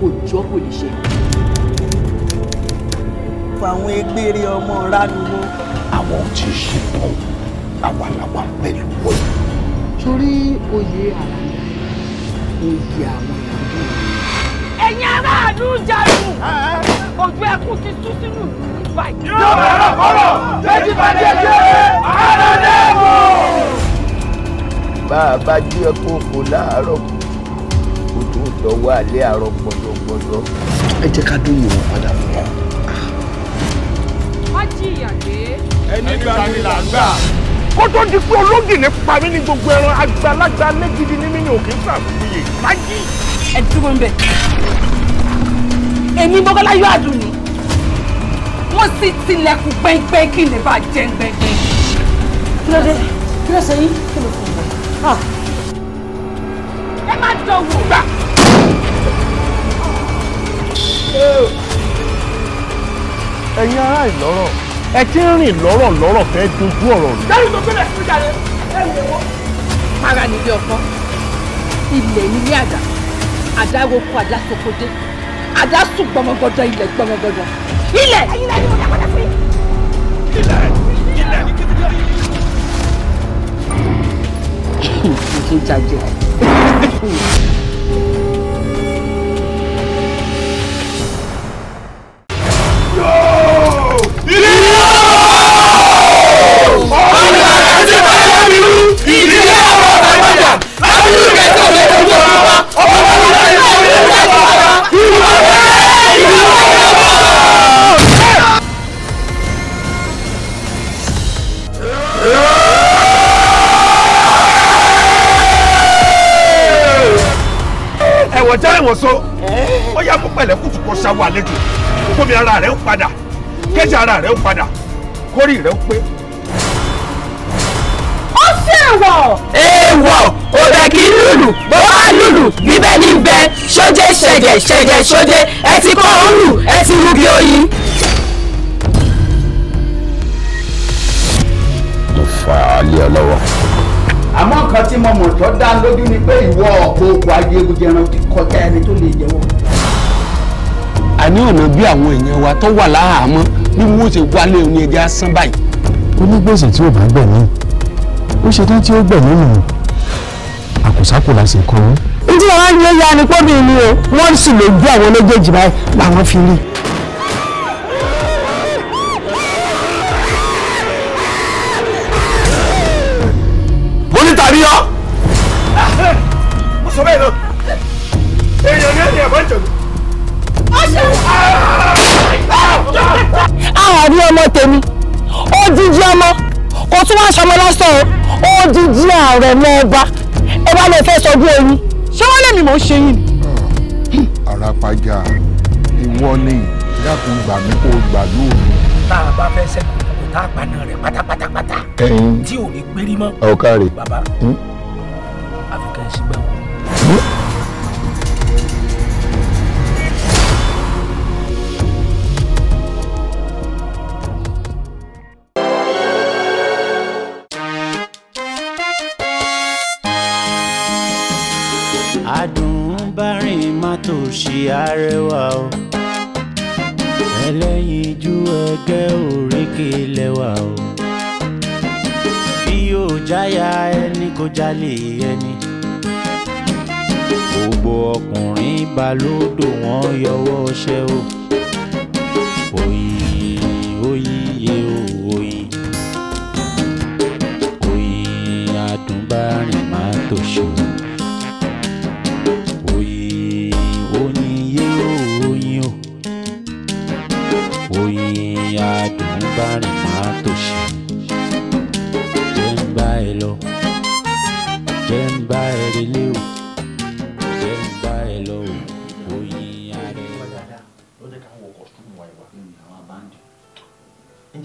kò jọ́ kò lè ṣe. àwọn egbére ọmọ ránuwó. àwọn tí ì ṣetán àwàlàwà pẹ̀lú wọ́n. torí oyè àlàyé oyè àwọn ìyàwó. ẹ̀yin aráàlú jarun ojú ẹkún ti tú sínú ìgbà yìí. yóò bẹ̀rẹ̀ kọ́rọ̀ jẹ́jì bá dé jẹ́ àdàdẹ́mù bá a bá jí ẹkún kò láàárọ̀ kò tó dọ̀wọ́ alẹ́ àárọ̀ pọ̀jù gbọ́dọ̀ ẹ jẹ́ ká dóyè wọn padà fún wa. má jìyà dé. ẹni gba ni là ń gbà. kó tó di pé ológìní pa mí ní gbogbo ẹran àgbàlagbà lẹ́gidi ní mímí òkè fàfihè má jì. ẹ dúró ń bẹ èmi bọ́kọ́lá yóò àdùn ni wọ́n sì tilẹ̀kùn pẹ́ńpẹ́ kí lè bá jẹ́ gbẹ́gbẹ́. kí ló dé kí ló ṣe yín kí ló fún un ah. ẹ má dọ̀wọ́. ẹ̀yin ará ìlọ́rọ̀ ẹ ti ń rìn lọ́rọ̀ lọ́rọ̀ fẹ́ dojú ọ̀rọ̀ rẹ̀. dáhùn tó gbẹ̀rẹ̀ sí ìjàre ẹ̀rù ẹ̀wọ́. para nílé ọkọ ilẹ̀ nílé àdá àdá roko àdá sokodé àdá sùn gbọmọgbọdọ ilẹ̀ gbọmọgbọdọ ilẹ̀. ẹ̀yin lẹ́yìn ọjà padà fún yín. ilẹ̀ ilẹ̀ ní kíkí lọ. kí n ẹ̀wọ̀n já ẹ̀wọ̀n so ó yá kó pẹ̀lẹ́ kùtù kó ṣàwọ̀ àlejò kómi ara rẹ̀ ń padà kéjì ara rẹ̀ ń padà kórì rẹ̀ ń pé. ó ṣe èèwọ̀. èèwọ̀ òbẹ̀ kì í lùlù bó wá lùlù bíbẹ́ ní bẹ ṣójé ṣẹ̀jẹ̀ ṣẹ̀jẹ̀ ṣójé ẹ ti kọ́ òun ẹ ti wú bí oyin. mo fa alẹ́ ọ àmọ́ kan tí mo mọ̀ tó dá lójú ni pé ìwọ ọ̀pọ̀ okùn ayélujára ti kọjá ẹni tó lè jẹ́wọ́. àní ọ̀nà bí àwọn èèyàn wa tó wà láhàámọ́ bí wọ́n ṣe wálé oní ẹja sán báyìí. onígbèsè tí ò bá gbẹ̀mí ó ṣe tán tí ó gbẹ̀mí nù àkùsákù la sì kọ́. ìdí àwọn ilé ya ni pọ́bì ni o wọ́n sì lè gbé àwọn méjèèjì báyìí làwọn fi rí. mo ní tàbí yọ. Ah, mo sọ bẹ́ẹ̀ lọ àárí ọmọ tèmi odidi ọmọ kò tún wáá ṣọmọ lásán o odidi ààrẹ mọ ọba ẹ bá lè fẹ́ sọdún oyin ṣé wọ́n lèmi mọ̀ ń ṣe yìí ni. àràpàjà ìwọ ni dákun gbà mí kó gbà lóòrùn. tá a bá fẹ́ sẹ́kù kò tá a paná rẹ̀ pátápátápátá tí ò ní gbérí mọ́. ọ̀kárì bàbá àfikẹ́ sígbà wọn. arẹwà o ẹlẹ́yinjú ẹgbẹ́ òrékè lẹ́wà o bí yóò jáyà ẹni kò jálè ẹni gbogbo ọkùnrin balódò wọn yọwọ́ ṣẹ́ o oyin oyiye o oyin oyin adùnbárìn má tòṣó.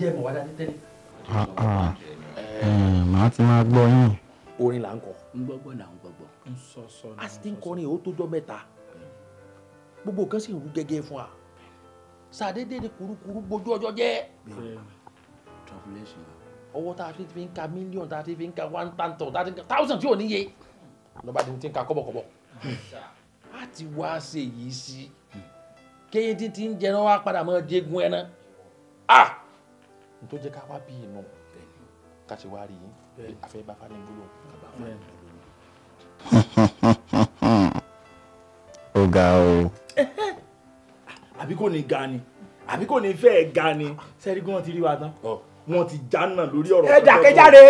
jẹ́ mọ̀ wá dání tẹ́lẹ̀. Ah, ah. Eh, màá ti máa gbọ́ yín. orin là ń kọ. ń gbọ́gbọ́ là ń gbọ́gbọ́. a sì ti ń kọrin ó tójọ́ mẹ́ta gbogbo nǹkan sì ń rú gẹ́gẹ́ fún wa sàdédé ni kurukuru gbójú ọjọ́ jẹ́ owó tá a ti fi ń ka mílíọ̀nù tá a ti fi ń ka one tanton tá a ti ń ka thousand tí ò níye lọ́ba ti ń ka kọ́bọ̀kọ́bọ̀ a ti wá ṣe yìí sí kéyìn tí ti ń jẹ náà wá padà mọ́ jẹ́gun ẹ̀ náà. Ah! n tó jẹ́ ká wá bí inú ká ṣe wá rí yín àfẹ́ bá fárí gbólóhùn kàbá fárí gbólóhùn. ó ga o. àbí kò ní ga ni àbí kò ní fẹ́ẹ̀ ga ni sẹ́rí gbọ́n ti rí wa tán wọ́n ti jánà lórí ọ̀rọ̀. ẹ dàkẹ́jáde.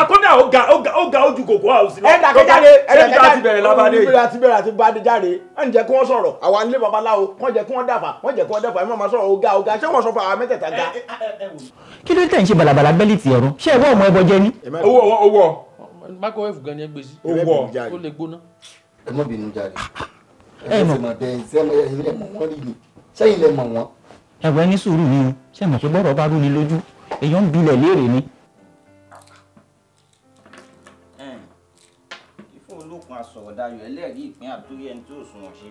àkọ́dà ó ga ó ga ó ga ojú kòkó àwòsí. ẹ dàkẹ́jáde. ẹ dàkẹ́jáde ṣé ti bẹ̀rẹ̀ lábàdé. ìbílẹ̀ àti bẹ̀rẹ̀ àti bàdé jáde. wọ́n jẹ́ kí wọ́n sọ̀rọ̀ àwọn ilé babaláwo wọ́n jẹ́ kí wọ́n dàfà wọ́n jẹ́ kí wọ́n dàfà ẹ máa sọ̀rọ̀ ọ̀gá ọ̀gá ṣé wọ́n sọ fún àwọn mẹ́tẹ̀ẹ̀ta ga. kí ló dé tẹ̀ ń ṣe bàlàbàlà bẹ́lí ti ọ̀run ṣé ẹ̀wọ́ ọmọ ẹbọ jẹ ni. owó owó. microwave gan ni ẹ gbé sí. owó ó lè gbóná. ẹ mọ bínú jáde. ẹ mọ ẹ mọ wọn rí ni sẹ́yìn lẹ mọ wọn. ẹ̀wọ̀n ẹni sùúrù ni o ṣé mọ̀ pé bọ́rọ̀ bá rú ni lójú èèyàn ń bilẹ̀ léèrè ni. ìfún olókun asọ̀rọ̀dayọ̀ ẹlẹ́rìí ìpín àtórí ẹni tí ò sunwọ̀n ṣe.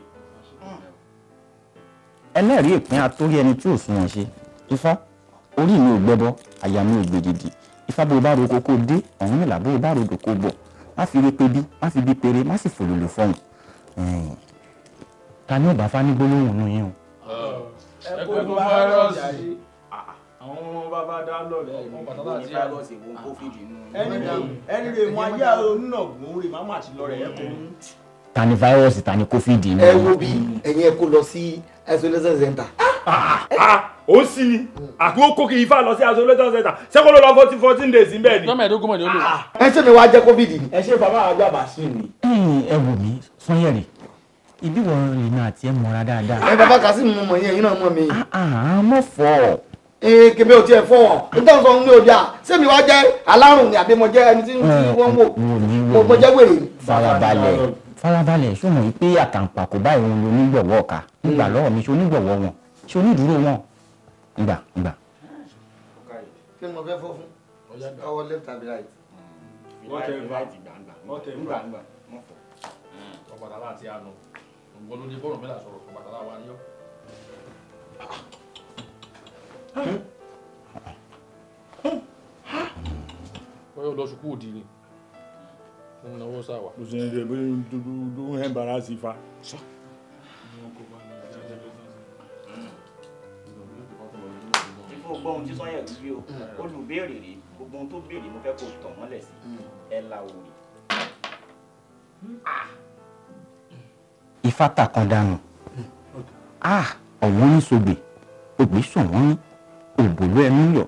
ẹlẹ́rìí ìpín àtórí ẹni tí ò sunwọ̀n ṣe ifá orí mi ò gbẹbọ àyà mi ò gbèdìdì ifá bó bá roko kó dé ọ̀hún nìlà bó bá rodò kó bọ̀ má fi re pebi má fi bí pere má sì fòlòlò fọhùn ta ni ò bá fá ní gbólóhùn nù yín o. ẹ kò gbọ́ fáyọ́sì àwọn ọmọ bàbá dá lọ́rẹ̀ ní fáyọsì wo covid nù. ẹni rè mọ ayé onínàgún rè má má ti lọ́rẹ̀ ẹ̀ kó ń. ta ni fáyọsì ta ni covid nù. ẹ wo bí ẹ̀yin ẹ kó lọ sí isolation center. Ah, ah, ah, ó sì ni àti ó kó kí lọ sí isolation center sẹ́kọ̀ọ́ ló lọ fourteen fourteen days ń bẹ̀ ni. lọ́mọ ẹ̀dógún mọ̀ ni ó lò. ẹ ṣe mi wá jẹ́ covid ni. ẹ ṣe bàbá àjọ àbàṣì ni. ẹ wò mí sanyẹ̀rì ibi wọn rìn náà tiẹ̀ mọ́ra dáadáa. ẹ bàbá kásìmù mọ̀ yẹn yín náà mọ̀ mi. àmọ́ fọ́ ọ kèmí ò tiẹ̀ fún wọn nítorí sọ ní òde à sẹ́mi wá jẹ́ alárùn ni àbí mo jẹ́ ẹni tí eh, wọ́n wò mo jẹ́ wèrè. farabalẹ̀ farabalẹ̀ sọ̀mọ̀ yìí pé àtàǹpà kò bá ìròyìn onígbọ̀wọ́ ọ̀ka nígbà hmm. lọ́wọ́ mi ṣe onígbọ̀wọ́ wọn ṣe onídùúró wọn ìgbà ìgbà. kí mo fẹ́ fọ́ fún ọwọ́ left tàbí right. whatever whatever ọ̀pọ̀tàlá àti àná ògbólódé bọ́ọ̀rùn mẹ́ta sọ̀rọ̀ bọ́yọ̀ lọ sùkúù dì ní ìnáwó sáwà. kò sí ẹ̀jẹ̀ bí dúdú dúdú ń bára sí fa. gbogbo ohun tí sọ́yẹ̀ rí o hmm. olùbéèrè rèé gbogbo ohun tó béèrè mo fẹ́ kó tàn mọ́lẹ̀ sí hmm. ẹ la òrì. ifá tàkàn dànù hmm. ah, ọ̀wọ́n ní sọ̀gbẹ̀ ògbé ní òbòlú ẹnu yọ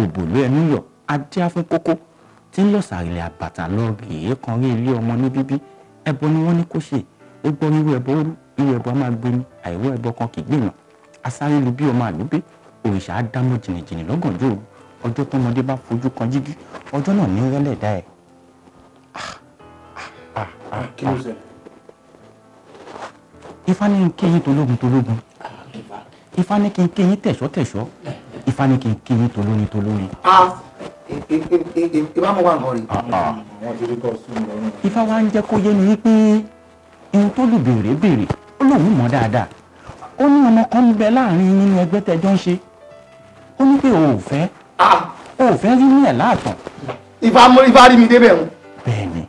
òbòlú ẹnu yọ adé afún kókó tí ń lọ̀sàrìlẹ̀ àbàtà lọ rèé kan rí ilé ọmọ ní bíbí ẹbọ ni wọ́n ní kó ṣe ó gbọ́ irú ẹbọ rú irú ẹbọ máa gbé ní àìwọ́ ẹbọ kan kì í gbìmọ̀ asáré lu bí ọmọ àlùbí òrìṣà á dámọ̀ jìnnìjìnnì lọ́gànjọ́ òru tọmọdé bá fojú kan jígí ọjọ́ náà ní rẹ́lẹ̀ dá ẹ̀. ifá ní kí yín tológun tológun ah, ifá ní kí n kí yín tẹ̀ṣọ́ tẹ̀ṣọ́ eh ifá ní kí n kí yín tolórin tolórin. E, e, e, ìbá mo wà ń kọrin. Ah, ah. ifá wa ń jẹ́ kó yé mi wípé ohun tó lù béèrè béèrè ó lòun mọ̀ dáadáa ó ní ọmọ kan ń bẹ láàrin nínú ẹgbẹ́ tẹjọ́ ń ṣe ó ní pé òun ò fẹ́ òun ah. ò fẹ́ rí ní ẹ̀ láàtàn. ifá mo ifá rí mi débẹ̀ o. bẹ́ẹ̀ni.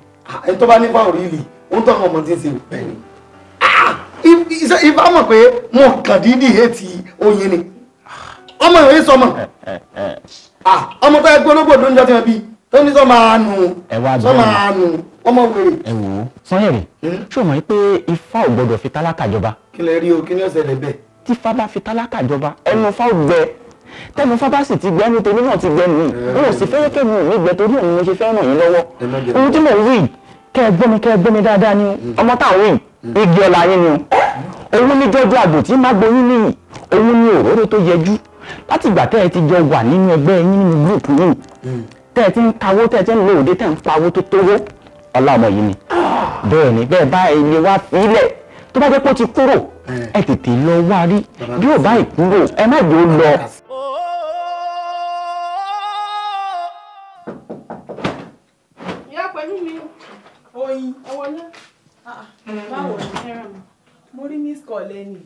ẹ tó bá nípa òrí ìlì ó ń tọ́ ọmọ tí ń ṣe bẹ́ẹ̀ni. ifá mọ̀ pé mo kàn dídì hẹ́ẹ̀tì oyin ni ọmọ ìwé sọmọ eh, eh, eh. ọmọ tó yẹ pé olóògbò ló ń jọ ti wọn bí tó ní sọmọ àánú sọmọ àánú ọmọ wèrè. ẹ wò ó sanyẹrì hmm? ṣé o mọ̀ pé ifá ò gbọdọ̀ fi tálákà jọba. kí lè rí o kí ni ó ṣẹlẹ̀ bẹ́ẹ̀. tí ifá bá fi tálákà jọba ẹnu ifá ò gbẹ tẹnu fábá sì ti gbẹnu tèmi náà ti gbẹnu yìí hmm. n ò sì fẹ́ kẹ́mi ò ní gbẹ torí òun mo ṣe fẹ́ ràn yín lọ́wọ́ ohun tí mò ń wí kẹ́ ẹ gbọ́ mi kẹ́ ẹ gbọ́ mi dáadáa ni hmm. ọmọ táwọn wí igi ọ̀la yín ni òun ní jọjọ àgbò tí má gboyún níyì òun ní òróró tó yẹjú láti ìgbà tẹ́ ẹ ti jọ wà nínú ẹgbẹ́ yín nínú group yín tẹ́ ẹ ti ń kawó tẹ́ ẹ ti ń lo òde tẹ́ ẹ ń pawó tó tówó ọlá ọmọ yìí ni bẹ́ẹ̀ ni bẹ́ẹ̀ bá ilé wa fílẹ̀ tó bá jẹ́ pé ó ti kúrò ẹ tètè lọ wá rí bí ò bá ì kúrò ẹ má jò ó lọ. ìyá pẹ̀lú mi oyin ẹ ah, ah. báwo ni mo rí miss call lẹ́nu.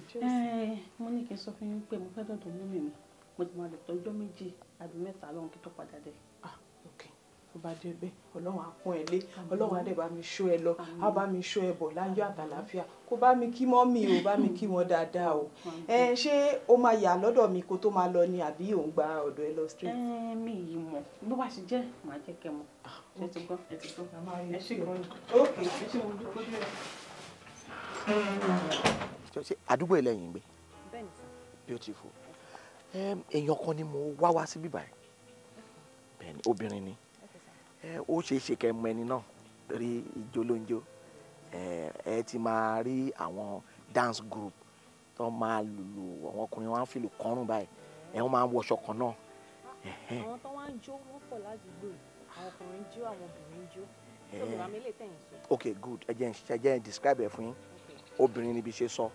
mo ní kí n sọ fún yín pé mo fẹ́ dọ̀dọ̀ mú mi mi mo ti máa lò tọ́jọ́ méjì àbí mẹ́ta lọ́hùn kí tó padà dé. Ah, tó bá dé bẹ́ẹ̀ ọlọ́run á pọ́n ẹ lé ọlọ́run á dẹ̀ bá mi ṣọ́ ẹ lọ á bá mi ṣọ́ ẹ bọ̀ láyọ̀ àtàlàáfíà kó bá mi kí mọ́mì o bá mi kí wọn dáadáa o ẹ ṣé o máa yà lọ́dọ̀ mi kó tó máa lọ ni àbí ò ń gba ọ̀dọ̀ ẹ lọ straight. ẹ mi yìí mọ bó bá ṣe jẹ màá jẹ kẹ mọ ah, ẹ ti gbọ́ ẹ ti gbọ́ ẹ ṣe gan ok ẹ ṣe mo dúpọ dúró. àdúgbò ẹ lẹ́yìn gbé beautiful èèyàn kan ni mo wá wá síbí báyìí bẹ́ẹ̀ ni obìnrin ni ó ṣe é ṣe kẹ́ ẹni náà torí ijó ló ẹ ti máa rí àwọn dance group tó máa lùlù àwọn ọkùnrin wọn á fi lù kọ́rùn báyìí ẹ wọ́n máa ń wọṣọ kan náà. àwọn tó wá ń jó wọn pọ̀ ládùúgbò àwọn ọkùnrin jó àwọn obìnrin jó tó bàbá mi lè tẹ̀yìn sí. ok good ẹ jẹ́ ẹ jẹ́ ẹ describe ẹ fún yín obìnrin níbi ṣe sọ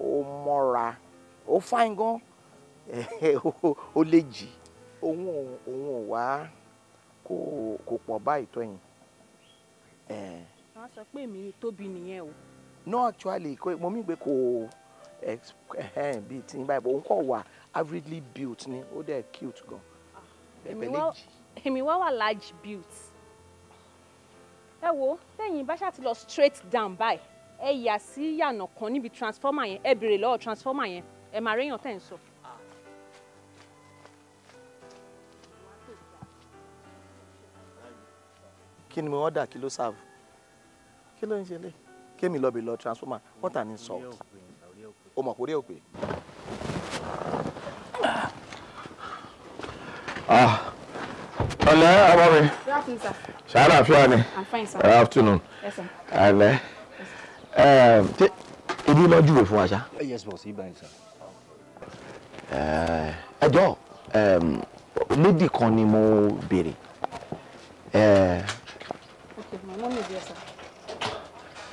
ó mọ́ra ó fine gan-an. ó lè jì òun òun wá kò kò pọ̀ báyìí tó yìn. wọ́n sọ pé èmi tóbi nìyẹn o. no actually mo mí pé kò bíi tí n báyìí òun kò wà averagely built ni ó dẹ̀ cute gan. ẹ̀bẹ̀ lè jì. èmi wá wà large built ẹ wo tẹ̀yìn bá ṣáà ti lọ straight down báyìí ẹ yà sí yànà kan níbi transformer yẹn ẹ béèrè lọ́wọ́ transformer yẹn ẹ máa réyàn tẹ̀ ń sọ. kí ni mo order kí ló serve kí ló ń ṣe lé kémi lọ bí lọ transformer what an insult o mọ̀ kó rí òpè. ọ̀lẹ́ ọmọ mi ṣáàlà àfíà ni good afternoon ẹ̀lẹ́ ibi lọ júwe fún wa ṣá. yes boss ibà ehm, ẹjọ́ lédì ehm, kan ni mo béèrè. Ehm,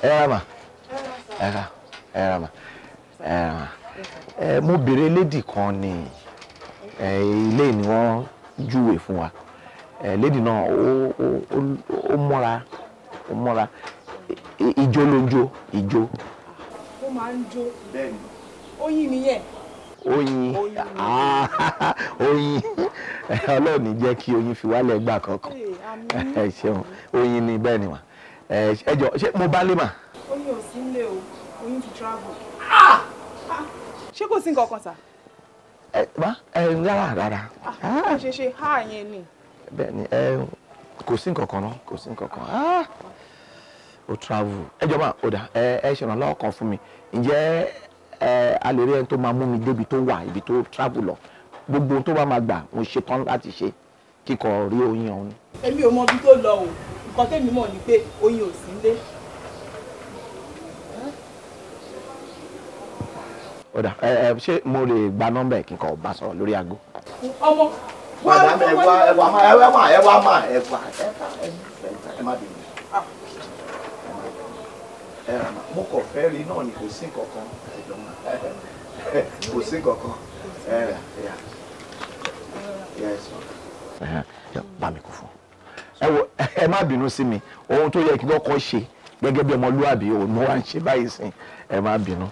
ẹ ra mà ẹ mo béèrè lady kan ni ẹ ilé ni wọ́n júwe fún wa lady náà ó ó ó mọ́ra ó mọ́ra ìjó ló ń jó ìjó. ó máa ń jó bẹ́ẹ̀ ni ó yí mi oyin ah, oyin ọlọ́run ní oyin fi wálẹ̀ gbà kankan ẹ ṣeun oyin ni bẹ́ẹ̀ ni ẹ jọ ṣé mo bá lè mà. oyin ò sí nílé o oyin ti travel. Ah! ṣé kò sí nǹkan kan sà. ẹ bá ẹ rárá rárá. a lè rí ẹni tó máa mú mi débi tó wà ibi tó travel lọ gbogbo tó bá máa gbà mo ṣe tán láti ṣe kíkọ rí oyin ọ̀hún. èmi ò mọ ibi tó lọ o nǹkan tèmi mọ̀ ni pé oyin ò sí nílé. ọ̀dà ẹ ṣé mo lè gba nọ́mbà ẹ̀ kíkọ bá sọ̀rọ̀ lórí aago. ọmọ wàá wàá ẹ wàá máa ẹ wàá máa ẹ wàá máa ẹ wàá ẹ má bínú mo kàn fẹ́ rí náà ni kò sí kankan kò sí kankan bá mi kú fún ẹ wo ẹ má bínú sí mi ohun tó yẹ kí lọ́kọ́ ṣe gẹ́gẹ́ bí ọmọlúwàbí òun wá ń ṣe báyìí sìn ẹ má bínú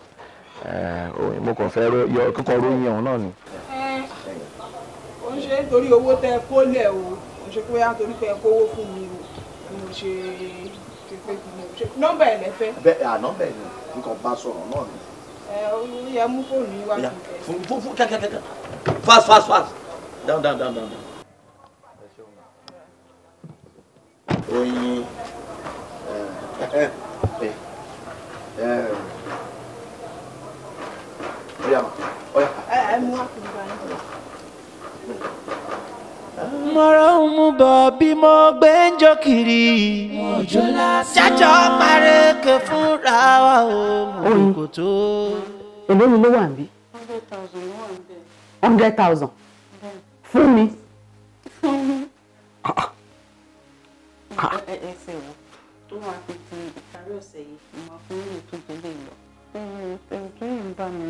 mo kàn fẹ́ yọ kíkọ́ ròyìn ọ̀hún náà ni. ó ń ṣe torí owó tẹ kó lẹ̀ o ó ń ṣe pé á torí pé ẹ kówó fún mi o mo ṣe nọ́mbà ẹ̀ lẹ́fẹ́. bẹ́ẹ̀ à nọ́mbà ẹ̀ ni nǹkan bá sọ̀rọ̀ náà ni. ẹ olórí ẹ mú fóònù yín wá fún mi. fast fast fast down down down down. oyin eh, eh, eh, ẹ ẹ ẹ ọyà mo rohun bọ̀ bí mo gbé ń jó kiri. òjò lásán. jájọ́ pareke fúnra wa o mo kò tó. èlé mi ló wà níbí. hundred thousand ló wà níbẹ̀. hundred thousand fún mi. ẹ ẹ ṣe wò tó máa fi ti ìparí ọ̀sẹ̀ yìí mo máa fún mi tó délé lọ. ẹ̀rù tó yìí ń bá mi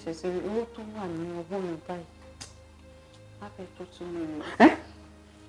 ṣẹ̀ṣẹ̀ owó tó wà ní ọwọ́ mi báyìí. á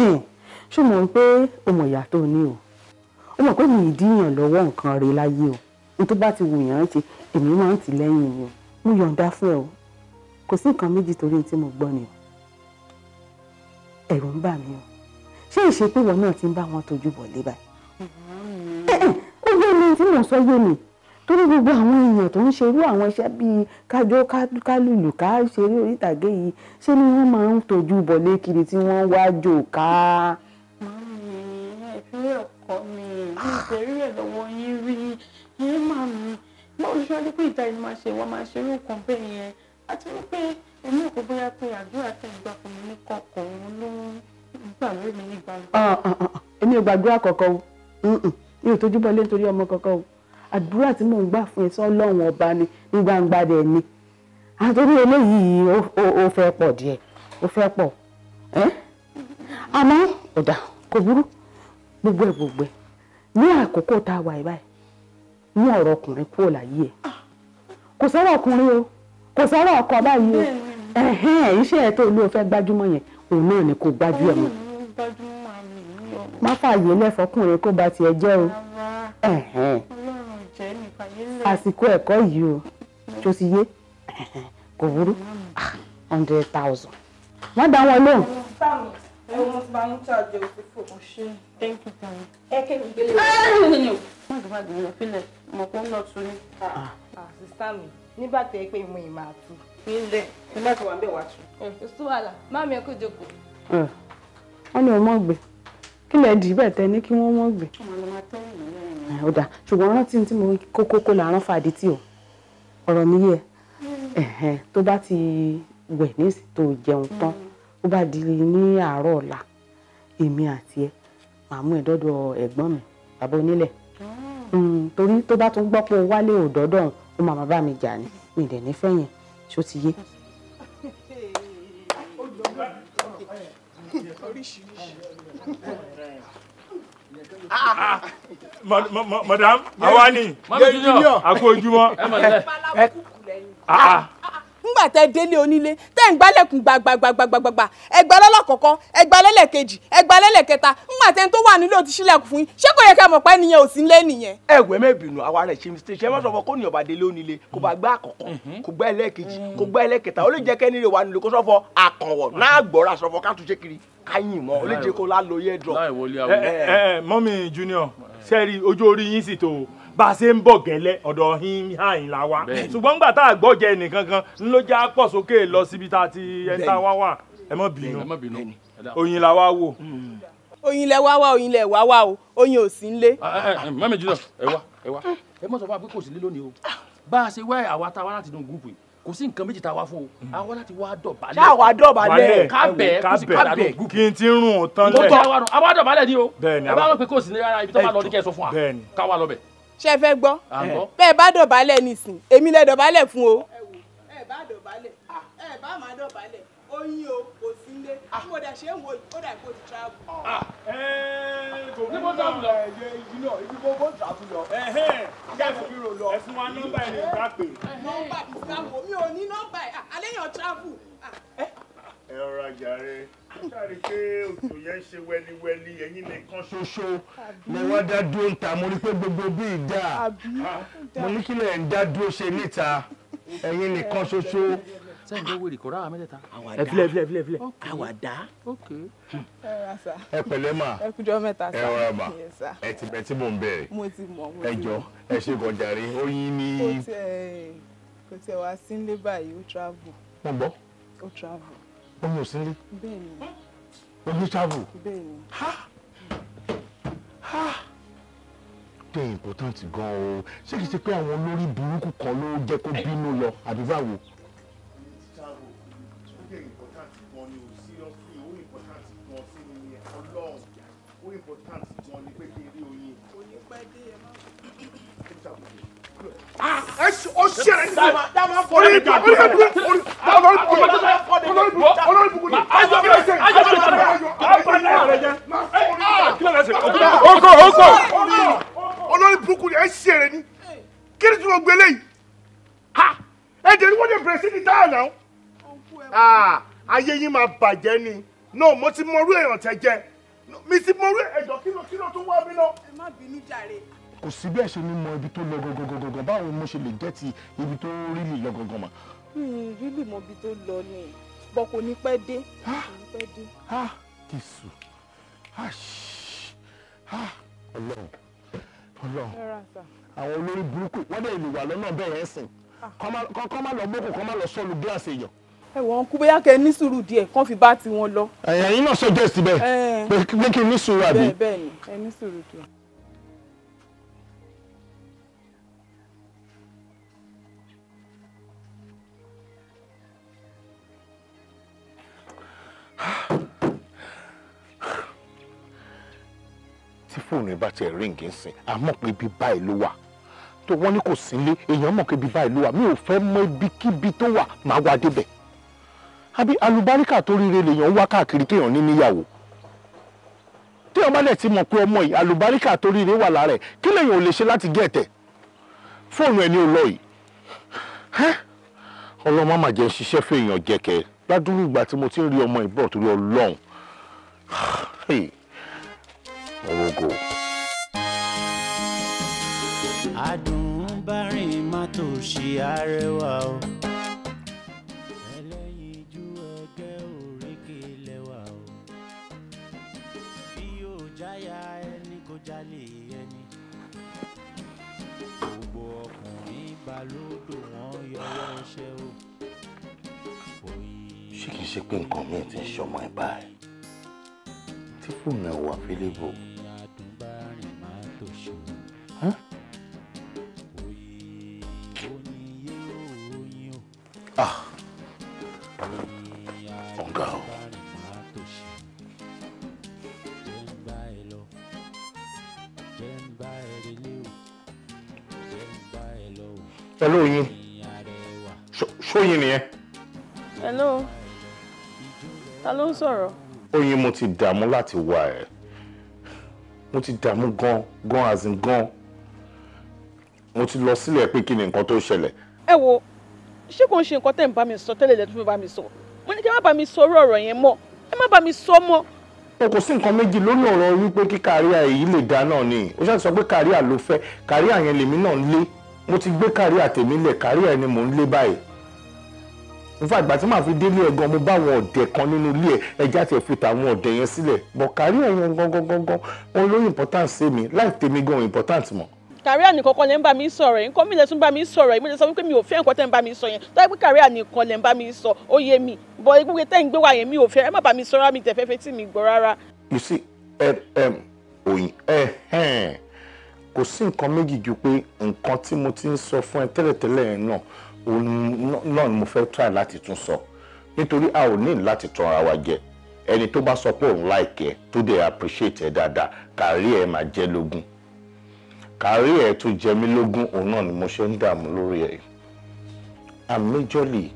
Hmm. ṣé mo ń pé ọmọ ìyá tó ní o ó mọ̀ pé mi ì díyàn lọ́wọ́ nǹkan rẹ̀ láyé o ní tó bá ti wù yàn án ti èmi máa ń tì lẹ́yìn mi o mo yọ̀ǹda fún ẹ o kò sí nǹkan méjì torí tí mo gbọ́ ni o ẹ̀rù ń bà mí o ṣé ìṣe pé ìwọ náà ti ń bá wọn tọ́jú bọ̀ lé báyìí ó yé mi tí mò sọ yé mi torí gbogbo àwọn èèyàn tó ń ṣerú àwọn iṣẹ́ bíi kájó kálùlù ká ṣeré orí ìtàgé yìí ṣé ni wọ́n máa ń tọ́jú bọ̀lé kiri tí wọ́n wá jò ká. màmí ìpínlẹ̀ ọkọ mi nítorí ẹ̀ lọ́wọ́ yín rí ẹ màmí báwo ló ṣe wá dé pé ìta ìlú máa ṣe wọ́n máa ṣerú nǹkan bẹ́ẹ̀ yẹn àti wípé èmi ò kò bóyá pé àdúrà tẹ̀ gbà fún mi ní kọ̀ọ̀kan òun ló ń gbà lórí mi ní gbàgbọ́. Ah, ah, ah, èmi ò gbàgbé àkọ́kọ́ o mi ò tọ́jú bọ̀lé nítorí ọmọ kọ̀ọ̀kan o àdúrà tí mò ń gbà fún ẹ sọ Ọlọ́run ọba ni ní gbangba dẹ̀ ni àtúntò eléyìí ó fẹ́ pọ̀ díẹ̀ ó fẹ́ pọ̀ àmọ́ ọ̀dà kò burú gbogbo ẹ̀ gbogbo ẹ̀ ní àkókò tá a wà yìí báyìí mú ọ̀rọ̀ ọkùnrin kúrò láyé ẹ̀ kò sọ̀rọ̀ ọkùnrin o kò sọ̀rọ̀ ọkọ báyìí o ẹ̀hẹ́n iṣẹ́ ẹ̀ tó olú ọ̀fẹ́ gbájúmọ̀ yẹn òun náà ni kò gbájú ẹ̀ mọ́ má fààyè lẹ́fọ̀ọ́kùnrin kó ba tiẹ̀ jẹ́ o àsìkò ẹ̀kọ́ yìí o tó ti yé kò burú ah, hundred thousand wọ́n dá wọn lóhùn. Ah. Ah, nígbà tẹ́ pé mo ì máa nílẹ̀ nígbà tí wà bẹ̀ wá tu. oṣù eh, wàhálà má mi ẹ kó jókòó. Eh, ní o mọ̀ kí lè dì í bẹ̀ tẹ́ ní kí wọ́n mọ̀ gbé. ọmọ ló máa tẹ́yìn lọ́yà ó dáa ṣùgbọ́n rántí tí mo kókó kó làárọ̀ fàdí tí o ọ̀rọ̀ mi yẹ tó bá ti wẹ̀ nísì tó jẹun tán ó bá di ní àárọ̀ ọ̀la èmi àti ẹ màá mú ẹ dọ́dọ̀ ẹ̀gbọ́n mi bàbá onílẹ̀ oh. hmm, torí tó bá tún gbọ́ pé o wálé ò dọ́dọ̀ ó máa bá mi jà ní mi dẹ̀ nífẹ̀ẹ́ yẹn ṣó ti yé. oríṣiríṣi madam àwa ni àkójúmọ́ ńgbà tẹ délé onílé tẹ ń gbálẹ̀kùn gbàgbàgbàgbàgbà ẹgbà lọ́lọ́kọ̀ọ́kọ́ ẹgbà lẹ́lẹ̀kejì ẹgbà lẹ́lẹ̀kẹta ńgbà tẹ tó wà nílé òtí sílẹ̀kùn fún yín ṣé kò yẹ ká mọ̀ pé nìyẹn ò sí lé nìyẹn. ẹwẹ mẹbìnú àwa rẹ ṣe mi ṣe mọ sọfọ kó nìyọba délé onílé kó bá gbá àkọ́kọ́ mhm. kó gbá ẹlẹ́kejì mhm. kó gbá ẹlẹ́kẹta ó lè jẹ kẹni rẹ kiri káyìn mọ ó lè jẹ kó lá junior sẹ́ẹ̀rì ojú orí yín sì bá a ṣe ń bọ̀ gẹ́lẹ́ ọ̀dọ̀ hin hàn la wa ṣùgbọ́n nígbà tá a gbọ́ jẹ nìkankan ló já pọ̀ sókè lọ síbi tá a ti ẹni tá a wá wà ẹ má bínú oyin la wá wò. Hmm. oyin lẹ wá wá oyin lẹ wá wá o oyin ò sí ń lé. mami jesus ẹ wá ẹ wá ẹ mọ̀ sọ fún wa pé kò sí lé lónìí o bá a ṣe wá àwa tá a wá láti inú gúúpù yìí kò sí nǹkan méjì tá a wá fún o a wá láti wá dọ̀bálẹ̀. ṣá wá dọ̀bálẹ̀ kábẹ̀ kábẹ̀ kí n ti rún o tán lẹ̀. mo tọ́ a wá dọ̀bálẹ̀ ni o ẹ bá rò pé kò sí ní rárá ibi tó bá lọ ní kẹ́ ẹ sọ fún wa ká wá lọ bẹ̀ ṣe fẹ́ gbọ́ bẹ́ẹ̀ bá dọ̀bálẹ̀ nìsín èmi lẹ dọ̀bálẹ̀ fún o. ẹ bá dọ̀bálẹ̀ ẹ bá máa dọ̀bálẹ̀ oyin o kò sí ilé mo dẹ̀ ṣe ń wo ó dà kó ti travel. ẹ ẹ kò ní bó travel lọ. ẹ ẹ ibi náà ibi bó travel lọ. ẹ ẹ kí ẹ fi rò lọ. ẹ fún wa nọ́mbà ẹ lè gbà pé. nọ́mbà ìsàwọ̀ mi ò ní nọ́mbà ẹ àléyàn travel ẹ rọra jàre sáré pé òjò yẹn ń ṣe wẹliwẹli ẹ̀yin nìkan ṣoṣo ni wọ́n dá dúró ń ta mo rí pé gbogbo bí ìdá mo ní kí lẹ̀ ń dá dúró ṣe níta ẹ̀yin nìkan ṣoṣo sẹ́yìn tó wèrè kọ́ra àwọn mẹ́tẹ̀ẹ̀ta. ẹ filẹ̀ filẹ̀ filẹ̀ filẹ̀. àwàdà. ẹ pẹ̀lẹ́ ma ẹ kújọ sa ẹ wọ́n ma ẹ ti mò ń bẹ̀rẹ̀. mo ti mọ mo ti mọ. ẹ jọ ẹ ṣe gọjàre ó yín kò tẹ kò tẹ wá báyìí ó travel. mo gbọ́. ó travel omi ò sí nílé omi travel tẹ important gan o ṣé kìí ṣe pé àwọn olórí burúkú kan ló jẹ́ kó bínú lọ àbí báwo. ó important gan ni ò sí ọ́ fún yìí ó important gan sí ni ọlọ́run ó important ó ṣe rẹ nígbà orí ìgbà orí ìgbà orí olórí bukun ni ayọ bí ẹsẹ ayọ bí ẹsẹ ayọ bí ẹsẹ oko oko olórí bukun ni ẹ ṣe rẹ ni kí ni tí mo gbélé yìí ha ẹ jẹ́ ní wọ́n lè bẹ̀rẹ̀ sí ní táyà náà ayé yín máa bàjẹ́ ni náà mo ti mọrú èèyàn tẹ jẹ mi ti mọrú ẹjọ́ kí ló kí ló tún wá mi náà. ẹ má bínú jàre kò sí bẹ́ẹ̀ ṣe ni mọ ibi tó lọ gọgọgọgọ báwo mo ṣe lè gẹ́tì ibi tó rí lè lọ gọgọ mà. rí lè mọ ibi tó lọ ni bọ kò ní pẹ́ dé. kìsù ọlọ́run ọlọ́run àwọn olórí burúkú wọ́n dẹ̀ lè wà lọ́nà bẹ́ẹ̀ yẹn sìn ah. kọ́ má lọ gbókò kọ́ má lọ sọ́ọ̀lù gíláàsì èèyàn ẹ̀wọ̀n kú bóyá kẹ́ ní sùúrù díẹ̀ kán fi bá tiwọn lọ. ẹ̀yin náà suggest bẹ́ẹ̀ eh. pé kí ní sùúrù àbí. bẹ́ẹ̀ bẹ́ẹ̀ ni ẹ ní sùúrù díẹ̀. tí fóònù ẹ bá tiẹ̀ ríǹgì ń sìn á mọ̀ pé ibi báyìí ló wà tó wọ́n ní kò sílé èèyàn mọ̀ pé ibi báyìí ló wà mi ò fẹ́ mọ ibikíbi tó wà máa wá débẹ̀ àbí alùbáríkà tó ríire lèèyàn wá káàkiri téèyàn ní níyàwó téèyàn bá dẹ̀ ti mọ̀ pé ọmọ yìí alùbáríkà tó ríire wà lára ẹ̀ kí lèèyàn ò lè ṣe láti gé ẹ̀tẹ̀ fóònù ẹ ní o lọ ọlọ́mọ má ṣiṣẹ́ fún èèyàn jẹ́kẹ̀ẹ́ ládùúgbò ìgbà tí mo ti ń rí ọmọ ìbọ̀ torí ọlọ́run ọwọ́gò. adùn bá rìn má tó ṣe arẹwà o. ẹlẹ́yinjú kìí ṣe pé nǹkan míì ti ń ṣọmọ ẹ̀ báyìí tí fóònù ẹ̀ wà fílẹ́bù. Ah! Hello ta ló ń sọ̀rọ̀. oyin mo ti dààmú láti wá ẹ mo ti dààmú gan gan as in gan mo ti lọ sílẹ̀ pé kí ni nǹkan tó ṣẹlẹ̀. ẹ wo ṣé kò ń ṣe nǹkan tẹ́ ń bá mi sọ tẹ́lẹ̀ lẹ́tọ́ fún bá mi sọ mo ní kí ẹ má bá mi sọ ọ̀rọ̀ yẹn mọ́ ẹ má bá mi sọ mọ́. o kò sí nǹkan méjì lórí ọ̀rọ̀ wípé kí kàríà èyí lè dá náà ni o ṣáà ti sọ pé kàríà ló fẹ́ kàríà yẹn lèmi náà ń lé mo ti gbé kàríà tèmi lẹ̀ kàríà ni mò ń lé báyìí nfa ìgbà tí màá fi délé ẹ̀ gan mo bá àwọn ọ̀dẹ̀ kan nínú ilé ẹ̀ ẹja tiẹ̀ fi tàwọn ọ̀dẹ̀ yẹn sílẹ̀ bọ̀ kárí ẹ̀yẹn gangan gangan wọn ló important sí mi láì tèmi gan important mọ́ kàríà nìkan kọ́ lẹ́ ń bá mi sọ̀rọ̀ yìí nǹkan mi lè tún bá mi sọ̀rọ̀ yìí mo lè sọ wípé mi ò fẹ́ nǹkan tẹ́ ń bá mi sọ yẹn tó yẹ pé kàríà nìkan lẹ́ ń bá mi sọ ó yé mi bọ̀ ìgbógun tẹ́ ń gbé wa yẹn mi ò fẹ́ ẹ má bá mi sọ̀rọ̀ mi tẹ̀fẹ́fẹ́ tí mi gbọ́ rárá. you see mm oyin kò sí nǹkan méjì ju pé nǹkan tí mo ti ń sọ fún ẹ tẹ́lẹ̀tẹ́lẹ̀ náà náà ni mo fẹ́ try láti tún sọ nítorí a ò ní láti tan ara wa jẹ ẹni tó bá sọ pé òun like ẹ tó dẹ̀ appreciate ẹ dáadáa kárí ẹ máa jẹ́ lógún kárí ẹ tó jẹ mí lógún òun náà ni mo ṣe ń dààmú lórí ẹ and majorly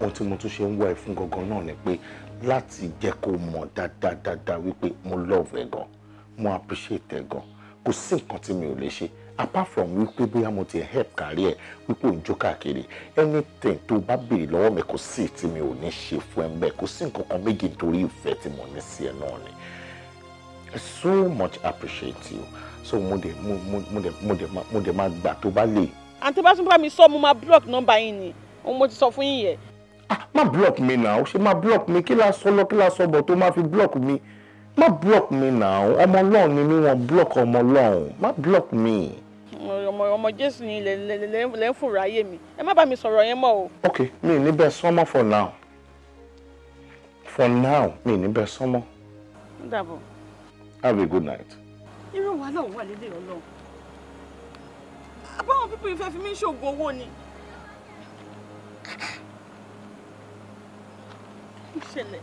ohun tí mo tún ṣe ń wá ẹ fún gangan náà ni pé láti jẹ́ kó mọ̀ dáadáa wípé mo love ẹ gan mo appreciate ẹ gan kò sí nǹkan tí mi ò lè ṣe apart from wípé bóyá mo ti help kárí ẹ wípé òun jó káàkiri anything tó bá béèrè lọ́wọ́ mi kò sí tí mi ò ní ṣe fún ẹ mbẹ kò sí nǹkan kan méjì nítorí ìfẹ́ tí mo ní sí ẹ náà ni I so much appreciate you so mo dẹ̀ mo mo dẹ̀ mo dẹ̀ mo dẹ̀ máa gbà tó bá lè. àǹtí bá tún bá mi sọ mo máa block nọ́mbà yín ni òun mo ti sọ fún yín yẹn. ah má block mi náà ó ṣe má block mi kí la sọ lọ kí la sọ bọ̀ tó máa fi block mi má block mi náà ọmọ ọlọ́run ni mí wọn block ọmọ ọlọ́run má block mi ọmọ ọmọ jésù yìí lẹ́ ń fòrò ayé mi ẹ má bá mi sọ̀rọ̀ yẹn mọ́ o. ok mi ì níbẹ̀ sọ́mọ́ for now for now mi ì níbẹ̀ sọ́mọ́. ó dàbọ̀. have a good night. irú wa náà wà lélẹ̀ ọlọ́run àbáwọn pípọ̀ ìfẹ́ fi mí ṣoògùn owó ni. kí ló ń ṣẹlẹ̀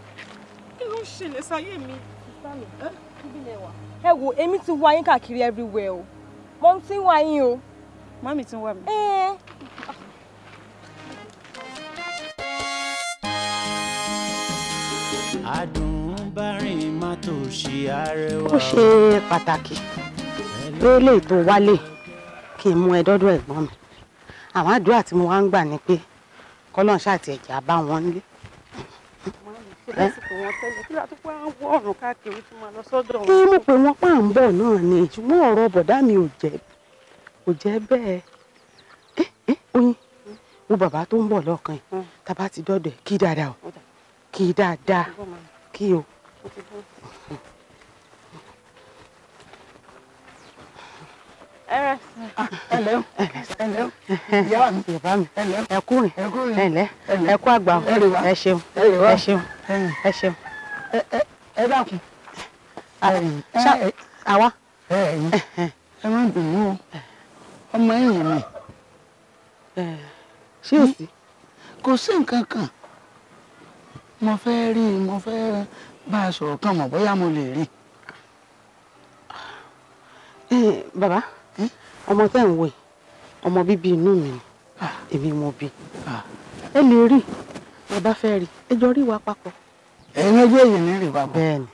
kí ló ń ṣẹlẹ̀ sáyé mi. ẹ wo èmi ti wá yín káàkiri everywhere o mo ti ń wá yín o. mọ́mì ti ń wá mi. ẹ́ẹ́ ó ṣe pàtàkì pé lè tó wálé kí n mú ẹ dọ́dọ̀ mi àwọn àdúrà tí mo wá ń gbà ni pé kọ́lọ́ọ̀ṣà àti ẹ̀jẹ̀ á bá wọn nílé lásìkò wọn tẹ́lẹ̀ kí látó pé wọ́n wọ ọ̀run káàkiri tó máa lọ sọ́dọ̀ wọn. kí mo pè wọ́n pà ń bọ̀ náà ni ṣùgbọ́n ọ̀rọ̀ bọ̀dá mi ò jẹ́ kò jẹ́ bẹ́ẹ̀ oyin wo bàbá tó ń bọ̀ lọ́ọ̀kan yìí tá a bá ti dọ́dọ̀ ẹ̀ kí dáadáa o kí dáadáa kí o. ẹlẹ ẹlẹ yàrá mi yàrá mi ẹkùnrin ẹlẹ ẹkú àgbà ẹ ṣeun ẹ ṣeun ẹ ṣeun. ẹ dákun àwa. ẹ má bínú o ọmọ ẹ̀yìn mi. ṣé o sì. kò sí nǹkan kan mo fẹ́ rí i mo fẹ́ bá a sọ̀rọ̀ kan mọ̀ bóyá mo lè rí i. bàbá ọmọ tẹ́ ń wẹ̀ ọmọ bíbí inú mi ni ah. èmi mo bí ah. ẹ lè rí bàbá fẹ́ rí ẹ jọ rí wa papọ̀. ẹ̀yin ojú èyí ni rí papọ̀. bẹ́ẹ̀ni.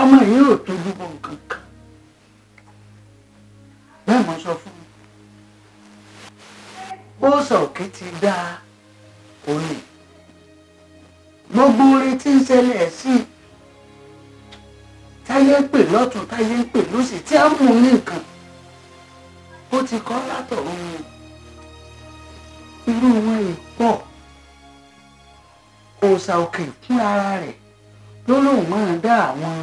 ọmọ yìí ò tójú bọ nǹkan kan bẹ́ẹ̀ mo sọ fún mi ó sọ kí ti dáa òní gbogbo orin tí ń ṣẹlẹ̀ sí i táyé ń pè lọ́tún táyé ń pè lósì tí a mú ní nǹkan ó ti kọ́ látọ̀run ni irú wọn yìí pọ̀ òòṣà òkè fún ara rẹ̀ ló lóun máa dá àwọn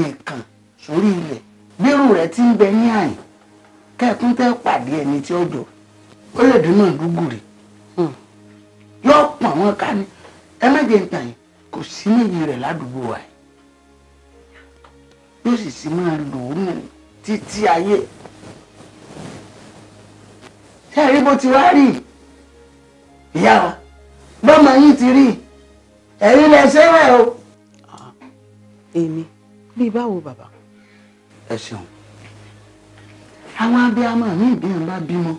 nǹkan sórí ilẹ̀ bírù rẹ̀ ti ń bẹ ní àyè kẹ́ẹ̀kún tẹ́ pàdé ẹni tí ó jọ ó lè dúnà dúgùrì hmm. yóò pọ̀ wọn ká ní ẹ má jẹ́ ń tàn kò sí méjì rẹ̀ ládùúgbò wa yóò sì sì máa lò ó nù títí ayé ṣé àrí bó ti wá rí ìyá wa bọ́mọ yín ti rí ẹ̀yin lẹ ṣe rẹ̀ o. èmi bíi báwo bàbá. ẹ ṣeun àwọn abiyamọ mi ìbíyàn bá bímọ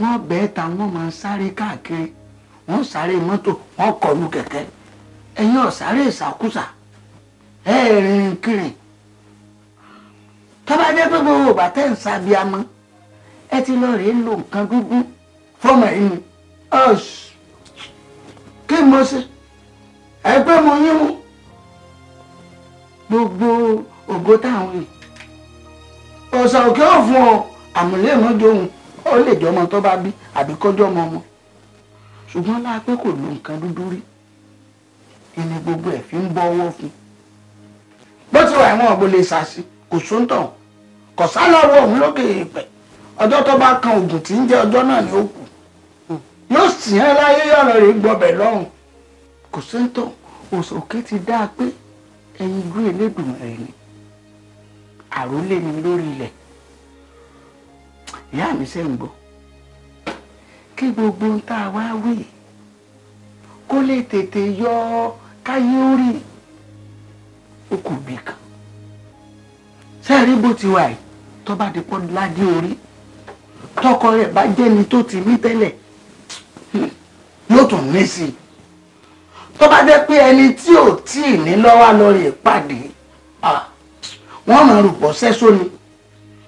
wọn bẹ́ẹ̀ ta wọn máa sáré káàkiri wọn sáré mọ́tò wọn kọlu kẹ̀kẹ́ ẹ̀yin ọ̀sáré ìsàkúsà ẹ̀ẹ́rìn kìrìn tọ́ba jẹ́ pé gbogbo ògbà tẹ́ ń sábíamọ́ ẹ ti lọ rèé lo nǹkan dúdú fọ́mọ yìí ni kí mo ṣe ẹ pé mo yín mu gbogbo ògbó táwọn yìí ọ̀sà òkè òfun ọ àmúlẹ̀mọ́jọ òun ó lè jọmọ tó bá bí àbí kọjọ́ mọ ọmọ ṣùgbọ́n láàpẹ kò lo nǹkan dúdú rí ẹni gbogbo ẹ̀ fi ń bọ́ ọwọ́ fún bó ti wà ẹ̀wọ̀n ọ̀gbọ́n lè ṣàṣì. kò sóńtàn kò sáláwọ òun lókè ọjọ́ tó bá kan ògùn tí ń jẹ ọjọ́ náà ni ó kù yóò sì hàn láyé yọ̀rọ̀ rẹ̀ gbọbẹ̀ lọ́rùn kò òsòkè ti daa pé ẹyin gbé Elédùmarè ni àrólé ni lórí ilẹ̀ ìyá mi ṣe ń kí gbogbo ń tá a wá wí kó lè tètè yọ káyé orí kan. sẹ́ẹ̀rí bó ti wà yìí tó bá ti pọ́ ládé orí tọkọ rẹ̀ bá jẹ́ni tó ti rí tẹ́lẹ̀ yóò tún ní sí i tó bá jẹ́ pé ẹni tí ò tí ì ní lọ́wọ́ lórí ìpàdé wọ́n máa rúbọ sẹ́só ni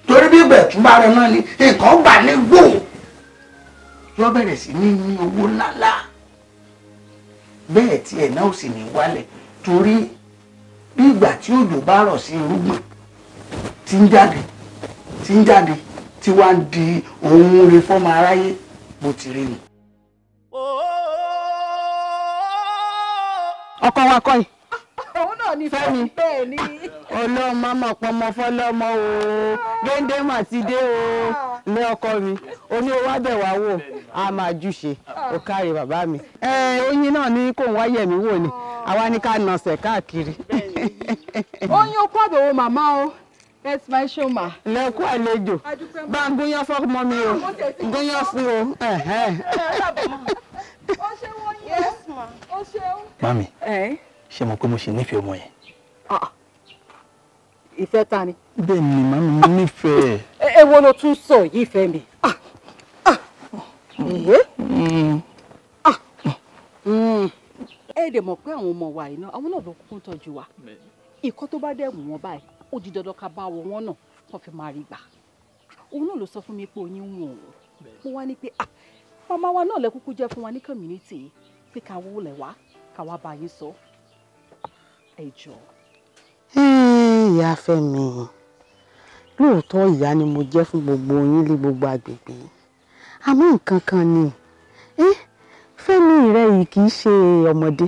torí bí bẹ̀túbà rẹ̀ náà ni nǹkan gbà ní gbò yóò bẹ̀rẹ̀ sí ní ní owó ńláńlá bẹ́ẹ̀ tí ẹ̀ náà sì ní wálẹ̀ torí bí ìgbà tí òjò bá rọ̀ sí irúgbìn Ti ń jáde tí ń jáde tí wàá di òun rè fọ́mọ aráyé bó ti rí ni. Oh. ọkọ wa kọ́ yìí. Ah, òun náà ní fẹ́mi. bẹ́ẹ̀ ni. ọlọ́mọ mọ̀ pọ́nmọ fọlọ́mọ o géńdé mà ti dé o ah. lé ọkọ mi oní owó abẹ wá wò á máa júṣe ó ah. káre bàbá mi. ẹ oyin náà ní kò wá yẹ̀ mí wò ni àwa ní ká nọ̀sẹ̀ káàkiri. oyin okú àbẹ̀wò màmá o. Yes, my show ma. Lẹ kú àlejò. Bá ń gúnyán fọ́mọ mi o. Gúnyán fún o. Ó ṣe wọ́n yẹn. Ó ṣe o Mami, ṣé mo pé mo ṣe nífẹ̀ẹ́ ọmọ yẹn? Ah. Ìfẹ́ ta ni? Bẹ́ẹ̀ ni màmí mo nífẹ̀ẹ́. Ẹ wo ló tún sọ yìí fẹ́ mi? Ah. Ah. Mm. Mm. Ẹ dẹ̀ mọ̀ pé àwọn ọmọ wa yìí náà, àwọn náà ló kúkú tọ́jú wa. Ìkọ́ tó bá dẹ̀ wù wọ́n báyìí ó di dandan ká bá wọ wọn náà tó fi máa rí gbà òun náà ló sọ fún mi pé oyin ń o mo wá ní pé màmá wa náà lẹ kúkú jẹ́ fún wa ní community pé ká wó lẹ̀ wá ká wá bá yín sọ ẹ jọ. ìyá Fẹ́mi lóòótọ́ ìyá ni mo jẹ́ fún gbogbo yín lé gbogbo àgbègbè àmọ́ nǹkan kan ni Fẹ́mi rẹ yìí kì í ṣe ọmọdé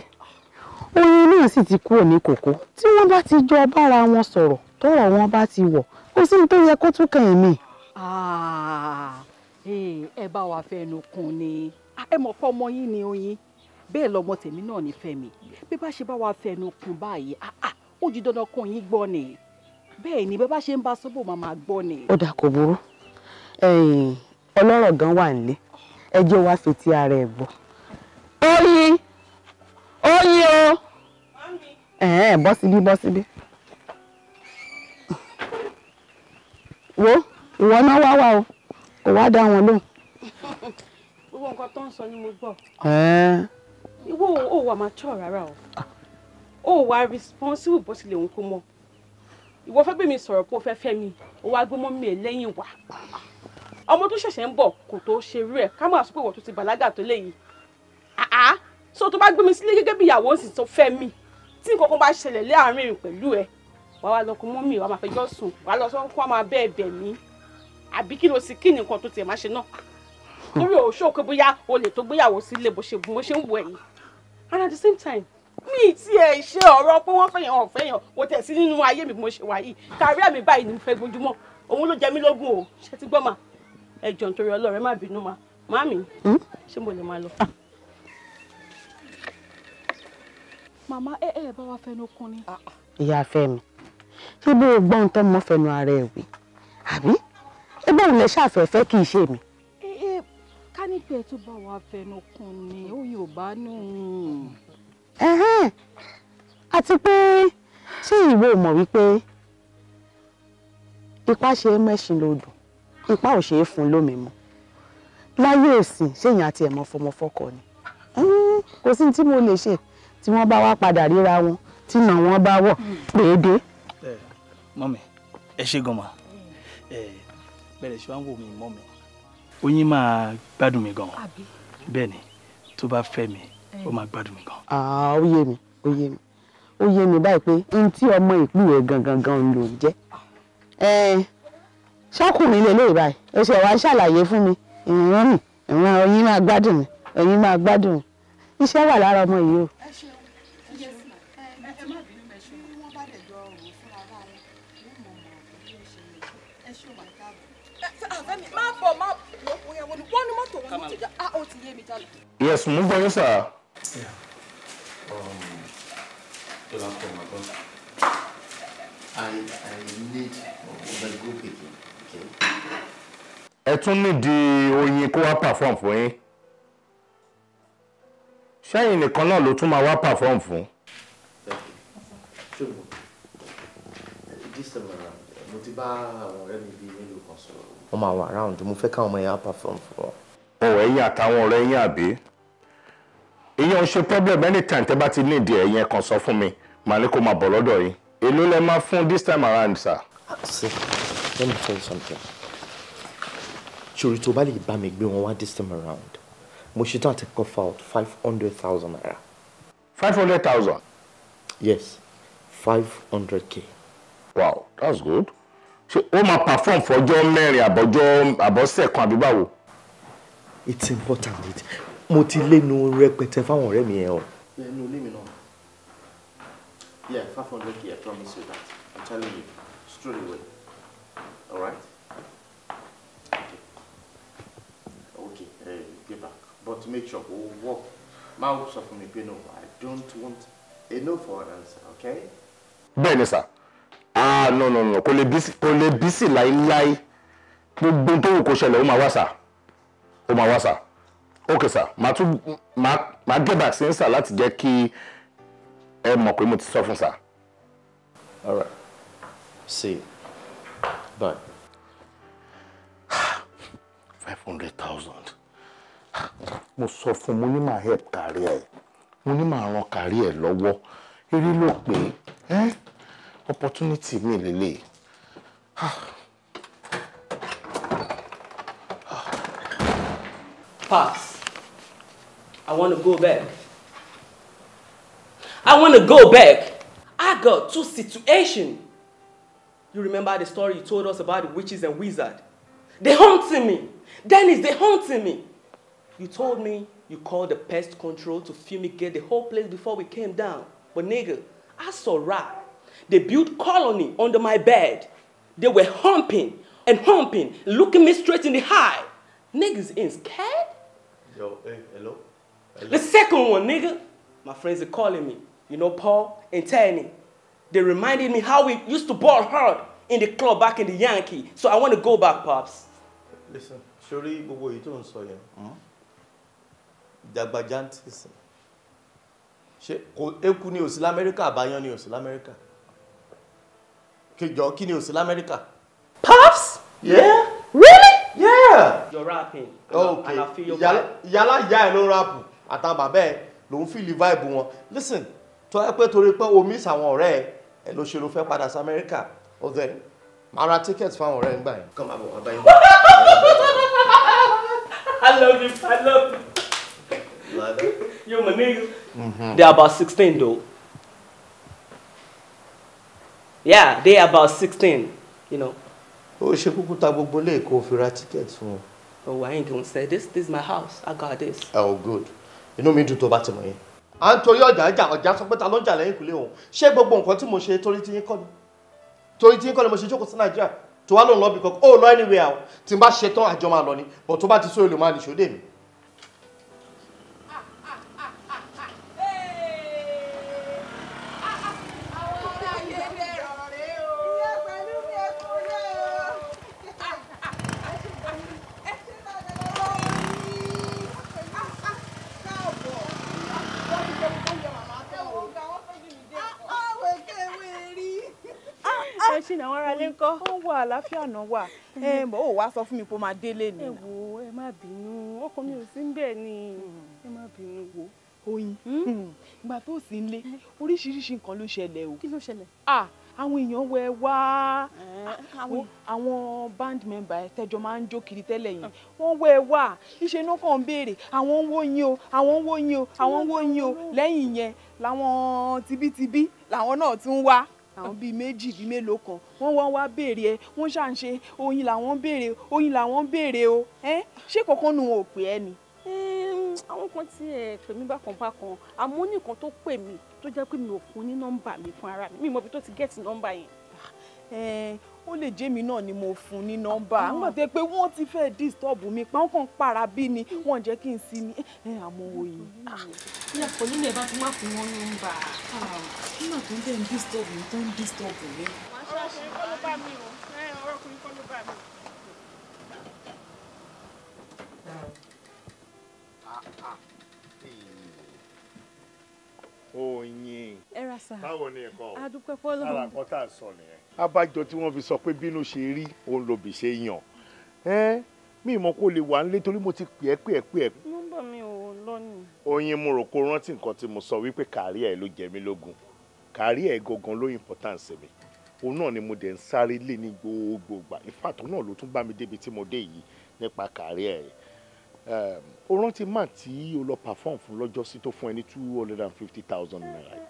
oyin náà sì ti kúrò ní kòkó tí wọ́n bá ti jọ bára wọn sọ̀rọ̀ tọ́rọ̀ wọn bá ti wọ̀ kò sí ní tó yẹ kó tún kàn mí. Ah, eh, ẹ bá wa fẹnu kún ni ah, ẹ mọ̀ pé ọmọ yín ni oyin bẹ́ẹ̀ lọmọ tèmi náà ní fẹ́mi bí bá ṣe bá wa fẹnu kún báyìí ah, ó di dandan kún yín gbọ́ ni bẹ́ẹ̀ ni bẹ́ẹ̀ bá ṣe ń bá sọ́bù máa máa gbọ́ ni. ó dà kò burú ọlọ́rọ̀ gan wà nílé ẹjẹ́ wa fi ti ara ẹ̀ bọ̀. oyin oyin o bọ́ síbí bọ́ síbí. wo ìwọ náà wá wà o kò wá dá wọn lóhùn. gbogbo nǹkan tó ń sọ ni mo gbọ́. ìwọ ò wà mature rárá o ah. ò wà responsible bó tilẹ̀ òun kó mọ́ ìwọ fẹ́ bẹ̀ mi sọ̀rọ̀ pé o fẹ́ fẹ́ mi o wá gbé mọ́ mi ẹ̀ lẹ́yìn wá ọmọ tó ṣẹ̀ṣẹ̀ ń bọ̀ kò tó ṣe rú ẹ̀ ká máa sọ pé ìwọ tó ti bàlágà tó léyìí àá so tó bá gbé mi sílé gẹ́gẹ́ bí ìyàwó sì tó fẹ́ mi tí nǹkan kan bá ṣẹlẹ̀ láàárín pẹ̀lú ẹ̀ wàá wá lọ kó mọ́mì wàá máa fẹjọ́ sùn wàá lọ sọ kó máa bẹ́ẹ̀ bẹ̀ mí àbí kí ló sì kí ni tó tiẹ̀ máa ṣe náà lórí òṣò pé bóyá o lè tó gbéyàwó sílé bó ṣe bú ṣe ń wọ ẹ̀yìn and at the same time mi ti ẹ̀ ṣe ọ̀rọ̀ pé wọ́n fẹ́yàn ọ̀fẹ́yàn kò tẹ̀ sí nínú ayé mi bí ṣe wà yìí kárí àmì báyìí ni mo fẹ́ gbójúmọ́ òun ló jẹ mí lógún o ṣe ti gbọ́ ma ẹ nítorí ọlọ́rẹ́ má bínú ma màmí hmm? ṣé mo lè máa lọ. Ah. màmá ẹ ẹ bá wa fẹnu kún ni. Ah, ah. ìyá fẹ́ mi ṣé bó o gbọ́n tán mọ́ fẹnu ara ẹ̀ wí àbí ẹ bá òun lẹ ṣàfẹ́fẹ́ kì í ṣe mi. Eh, eh, ká ní pé ẹ tó bá wa fẹnu kún ni ó yóò bá nù. àti pé ṣé ìwé ò mọ̀ wípé ipá ṣe é mẹ́ṣin lodò ipá ò ṣe é fún lómi mu láyé òsìn ṣéyìn àti ẹ̀mọ́ fọmọfọ́kọ ni kò sí tí mo lè ṣe tí wọ́n bá wá padà ríra wọn tí nà wọ́n bá wọ̀ hmm. pèédé mọ́mi ẹ ṣe gan ma ẹ mm. eh, bẹ̀rẹ̀ ṣe wá wò mí mọ́mi oyin máa gbádùn mi gan bẹ́ẹ̀ ni tó bá fẹ́ mi eh. ó máa gbádùn mi gan. Ah, ó yé mi ó yé mi ó yé mi báyìí pé n tí ọmọ ìpín rẹ gangan gan ló ń jẹ eh, ṣọkùnrin lè lóye báyìí ó ṣe wá ṣàlàyé fún mi ìrìn rìn ìrìn oyin máa gbádùn mi oyin máa gbádùn mi iṣẹ́ wà lára ọmọ yìí o. Come on. Ah, ó oh, ti yé mi jálè. Yes, mo gbọ́ yín my boss. I, I need over group again, okay? I tún nídìí oyin kó wá perform fún yín. Ṣẹ́yìn nìkan náà ló tún my wá perform fún. Ṣùgbọ́n this time around, mo ti bá àwọn ọ̀rẹ́ mi bíi mélòó kan sọ̀rọ̀. Wọ́n máa around, mo fẹ́ káwọn perform for? ọ ọ̀rọ̀ ẹ̀yìn àtàwọn ọ̀rẹ́ ẹ̀yìn àbí ìyẹn ò ṣe problem anytime tẹ́ bá ti ní ìdí ẹ̀yìn ẹ̀kan sọ fún mi màá ní kó máa bọ̀ lọ́dọ̀ yìí èló lẹ máa fún this time around sir. see let me tell you something ṣòrí tó bá lè bá mi gbé wọn wá this time around mo ṣetán àti kọ́ fa out five hundred thousand naira. five hundred thousand. yes five hundred k. wow that's good ṣé ó máa perform fọjọ́ mẹ́rin àbọ̀jọ́ àbọ̀sẹ̀ kan àbí báwo it's important it mo ti lẹ́nu rẹpẹtẹ fáwọn ọ̀rẹ́ mi yẹn o. lẹ́nu ilé mi náà yeah five hundred k I promise you that I'm telling you straight away all right okay okay hey, eh, get back but make sure o oh, work má o sọ fún mi pé no I don't want a no for an answer okay. bẹ́ẹ̀ ni sà ah no no no kò lè bí sí láéláé gbogbo tó wù kó ṣẹlẹ̀ ó máa wá sà ó máa wá sà ok sà màá tún màá get back sí ń sà láti jẹ́ kí ẹ mọ̀ pé mo ti sọ fún sà. all right see bye. five hundred thousand mo sọ fún mo ní màá help kárí ẹ mo ní màá ran kárí ẹ lọ́wọ́ eré ló pé opportunity mi lélẹ̀. Pass. I want to go back. I want to go back. I got two situations. You remember the story you told us about the witches and wizard? They haunting me. Dennis, they haunting me. You told me you called the pest control to fumigate the whole place before we came down. But nigga, I saw rat. They built colony under my bed. They were humping and humping, looking me straight in the eye. Niggas ain't scared. Yo, hey, hello? hello? The second one, nigga, my friends are calling me. You know, Paul and Tani. They reminded me how we used to ball hard in the club back in the Yankee. So I want to go back, Pops. Listen, surely, Shuri, gbogbo èyí tó ń sọ yẹn. Dàgbà jantism. Ṣé kò eku ni òsì l'Amẹ́ríkà àbáyán ni òsì l'Amẹ́ríkà? Kejọ́ kí ni òsì America? Pops? Yeah. yeah you're rapping. and okay yàrá ìyá ẹ ló ń rapu àtàwọn bàbá ẹ ló ń fìlì vibe wọn listen tó ẹ pé torí pé o miss àwọn ọ̀rẹ́ ẹ ẹ ló ṣe ló fẹ́ padà sí Amẹ́ríkà ó dẹ̀ máa ra ticket fáwọn ọ̀rẹ́ ẹ gbà yẹn. kọ́ máa bọ̀ wá báyìí. I love you I love you. You're my nigga. Mm-hmm. They're about 16 though. Yeah, they're about 16, you know ó ṣe kúkú ta gbogbo ilé ìkó fi ra ticket fún un. oh i ain't gonna say this this is my house i got this. oh good inú mi dùn tó bá ti mọ̀ yẹn. à ń torí ọjà ọjà ọjà sọ pé ta ló ń jà lẹ́yìn ìkúlé òun ṣé gbogbo nǹkan tí mo ṣe torí ti yín kọ́ ni torí ti yín kọ́ ni mo ṣe jókòó sí nàìjíríà tó wá lóun lọ bí kankan ó lọ anywhere tí n bá ṣe àjọ máa lọ ni bọ̀ tó bá ti sóyè lè máa nìṣó dé mi. sí ní àwọn aráalé ń kọ́. ó wà àlàáfíà náà wà mm-hmm. ẹ bọ́ ò wá sọ fún mi pé máa délé ni. ẹ wo ẹ má bínú ọkọ mi ò sí ń bẹ̀ ni mm-hmm. ẹ má bínú wo oyin hmm? Hmm. ìgbà tó sì ń lé oríṣiríṣi nǹkan ló ṣẹlẹ̀ o. kí ló ṣẹlẹ̀. àwọn èèyàn wẹ wá àwọn band member tẹjọ máa ń jó tẹ́lẹ̀ yìí ah. wọ́n wẹ wá iṣẹ́ inú kan béèrè àwọn ń wó yín o àwọn ń wó yín o àwọn ń wó yín o lẹ́yìn yẹn làwọn tibítibí làwọn náà tún wá àwọn bíi méjì bíi mélòó kan wọ́n wá wá béèrè ẹ wọ́n ṣàǹṣe oyin làwọn béèrè oyin làwọn béèrè o ṣé kankan nu wọn ò pè ẹ́ ni àwọn kan tí ẹ pè mí bákan bákan àmọ́ nìkan tó pè mí tó jẹ́ pé mi ò fún ní nọ́mbà mi fún ara mi mi mọ̀ bí tó ti gẹ̀ẹ́tì nọ́mbà yẹn ó lè jẹ́ mi náà ni mo fún ní nọ́mbà ah. nígbà tó yẹ pé wọ́n ti fẹ́ disturb mi pa wọ́n kàn para bí ni wọ́n jẹ́ kí n sí ni ẹ àmọ́ òyìn. bí ah. àpò nílẹ̀ bá ti wá fún wọn nọ́mbà ah. nígbà tó ń bẹ̀ ń disturb mi tó ń disturb mi. ọ̀rọ̀kùnrin kọ́ ló bá mi o ọ̀rọ̀kùnrin kọ́ ló bá mi. oyin. ẹ ra sá báwo ni nǹkan o adúpẹ́ fọlọ́ ara kan tá à ń sọ nìyẹn. abájọ tí wọ́n fi sọ pé bínú ṣe rí òun lòbì ṣe yàn ẹ́ mi ìmọ̀ kó lè wà nílé torí mo ti pè é pè é pè é. nọ́mbà mi ò lọ́nìí. oyin mo rò kó rántí nǹkan tí mo sọ wípé kárí ẹ̀ ló jẹ mí lógún kárí ẹ̀ gangan ló importance mi òun náà ni mo dẹ̀ ń sáré lé ní gbogbo ìgbà ìfàtọ́ náà ló tún bá mi débi tí mo dé yìí nípa kárí ẹ̀ ó rántí mà tí o lọ perform fún lọ́jọ́sí tó fún ẹ ní two hundred and fifty thousand naira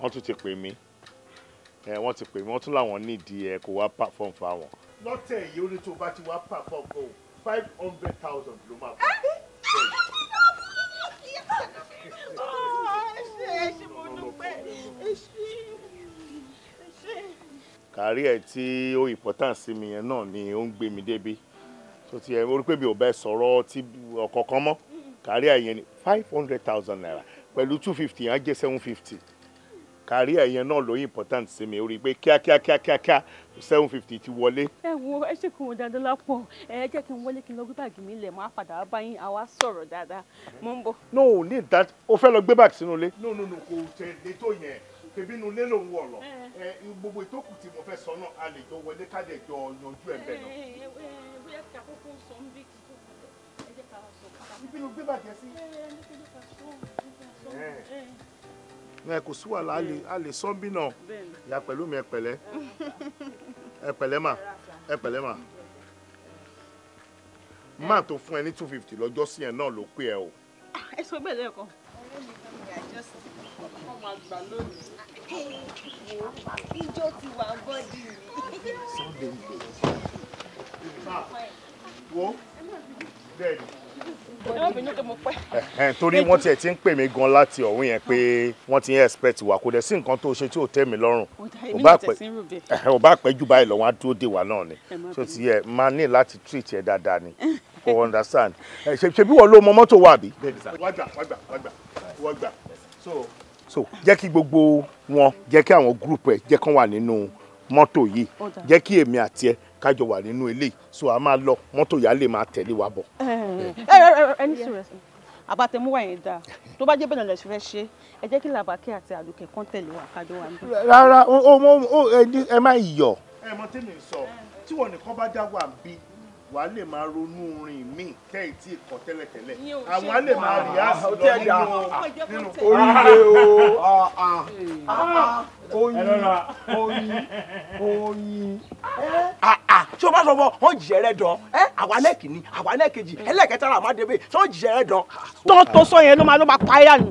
wọ́n tún ti pè mí wọ́n ti pè mí wọ́n tún làwọn nídìí ẹ kó wá perform fáwọn. lọ́tẹ̀ yìí ó ní tó bá ti wá perform go five hundred thousand ló máa fún kàrí ẹ tí ó important sí mi yẹn náà ni ó ń gbé mi débi so ti ẹ orí pé mi ò bẹ sọ̀rọ̀ ti ọ̀kọ̀ọ̀kan mọ́ kárí ẹ̀yẹn ni five hundred thousand naira pẹ̀lú two fifty yẹn á jẹ́ seven fifty kárí ẹ̀yẹn náà ló important sí mi orí pé kíákíá kíákíá seven fifty ti wọlé. ẹ wo ẹ ṣe kí wọn dáadáa lápọ ẹ jẹ́ kí n wọlé kí n lọ gbé báàgì mi lẹ̀ máa padà bá àwa sọ̀rọ̀ dáadáa mo ń bọ̀. no need that o fẹ́ lọ gbé báàgì sínú ilé. no no no kò tẹ̀ lé tó yẹn tèmi nu lé lòun wọ̀ lọ eh. gbogbo ìtókù mo fẹ́ sọ náà a lè jọ wọlé ká yanjú ẹ̀ bẹ́ẹ̀ náà. Eh, eh, bóyá kí àkókò sọ ń bí kí tó kọjá ẹ jẹ́ ká sọ. ibi kò sí wàhálà a lè sọ bí náà ìyá pẹ̀lú mi ẹ pẹ̀lẹ́ ẹ pẹ̀lẹ́ mà ẹ pẹ̀lẹ́ mà má tó fún ẹ ní two fifty lọ́jọ́ sí ẹ náà ló pé ẹ o. ẹ sọ bẹ́ẹ̀ lẹ́ẹ̀kan. ìjọ ti wà bọ́dì mi wo bẹ́ẹ̀ni. ẹ má bínú pé mo pẹ́. torí wọ́n tiẹ̀ ti ń pè mí gan láti ọ̀hún yẹn pé wọ́n ti ń expect wa kò dẹ̀ sí nǹkan tó ṣe tí ò tẹ́ mi lọ́rùn ò bá pẹ́ jù báyìí lọ́wọ́ á dúró dè wá náà ni so ti yẹ máa ní láti treat ẹ dáadáa ni kò understand ṣe bí wọ́n ló mọ mọ́tò wa bí. wàgbà wàgbà wàgbà wàgbà so so jẹ́ kí gbogbo wọn jẹ́ kí àwọn group ẹ̀ jẹ́ kán wà nínú mọ́tò yìí jẹ́ kí èmi àti ẹ kájọ wà nínú ilé so a máa lọ mọ́tò yà á lè máa tẹ̀lé wa bọ̀. ẹni sùrẹ̀ sùn àbátẹmúwà yẹn dáa tó bá jẹ́ bẹ́ẹ̀ lọ́lẹ̀ fẹ́ ṣe ẹ jẹ́ kí làbákẹ́ àti àdùkẹ́ kán tẹ̀lé wa kájọ wà níbẹ̀. rárá ẹ má yọ. ẹ mọ tí mi sọ tí wọn nìkan bá já wà wà á lè máa ronú orin míì kẹ́yìn tí ìkọ́ tẹ́lẹ̀tẹ́lẹ̀ àwọn á lè máa rí àṣì ah, lọ nínú oríire o oyin oyin oyin. ṣé o bá sọ fún ọ wọn jìyà rẹ dán ẹ àwa lẹ́ẹ̀kìnní àwa lẹ́ẹ̀kejì ẹlẹ́ẹ̀kẹta rà má débè ṣé wọn jìyà rẹ dán. tó sọ yẹn ló máa ló máa pa ẹyà nù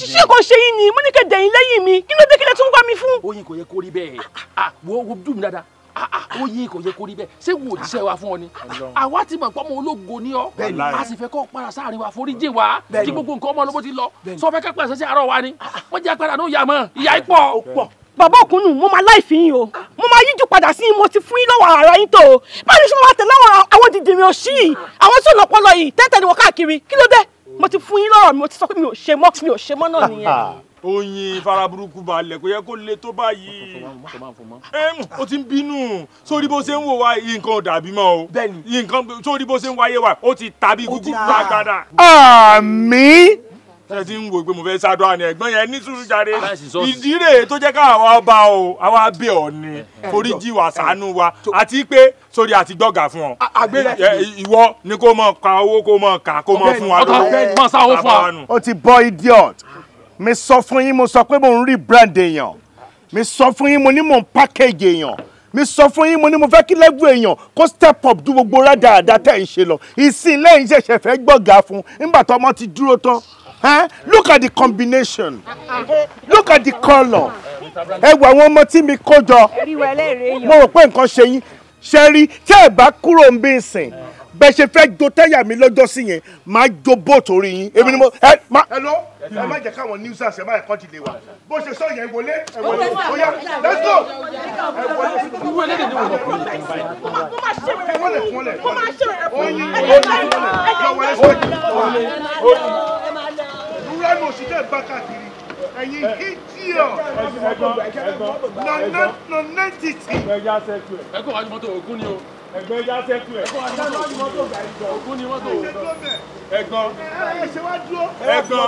ṣíṣe kò ṣe yín ni mo ní kẹ́ dẹ̀yìn lẹ́yìn mi kí ló dé kí lè tún wá mi fún. oyin kò yẹ kó rí bẹ́ẹ̀ ah, ah. wo wo dùn mí dáadáa Ah, ah, ó yí kò yẹ kó rí bẹ́ẹ̀ ṣé wò jíṣẹ́ wa fún ọ ni àwa ti mọ̀ pé ọmọ ológo ni ọ a sì fẹ́ kọ́ para sáàrin wa foríjì wa kí gbogbo nǹkan ọmọ ológo ti lọ sọ fẹ́ kápẹ́ àṣẹṣe àárọ̀ wa ni ah, wọ́n jẹ́ agbára náà yà mọ́ ìyá ipò. bàbá òkúnnù mo máa láì fi yín o mo máa yíjú padà sí mo ti fún yín lọ́wọ́ ara yín tó báyìí ṣe máa tẹ̀lé àwọn dìdìrín òṣì yìí àwọn tó lọ́pọlọ yìí tẹ́tẹ́ ni wọ́n káàkiri kí ló dé mo ti fún yín lọ́rọ̀ mi mo ti sọ pé mi ò ṣe mọ́ mi ò ṣe mọ́ náà nìyẹn oyin faraburuku balẹ̀ kò yẹ kó le tó báyìí o ti ń bínú sórí bó ṣe ń wò wá nǹkan dàbí mọ́ o nǹkan sórí bó ṣe ń wáyé wa ó ti tàbí gúgú gbàgbàdà. àmì. ṣé ti ń wo pé mo fẹ́ ṣàdúrà ni ẹ̀gbọ́n yẹn ní sùúrù jáde ìdí rèé tó jẹ́ ká bá o àwa bẹ̀ ọ́ ni foríjì wá ṣàánú wa àti pé sórí àti gbọ́gà fún ọ. ìwọ ni kó mọ̀ ka owó kó mọ̀ kà kó mọ̀ fún wa lọ́wọ́. ó ti bọ́ idiot mi sọ fún yín mo sọ pé mo ń rí brand èèyàn mi sọ fún yín mo ní mo ń package èèyàn mi sọ fún yín mo ní mo fẹ́ kí level èèyàn kó step up dú gbogbo rádaràda tẹ̀ ń ṣe lọ ìsìn ṣẹ̀ṣẹ̀ fẹ́ gbọ̀gà fún nígbà tó ọmọ ti dúró tán eh? look at the combination look at the colour ẹ wo àwọn ọmọ tí mi kó jọ mo rò pé nǹkan ṣe yín ṣe rí tẹ́ ẹ bá kúrò ń bí ìsìn bẹ́ẹ̀ ṣe fẹ́ jo tẹ́yà mi lọ́jọ́ sí yẹn máa jo bóòtù orí yín èmi ni mo ẹ má. ẹ má jẹ káwọn news àṣẹ má ẹkọ ti lè wà bó ṣe sọ yẹn wọlé ẹ wọlé oya let's go. ẹ wọlé ẹ wọlé ẹ wọlé oyin oyin ẹ wọlé sọyìn oyin. ìrora ni òṣìṣẹ́ bá káàkiri ẹ̀yin idiot nonentity. ẹgbẹ́ yá sẹ́kù ẹ̀. ẹ̀kọ́ wájú mọ́tò ògún ni o. ẹgbẹ́ yá sẹ́kù ẹ̀. ẹ̀kọ́ wájú mọ́tò ògún ni mọ́tò. ẹ̀gbọ́n. ẹ ṣe wá dúró. ẹ̀gbọ́n.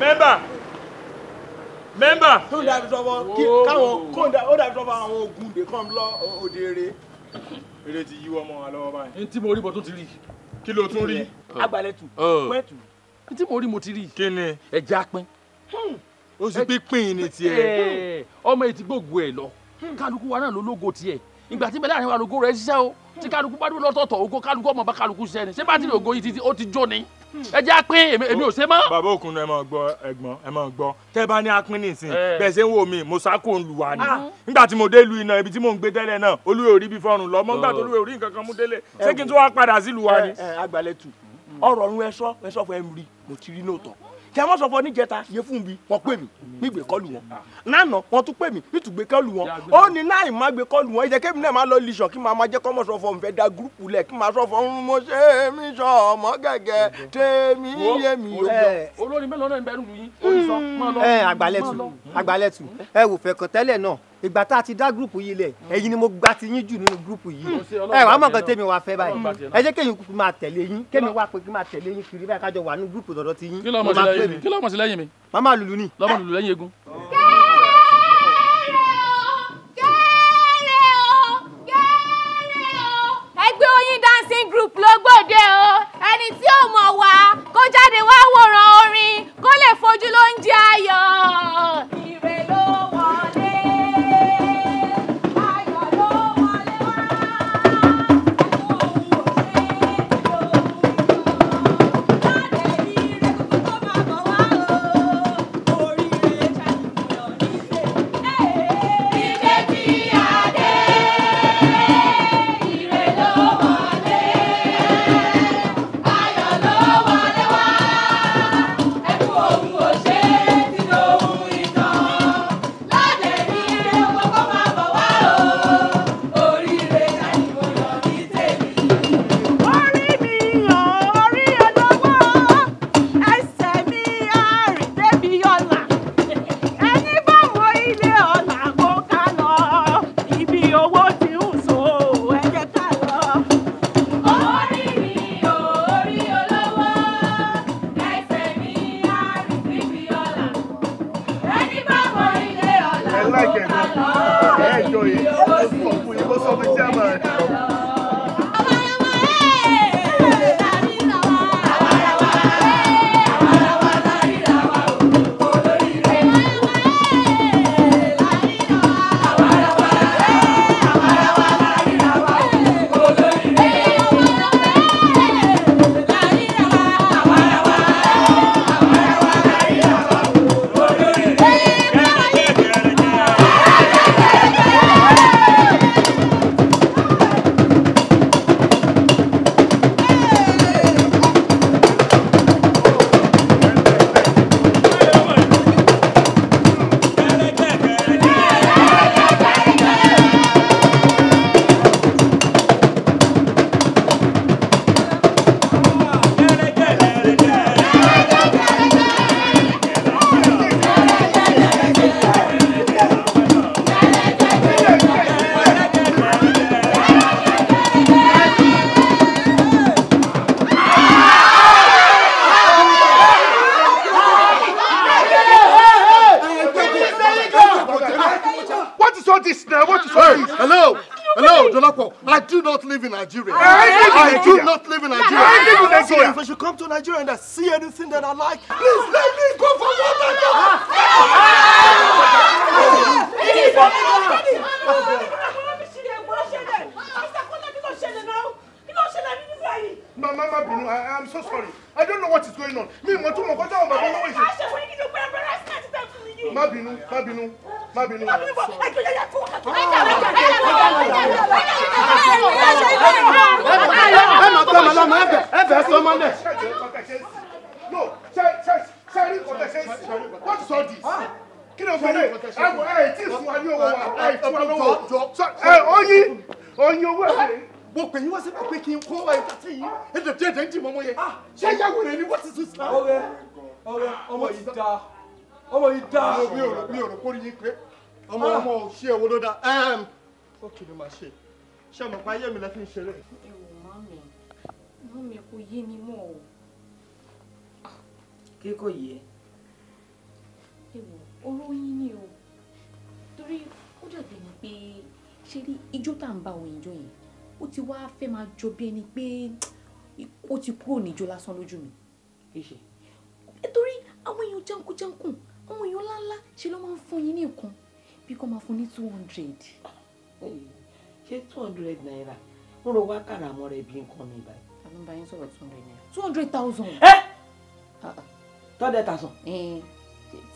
wọ́n fọ mẹ́mbà. tó ń dàbí tọ́wọ́ kí káwọn kó ó dàbí tọ́wọ́ àwọn ogun dè kàn lọ òde eré. eré ti yíwọ́ mọ́ wa lọ́wọ́ báyìí. n tí mo rí bọ́ tó ti rí. kí ló tún rí. agbalẹ̀tù pẹ́ẹ̀tù. n tí mo rí mo ti rí. kí ni. ẹja pín. Hmm. ó sì pín pín ní tiẹ̀. ọmọ ètí gbogbo ẹ̀ lọ hmm. kálukú wa náà ló lógo tiẹ̀ ìgbà tí bẹ́ẹ̀ láàrin wa lógo rẹ̀ ṣiṣẹ́ o tí kálukú bá dúró lọ́tọ̀ọ̀tọ̀ ògo kálukú ọmọ bá kálukú ṣiṣẹ́ ni ṣé bátìrì ògo yìí ti ó ti jó ni ẹ jẹ́ apín èmi ò ṣe mọ́. bàbá òkun ẹ máa gbọ́ ẹ̀gbọ́n ẹ máa gbọ́ tẹ́ bá ní apín nìsín bẹ́ẹ̀ ṣe ń wò mí mo sáko ń lù wá ni ah. nígbà tí mo dé lu iná ibi tí mò ń gbé tẹ́lẹ̀ náà olúwe orí bí fọ́rùn lọ mọ́ nígbà tó olúwe orí nǹkan kan mú délé ṣé kí n tún wá padà sí lù ni. ẹ ẹ agbalẹ̀ tù fún ẹ kí a mọ̀ sọ fọ níjẹta yẹ fún mi wọ́n pè mí nígbè kọ́lù wọn nánà wọ́n tún pè mí nítùgbè kọ́lù wọn ó ní náà ìmọ̀ àgbè kọ́lù wọn ìjẹ́ kébì máa lọ lìṣọ̀ kí máa máa jẹ́ kọ́ mọ̀ sọ fọ nfẹ́ da gúrùpù lẹ̀ kí máa sọ fọ ń mo ṣe mí sọ ọmọ gẹ́gẹ́ tèmi yé mi yó. olórin mélòó náà ń bẹ́rù yín ó ń sọ eh, ẹ eh, wò fẹ̀kàn tẹ́lẹ̀ náà ìgbà tá a ti dá gúrùpù yìí lẹ̀ mm. ẹ̀yin ni mo gba ti yín jù nínú gúrùpù yìí ẹ wàá mọ̀ nǹkan tèmi wàá fẹ́ báyìí ẹ jẹ́ kéyìn kúkú máa tẹ̀lé yín kémi wá pé kí máa tẹ̀lé yín kiri báyìí kájọ wà nínú gúrùpù tọ̀dọ̀ ti yín. kí lọ́mọ sí lẹ́yìn mi. màmá lulu ni. lọ́mọ lulu lẹ́yìn egun. ẹgbẹ́ oyin dancing group ló gbòde o ẹni tí ò mọ̀ wá kó jáde wá wòran orin kó lè fojú lóúnjẹ ayọ̀ ìrè ló wà. mọ̀ pé ayé mi lẹ́ fi ń ṣeré. ẹ wò má mi má mi kò yé mi mọ́ o. kí kò yé. ẹ wò ọ̀rọ̀ yín ni o torí ó dàbí ni pé ṣe rí ijó tá à ń bá òun ìjọ yẹn ó ti wá fẹ́ máa jọ bí ẹni pé ó ti kúrò níjó lásán lójú mi. nítorí àwọn èèyàn jankunjankun àwọn èèyàn ńláńlá ṣe ló máa ń fún yín ní nǹkan bí kò máa fún ní two hundred ṣé two hundred naira ń ro wákàrà mọ́ rẹ bí nǹkan mi báyìí. ta bá yín sọ̀rọ̀ two hundred naira two hundred thousand. ẹ tọ́dẹ̀ tàṣán.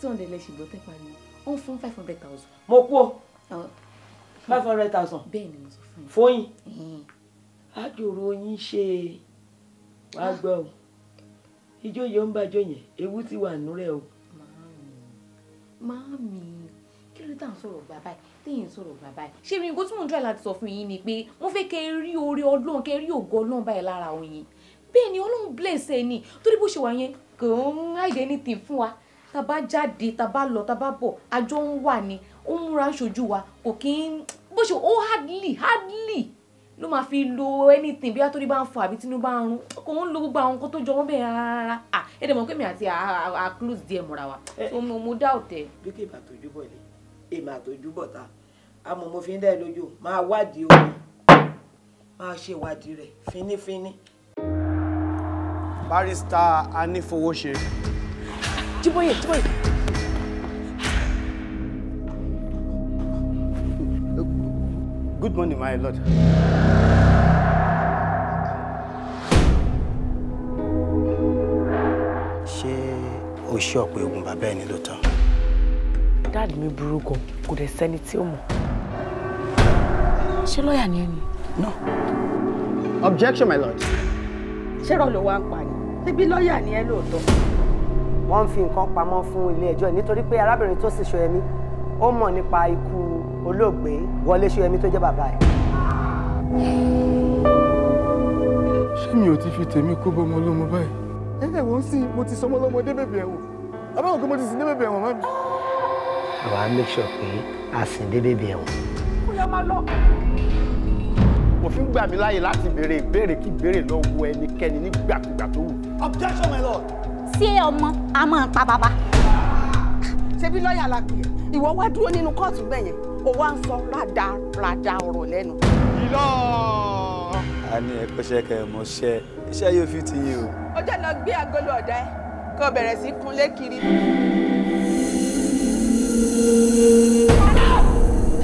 two hundred lẹ ṣùgbọ́n tẹ́ parí ó ń fún five hundred thousand. mo kú o ah. five hundred thousand. bẹ́ẹ̀ ni mo sọ fún yín. fóyín àjòrò yín ṣe wàá ah. gbọ́ o ijó yẹn ń bàjọ́ yẹn ewu ti wà nú rẹ̀ o. màámi kí ló dé tá sọ̀rọ̀ bàbá yìí téèyàn sọ̀rọ̀ gbà báyìí ṣé irin nǹkan tí mò ń dúrà láti sọ fún yín ni pé wọ́n fẹ́ kẹ́ ẹ rí oore ọlọ́run kẹ́ ẹ rí ògo ọlọ́run báyìí lára òyìn bẹ́ẹ̀ ni ọlọ́run bless ẹ ni torí bó ṣe wà yẹn kò ń hide anything fún wa tá a bá jáde tá a bá lọ tá a bá bọ̀ àjọ ń wà ni ó múra ṣojú wa kò kí ń bó ṣe ó hardly hardly ló máa fi lo anything bí atórí bá ń fọ àbí tinú bá ń rún kò ń lo gbogbo àwọn nǹkan tó jọ wọn bẹ́ẹ̀ rárá ẹ dẹ̀ mọ̀ pé mi àti à close díẹ̀ mọ́ra wa mo dá òtẹ́. bí kò ìbàtò ojú bọ̀ ilé èmi àtòjú bọ̀tà àmọ́ mo fi ń dẹ́ lójú máa wádìí omi máa ṣèwádìí rẹ̀ fínífíní. barista anífowóṣe. jíbóyè jíbóyè. Good morning, my lord. ṣé o ṣe ọ̀pọ̀ egun bàbá ẹni ló tán? dáàdì mi burú gan kò dẹ̀ sẹ́ni tí ó mọ̀. ṣé lọ́ọ̀yà ni ẹ ni. no objection my lord. ṣé rọ ló wá ń pa ni síbí lọ́ọ̀yà ni ẹ lóòótọ́. wọ́n ń fi nǹkan pamọ́ fún ilé ẹjọ́ nítorí pé arábìnrin tó sì ṣọyẹmí ó mọ̀ nípa ikú olóògbé wọlé ṣọyẹmí tó jẹ́ bàbá ẹ̀. ṣé mi ò ti fi tèmi kó bọ́mọ lọ́mọ báyìí. ẹ ẹ wọ́n sì mo ti sọmọ lọ́mọ débèbè ẹ̀wọ̀n abáwọn kí mo ti sì débèbè ẹ̀wọ̀n mọ́ mi àwa make sure pé a sìn dé bèbè ẹ̀wọ̀n. kúlẹ̀ máa lọ. òfin gbà mí láàyè láti béèrè ìbéèrè kí béèrè lọ́wọ́ ẹnikẹ́ni nígbàkúgbà tó wù. objection my lord. ṣé ọmọ a máa pa bàbá. ṣebí lọ́ọ̀yà la pè é ìwọ wá dúró nínú kóòtù bẹ́ẹ̀ yẹn ó wá ń sọ rádaràda ọ̀rọ̀ lẹ́nu. ìlọ. a ní ẹ pẹ́sẹ́ kẹ́ ẹ mọṣẹ́ iṣẹ́ yóò fi ti yín o. ó jẹ́ lọ gbé agolo ọ̀dà ẹ kó o bẹ̀rẹ̀ sí kúnlé kiri.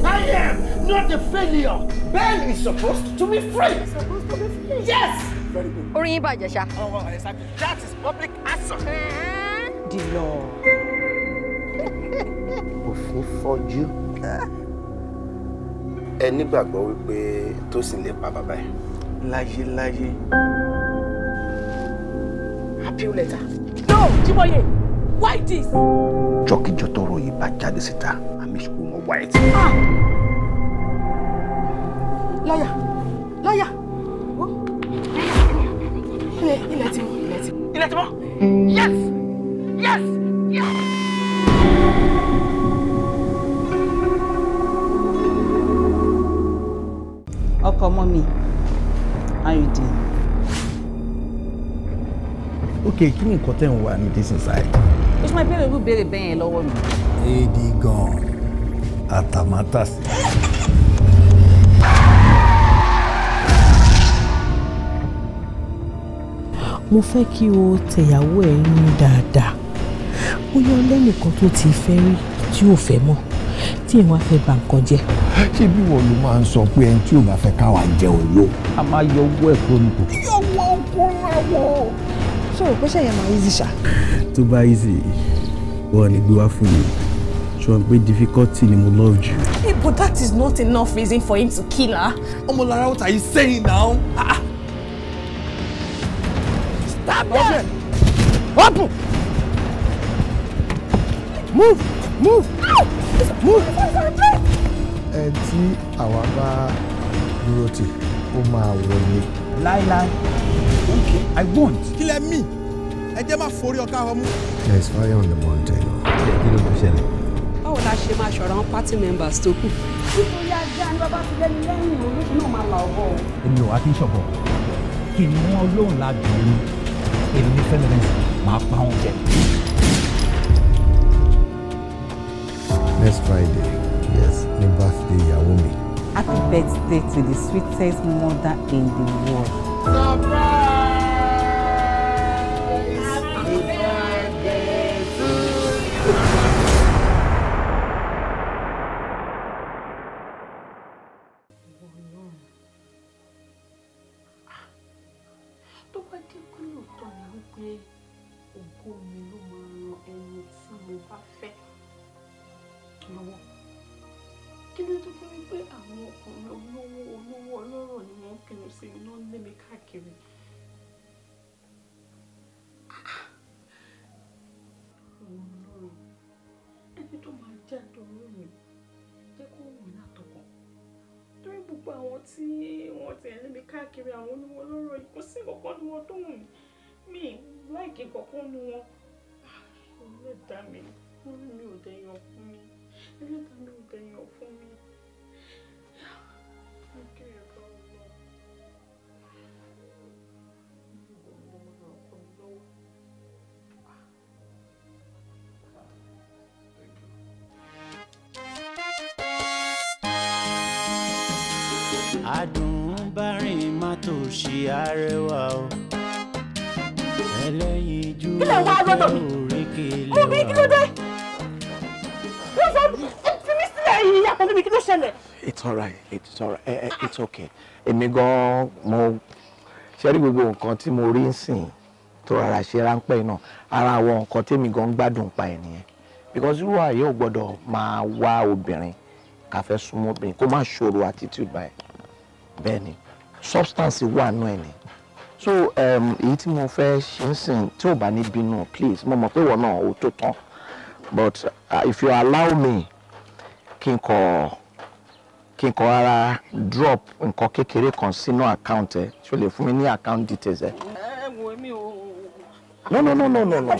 I am not a failure. Ben is supposed to be free. He's supposed to be free. Yes. Very good. Orin Ibajesha. Oh, well, exactly. That is public answer. The uh-huh. law. Òfin fọ́jú. Ẹ nígbàgbọ́ wípé Tósìn lè pa bàbá ẹ̀. Láyé láyé. Appeal letter. No, Jiboye why this. jọkíjọ tọrọ yìí bá jáde síta àmì ìṣòro mọ wáyé tí. Ah! lọ́yà lọ́yà ilẹ̀ ti mọ́ ilẹ̀ ti mọ́. ilẹ̀ ti yes yes yes. ọkọ mommy. mi how you doing. okay can you contain what ń this inside ṣé máa bẹ̀rẹ̀ irú ìbéèrè bẹ́ẹ̀ yẹn lọ́wọ́ mi. èdè gan-an àtàmátàsí. mo fẹ́ kí o tẹ̀yàwó ẹ̀ ń dáadáa bóyá ọlẹ́nìkan tó ti fẹ́ rí tí ò fẹ́ mọ̀ tí ẹ̀ wá fẹ́ bà nǹkan jẹ́. ṣé bí wọn ló máa ń sọ pé ẹni tí ò bá fẹ́ káwa jẹ ló. a máa yọ owó ẹ̀ kúrò nípò. yọ kúrò náà ṣòro pé ṣẹ̀yẹ̀ máa easy ṣá. tó bá easy wọn ni gbé wá fún mi ṣùgbọ́n pé difficulty ni mo love you. hey but that is not enough reason for him to kill her. ọmọlára what are you saying now. Ah, ah. Stop stab them. move move Ow! move. ẹ tí àwa bá dúró tì ó máa wọlé. láíláí. Okay, I won't. Kílẹ̀ mi, ẹ jẹ́ máa forí ọkà ọmú. There is fire on the mountain. Kí ló tún ṣẹlẹ̀? Báwo la ṣe máa ṣọ̀rọ̀ àwọn party members tó kù? Nítorí ajá ni bàbá ti lẹ́nu lẹ́yìn olóṣù náà máa la ọ̀bọ. Èmi ò wá kí n ṣọ̀bọ̀. Kì ni wọ́n lóun la dùn ún. Èmi ní fẹ́mìlẹ́sì máa pa wọn jẹ. Next Friday, yes, ní birthday ìyàwó mi. Happy birthday to the sweetest mother in the world. Surprise! láìkí kankan nu wọn olùdá ah, mi olú mi ò dẹyàn fún mi olùdá mi ò dẹyàn fún mi. it's alright it's alright eh, eh, it's okay èmi gan mo ṣe rí gbogbo nǹkan tí mo rí ń sìn tó rárá ṣe ráńpẹ́ náà ara àwọn nǹkan tèmi gan ń gbádùn pa ẹ̀ nìyẹn because irú ààyè ò gbọ́dọ̀ máa wá obìnrin ká fẹ́ súnmọ́ obìnrin kó má ṣòro attitude báyìí bẹ́ẹ̀ ni substance wà nù ẹ̀ ni so um, èyí tí mo fẹ́ ṣe ń sìn tí ò bá ní bínú please mo mọ̀ pé wọ́n náà ò tó tán but uh, if you allow me kí n kọ̀ kí n kọ̀ ara drop nǹkan kékeré kan sínú account ẹ ṣe o lè fún mi ní account details ẹ. no no no no no. no.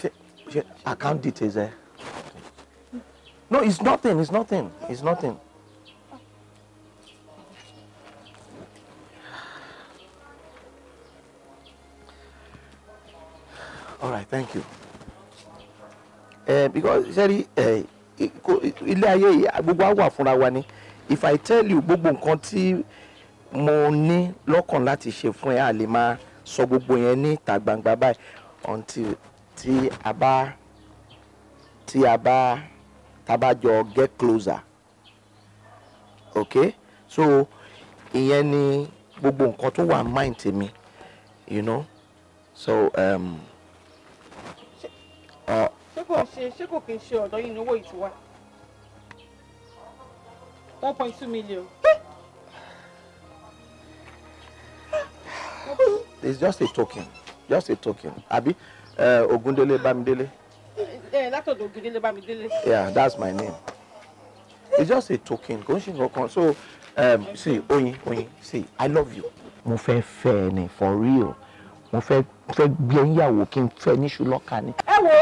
ṣe ṣe account details ẹ. no it's nothing it's nothing it's nothing. all right thank you. ẹ eh, because sẹ́rí ẹ eh, ilé ayé gbogbo àwa fúnra wa ni if I tell you gbogbo nǹkan tí mo ní lọ́kàn láti ṣe fún ẹ a lè máa sọ gbogbo yẹn ní ìta gbangba báyìí until tí a bá tí a bá tabajọ get closer okay so ìyẹn ni gbogbo nǹkan tó wà mind tèmi you know so. Um, ṣé kò ṣe ṣé kò kì í ṣe ọ̀dọ́ yìí ní owó ìtura one point two million. it's just a token just a token abi Ogundele Bamidele. ẹ látọ̀dọ̀ Ogundele Bamidele. yeah that's my name it's just a token kò ń ṣe nǹkan so um, see Oyin Oyin see I love you. mo fẹ́ fẹ́ ẹ ní for real mo fẹ́ mo fẹ́ gbé ẹyin yàwó kí n fẹ́ níṣu lọ́ka ni. ẹ wo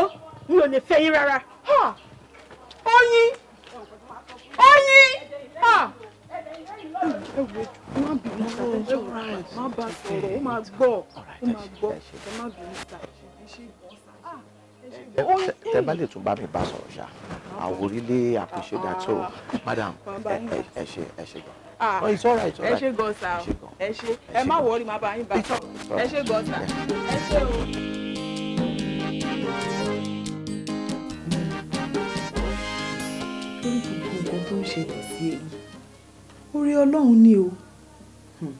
mi ò lè fẹ́ yín rárá oyin oyin tẹ bá lè tún bá mi bá sọ̀rọ̀ ṣá àwòrílé àpèṣe dàtó madam ẹ ṣe ẹ ṣe gan ah oh, it's all it's all right ẹ ṣé gan sa ẹ ṣé ẹ má wọrí má bá yín bá ẹ ṣé gan sa ẹ ṣé o. lórí gbogbo nǹkan tó ń ṣẹlẹ̀ sí èyí orí ọlọ́run ni o hmm.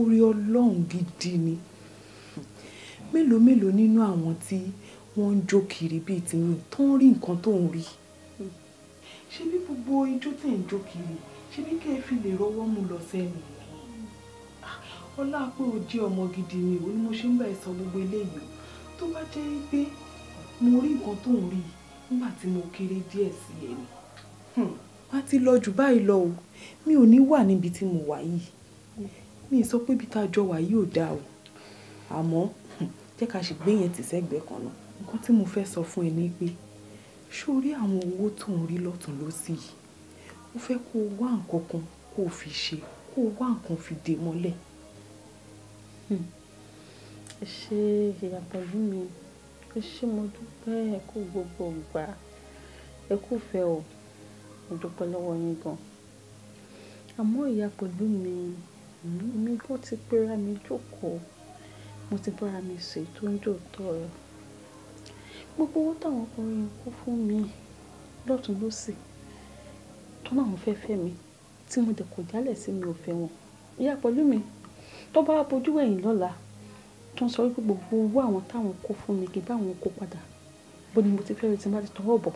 orí ọlọ́run gidi ni hmm. mélòó mélòó nínú àwọn tí wọ́n ń jó kiri bíi tìyín tó ń rí nǹkan tó ń rí hmm. ṣé bí gbogbo ijó tẹ̀ ń jó kiri ṣe ní kẹ́ ẹ fi lè rówó mú lọ sẹ́nu ah, ọlápẹ ò jẹ́ ọmọ gidi ni ò ní mo ṣe ń bá ẹ sọ gbogbo eléyìí tó bá jẹ́ pé mo rí nǹkan tó ń rí nígbà tí mo kéré díẹ̀ sí ẹ ni wá hmm, ti lọ jù báyìí lọ o mi ò ní wà níbi tí mo wà yìí mi sọ pé ibi tá a jọ wà yìí ò dáa o àmọ́ hmm, jẹ́ ká ṣe gbé yẹn tì sẹ́gbẹ̀ẹ́ kan náà nǹkan tí mo fẹ́ sọ fún ẹ ní pé ṣó rí àwọn owó tó ń rí lọ́tún lọ́sì yìí mo fẹ́ kó o wá nǹkan kan kó o fi ṣe kó o wá nǹkan fi dè mọ́lẹ̀. Hmm. ẹ ṣe ìyá pẹ̀lú mi ẹ ṣe mo dúpẹ́ ẹ kú gbogbo ìgbà ẹ kú fẹ́ o mo dúpẹ́ lọ́wọ́ yín gan. àmọ́ ìyá pẹ̀lú mi mi gbọ́ ti péra mi jókòó mo ti bára mi sè tó ń dòótọ́ rẹ̀ gbogbo owó táwọn ọkùnrin kó fún mi lọ́tún lọ́sì. Si tó náà ń fẹ́ fẹ́ mi tí mo dẹ̀ kò jálẹ̀ sí mi ò fẹ́ wọn ìyá pẹ̀lú mi tó bá bojú ẹ̀yìn lọ́la tó ń sọ wípé gbogbo owó àwọn táwọn kó fún mi kì í bá àwọn kó padà bó ni mo ti fẹ́ rí tí n bá ti tọwọ́ bọ̀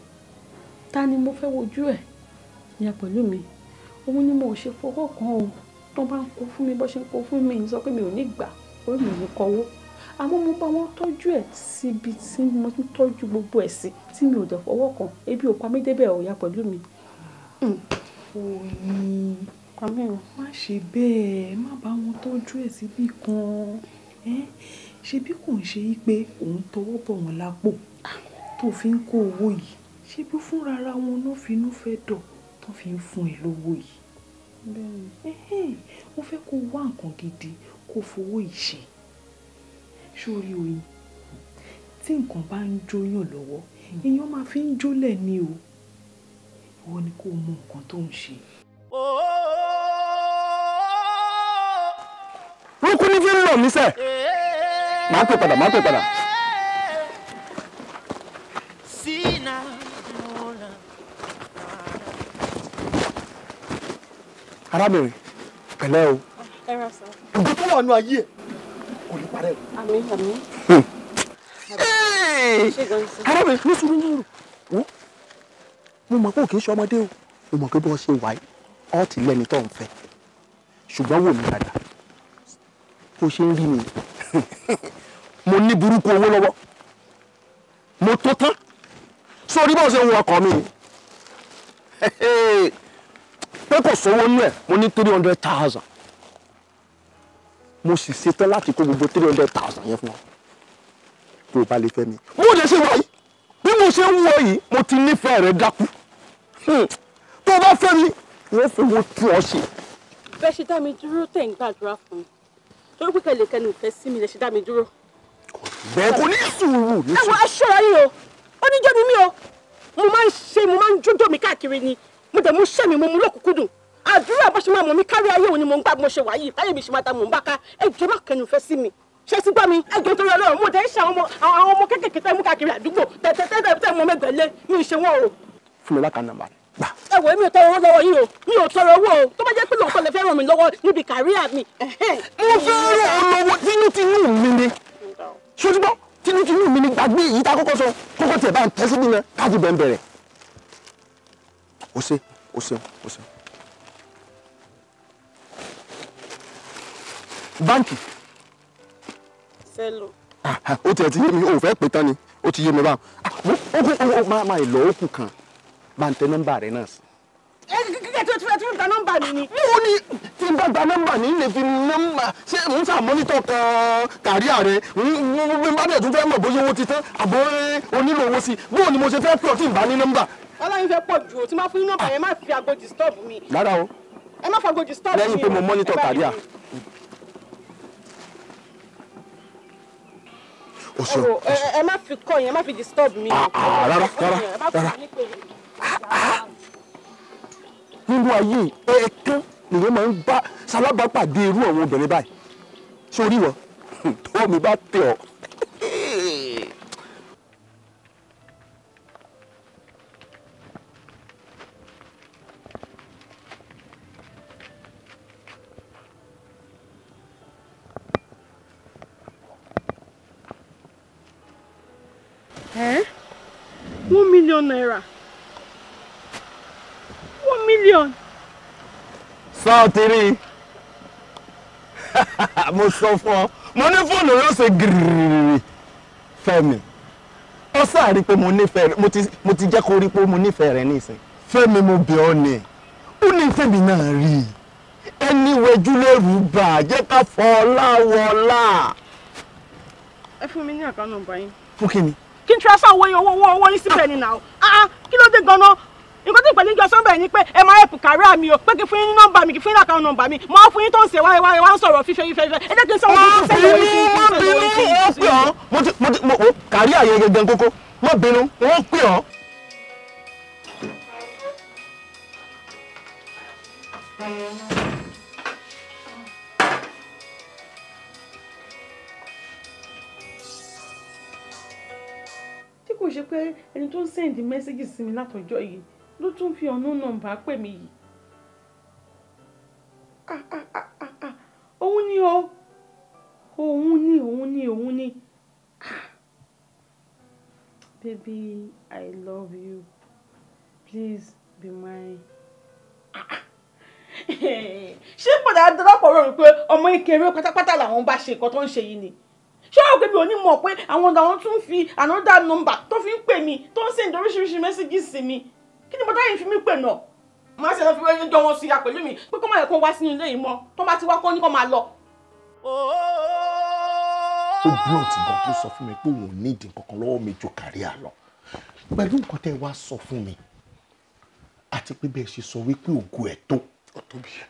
ta ni mo fẹ́ wojú ẹ̀ ìyá pẹ̀lú mi òun ni mo ò ṣe fọwọ́ kan o tó bá ń kó fún mi bó ṣe ń kó fún mi sọ pé mi ò ní gbà orí mi ò ní kọ́wọ́ àmọ́ mo bá wọn tọ́jú ẹ̀ síbi tí mo ti tọ́jú gbogbo ẹ̀ sí tí mi ò dẹ̀ fọwọ́ kan ebi ò pa mí débẹ̀ ọ̀ya pẹ̀lú mi Oyin, mm. má ṣe bẹ́ẹ̀, má bá wọn tọ́jú ẹ̀ síbí kan. Ṣé kò ń ṣe wípé ò ń tọwọ́ bọ̀ wọ́n lápò tó fi ń kó owó yìí? Ṣé bí fún wọn ló finú fẹ́ dọ̀ tó fi ń fún ẹ lówó yìí? Mo fẹ́ kó wá nǹkan gidi kó fowó yìí ṣe. Sórí oyin, tí nǹkan bá ń jóyàn lọ́wọ́, mm. èèyàn máa fi ń jólẹ̀ ni o ìwọ ni kó mọ nǹkan tó ń ṣe. burúkú ní fi ń lọ mí sẹ́ máa pè padà máa pè padà. arábìnrin pẹ̀lẹ́ o nǹkan tó wà nù ayé ẹ̀ kò ní parẹ́ o. Hmm. arábìnrin ní sùúrù ní sùúrù mo mọ̀ pé òkè ń ṣe ọmọdé o mo mọ̀ pé bí wọ́n ṣe wà yìí ọ́ ti lẹ́ni tó ń fẹ́ ṣùgbọ́n wò mí dada bó ṣe ń rí mi mo ní burúkú owó lọ́wọ́ mo tó tán sórí bó ṣe ń wọ ọkọ mi pé kò sówó nú ẹ̀ mo ní three hundred thousand mo sì ṣetán láti kó gbogbo three hundred thousand yẹn fún ọ tó o bá lè fẹ́ mi. mo lè ṣe wáyé bí mo ṣe ń wọ yìí mo ti nífẹ̀ẹ́ rẹ dákú. Hmm. tó o bá fẹ́ mi wọ́n fi wo tún ọ ṣe. bẹ́ẹ̀ ṣe dá mi dúró tẹ̀ ń gbàdúrà fún mi torí pé kẹlẹ̀ kẹnu ìfẹ́ sí mi lẹ̀ ṣe dá mi dúró. bẹ́ẹ̀ kò ní sùúrù ní sùúrù. ẹ wọ aṣọ ayé o oníjó ni mí o mo máa ń ṣe mo máa ń jójó mi káàkiri ni mo dẹ̀ mú ṣẹ́ mi mo mú lọ́kùnkúndùn àdúrà bá ṣe máa mọ̀ mí kárí ayé òun ni mo ń gbà bí mo ṣe wà yìí báyìí mi ṣe máa ta mò ń bá ká ẹjọ́ má kẹnu fẹ́ sí mi ṣé ti gbọ́ mi ẹjọ́ torí ọlọ́run mo tẹ́ ṣe àwọn ọmọ kéékèèké tẹ́ mú káàkiri àdúgbò tẹ́tẹ́tẹ́ tẹ́ mọ́ mẹ́gbẹ̀lé mi ṣe wọ́n o. fún mi nàmbà gbà. ẹ wo mi ò tọrọ owó lọ́wọ́ yìí o mi ò tọrọ owó o tó bá jẹ́ pé lóòótọ́ lè fẹ́ ràn mí lọ́wọ́ níbi kàríà mi. mo fẹ́ ràn ọ́ lọ́wọ́ tinútinú mi ni ṣojúbọ́ tinútinú mi ni gbàgbé èyí tá a kọ́kọ́ sọ kókó tiẹ̀ bá ń tẹ́ síbi yẹn káàdì bẹ́ẹ̀ bẹ̀rẹ̀. o ṣe o ṣe o ṣe. báńkì. sẹ́lò. o tiẹ̀ ti yé mi o fẹ́ pè tán ni o ti yé mi báwọn ah, o kò máa máa lọ ó kù kan bá ń tẹ nọ́mbà rẹ náà sí. ẹ kíkẹ́ tí o ti fẹ́ tí o ń ta nọ́mbà mi ni. mo ní tí n bá gba nọ́mbà ní ilé fi nọ́mbà ṣé n sà mọ́nítọ̀ kan kàríà rẹ n bá dẹ̀ tún fẹ́ mọ̀ bóyá owó ti tán àbọ̀ onílò owó sí bóò ni mo ṣe fẹ́ pọ̀ tí n bá ní nọ́mbà. ọlọ́yin fẹ́ pọ̀ ju o tí máa fún nọ́mbà yẹn má fi aago disturb mi. rárá o. ẹ má fago disturb mi. lẹ́yìn pé mo mọ́nítọ̀ kàríà. o ṣeun ẹ má fi kọ yẹn ẹ má fi disturb mi. Ah, ah, rárá rárá rárá nínú ayé ẹ̀ẹ̀kan nìyẹn máa ń bá sálábàápàdé irú àwọn obìnrin báyìí sórí wọn tọ́wọ́ mi bá tẹ̀ ọ́ sọ ti rí mo sọ fún ọ mo ní fóònù ló ṣe gírírí fẹ́mi ó sáàrí pé mo nífẹ̀ẹ́ rẹ mo ti jẹ́ kó rí pé mo nífẹ̀ẹ́ rẹ nísìn fẹ́mi mo bẹ̀ ọ́ ni ó ní fẹ́mi náà rí ẹni wẹjú lẹ́rù bà jẹ́ ká fọ́ ọláwọ́lá. ẹ fún mi ní àkànnà ọba fún kí ni. kí n transfer owó yín owó owó yín síbẹ̀ ni náà ah, ah, kí ló dé gan nǹkan tí ìpèníjọ sọ́nbẹ̀ ni pé ẹ máa ẹ̀pù kárí àmì o pé kí fún yín ní nọ́mbà mi kí fún yín lákàá nọ́mbà mi mo á fún yín tó ń ṣe wáyé wáyé wá ń sọ̀rọ̀ fífẹ́ fífẹ́ fífẹ́ ẹ jẹ́ kí n sọ wọn sẹ́yìn wọ́n ti ń pè ọ́ mo ti mo ti mo kárí àyè gẹ́gẹ́ kókó mo bínú wọ́n pè ọ́. tí kò ṣe pé ẹni tó ń sẹ́ndì mẹ́sẹ́gì sí mi látọjọ́ yìí ló tún fi ọ̀nà nọ̀mbà pè mí yìí. òun ni o òun ni òun ni òun ni. baby i love you please be mine. ṣé padà darapọ̀ rọrùn pé ọmọ ìkéré pátápátá làwọn bá ṣe nǹkan tó ń ṣe yìí ni ṣé àwọn òkèbí òní mọ̀ pé àwọn ọ̀dà wọn tún fi another number tó fi ń pè mí tó ń sèǹdì oríṣiríṣi mẹ́sígì sí mi kí ni mo dáyé fi mí pè náà màá ṣe fi wẹ́n jọ wọn sí ya pẹ̀lú mi pé kó má yẹ kó wá sínú ilé yìí mọ́ tó bá ti wá kó ní kó máa lọ. ó blunt gan tó sọ fún mi pé òun ní ìdí kankan lọ́wọ́ mi ju kárí àlọ́ pẹ̀lú nǹkan tẹ́ wá sọ fún mi àti pé bẹ́ẹ̀ ṣe sọ wípé ògo ẹ̀ tó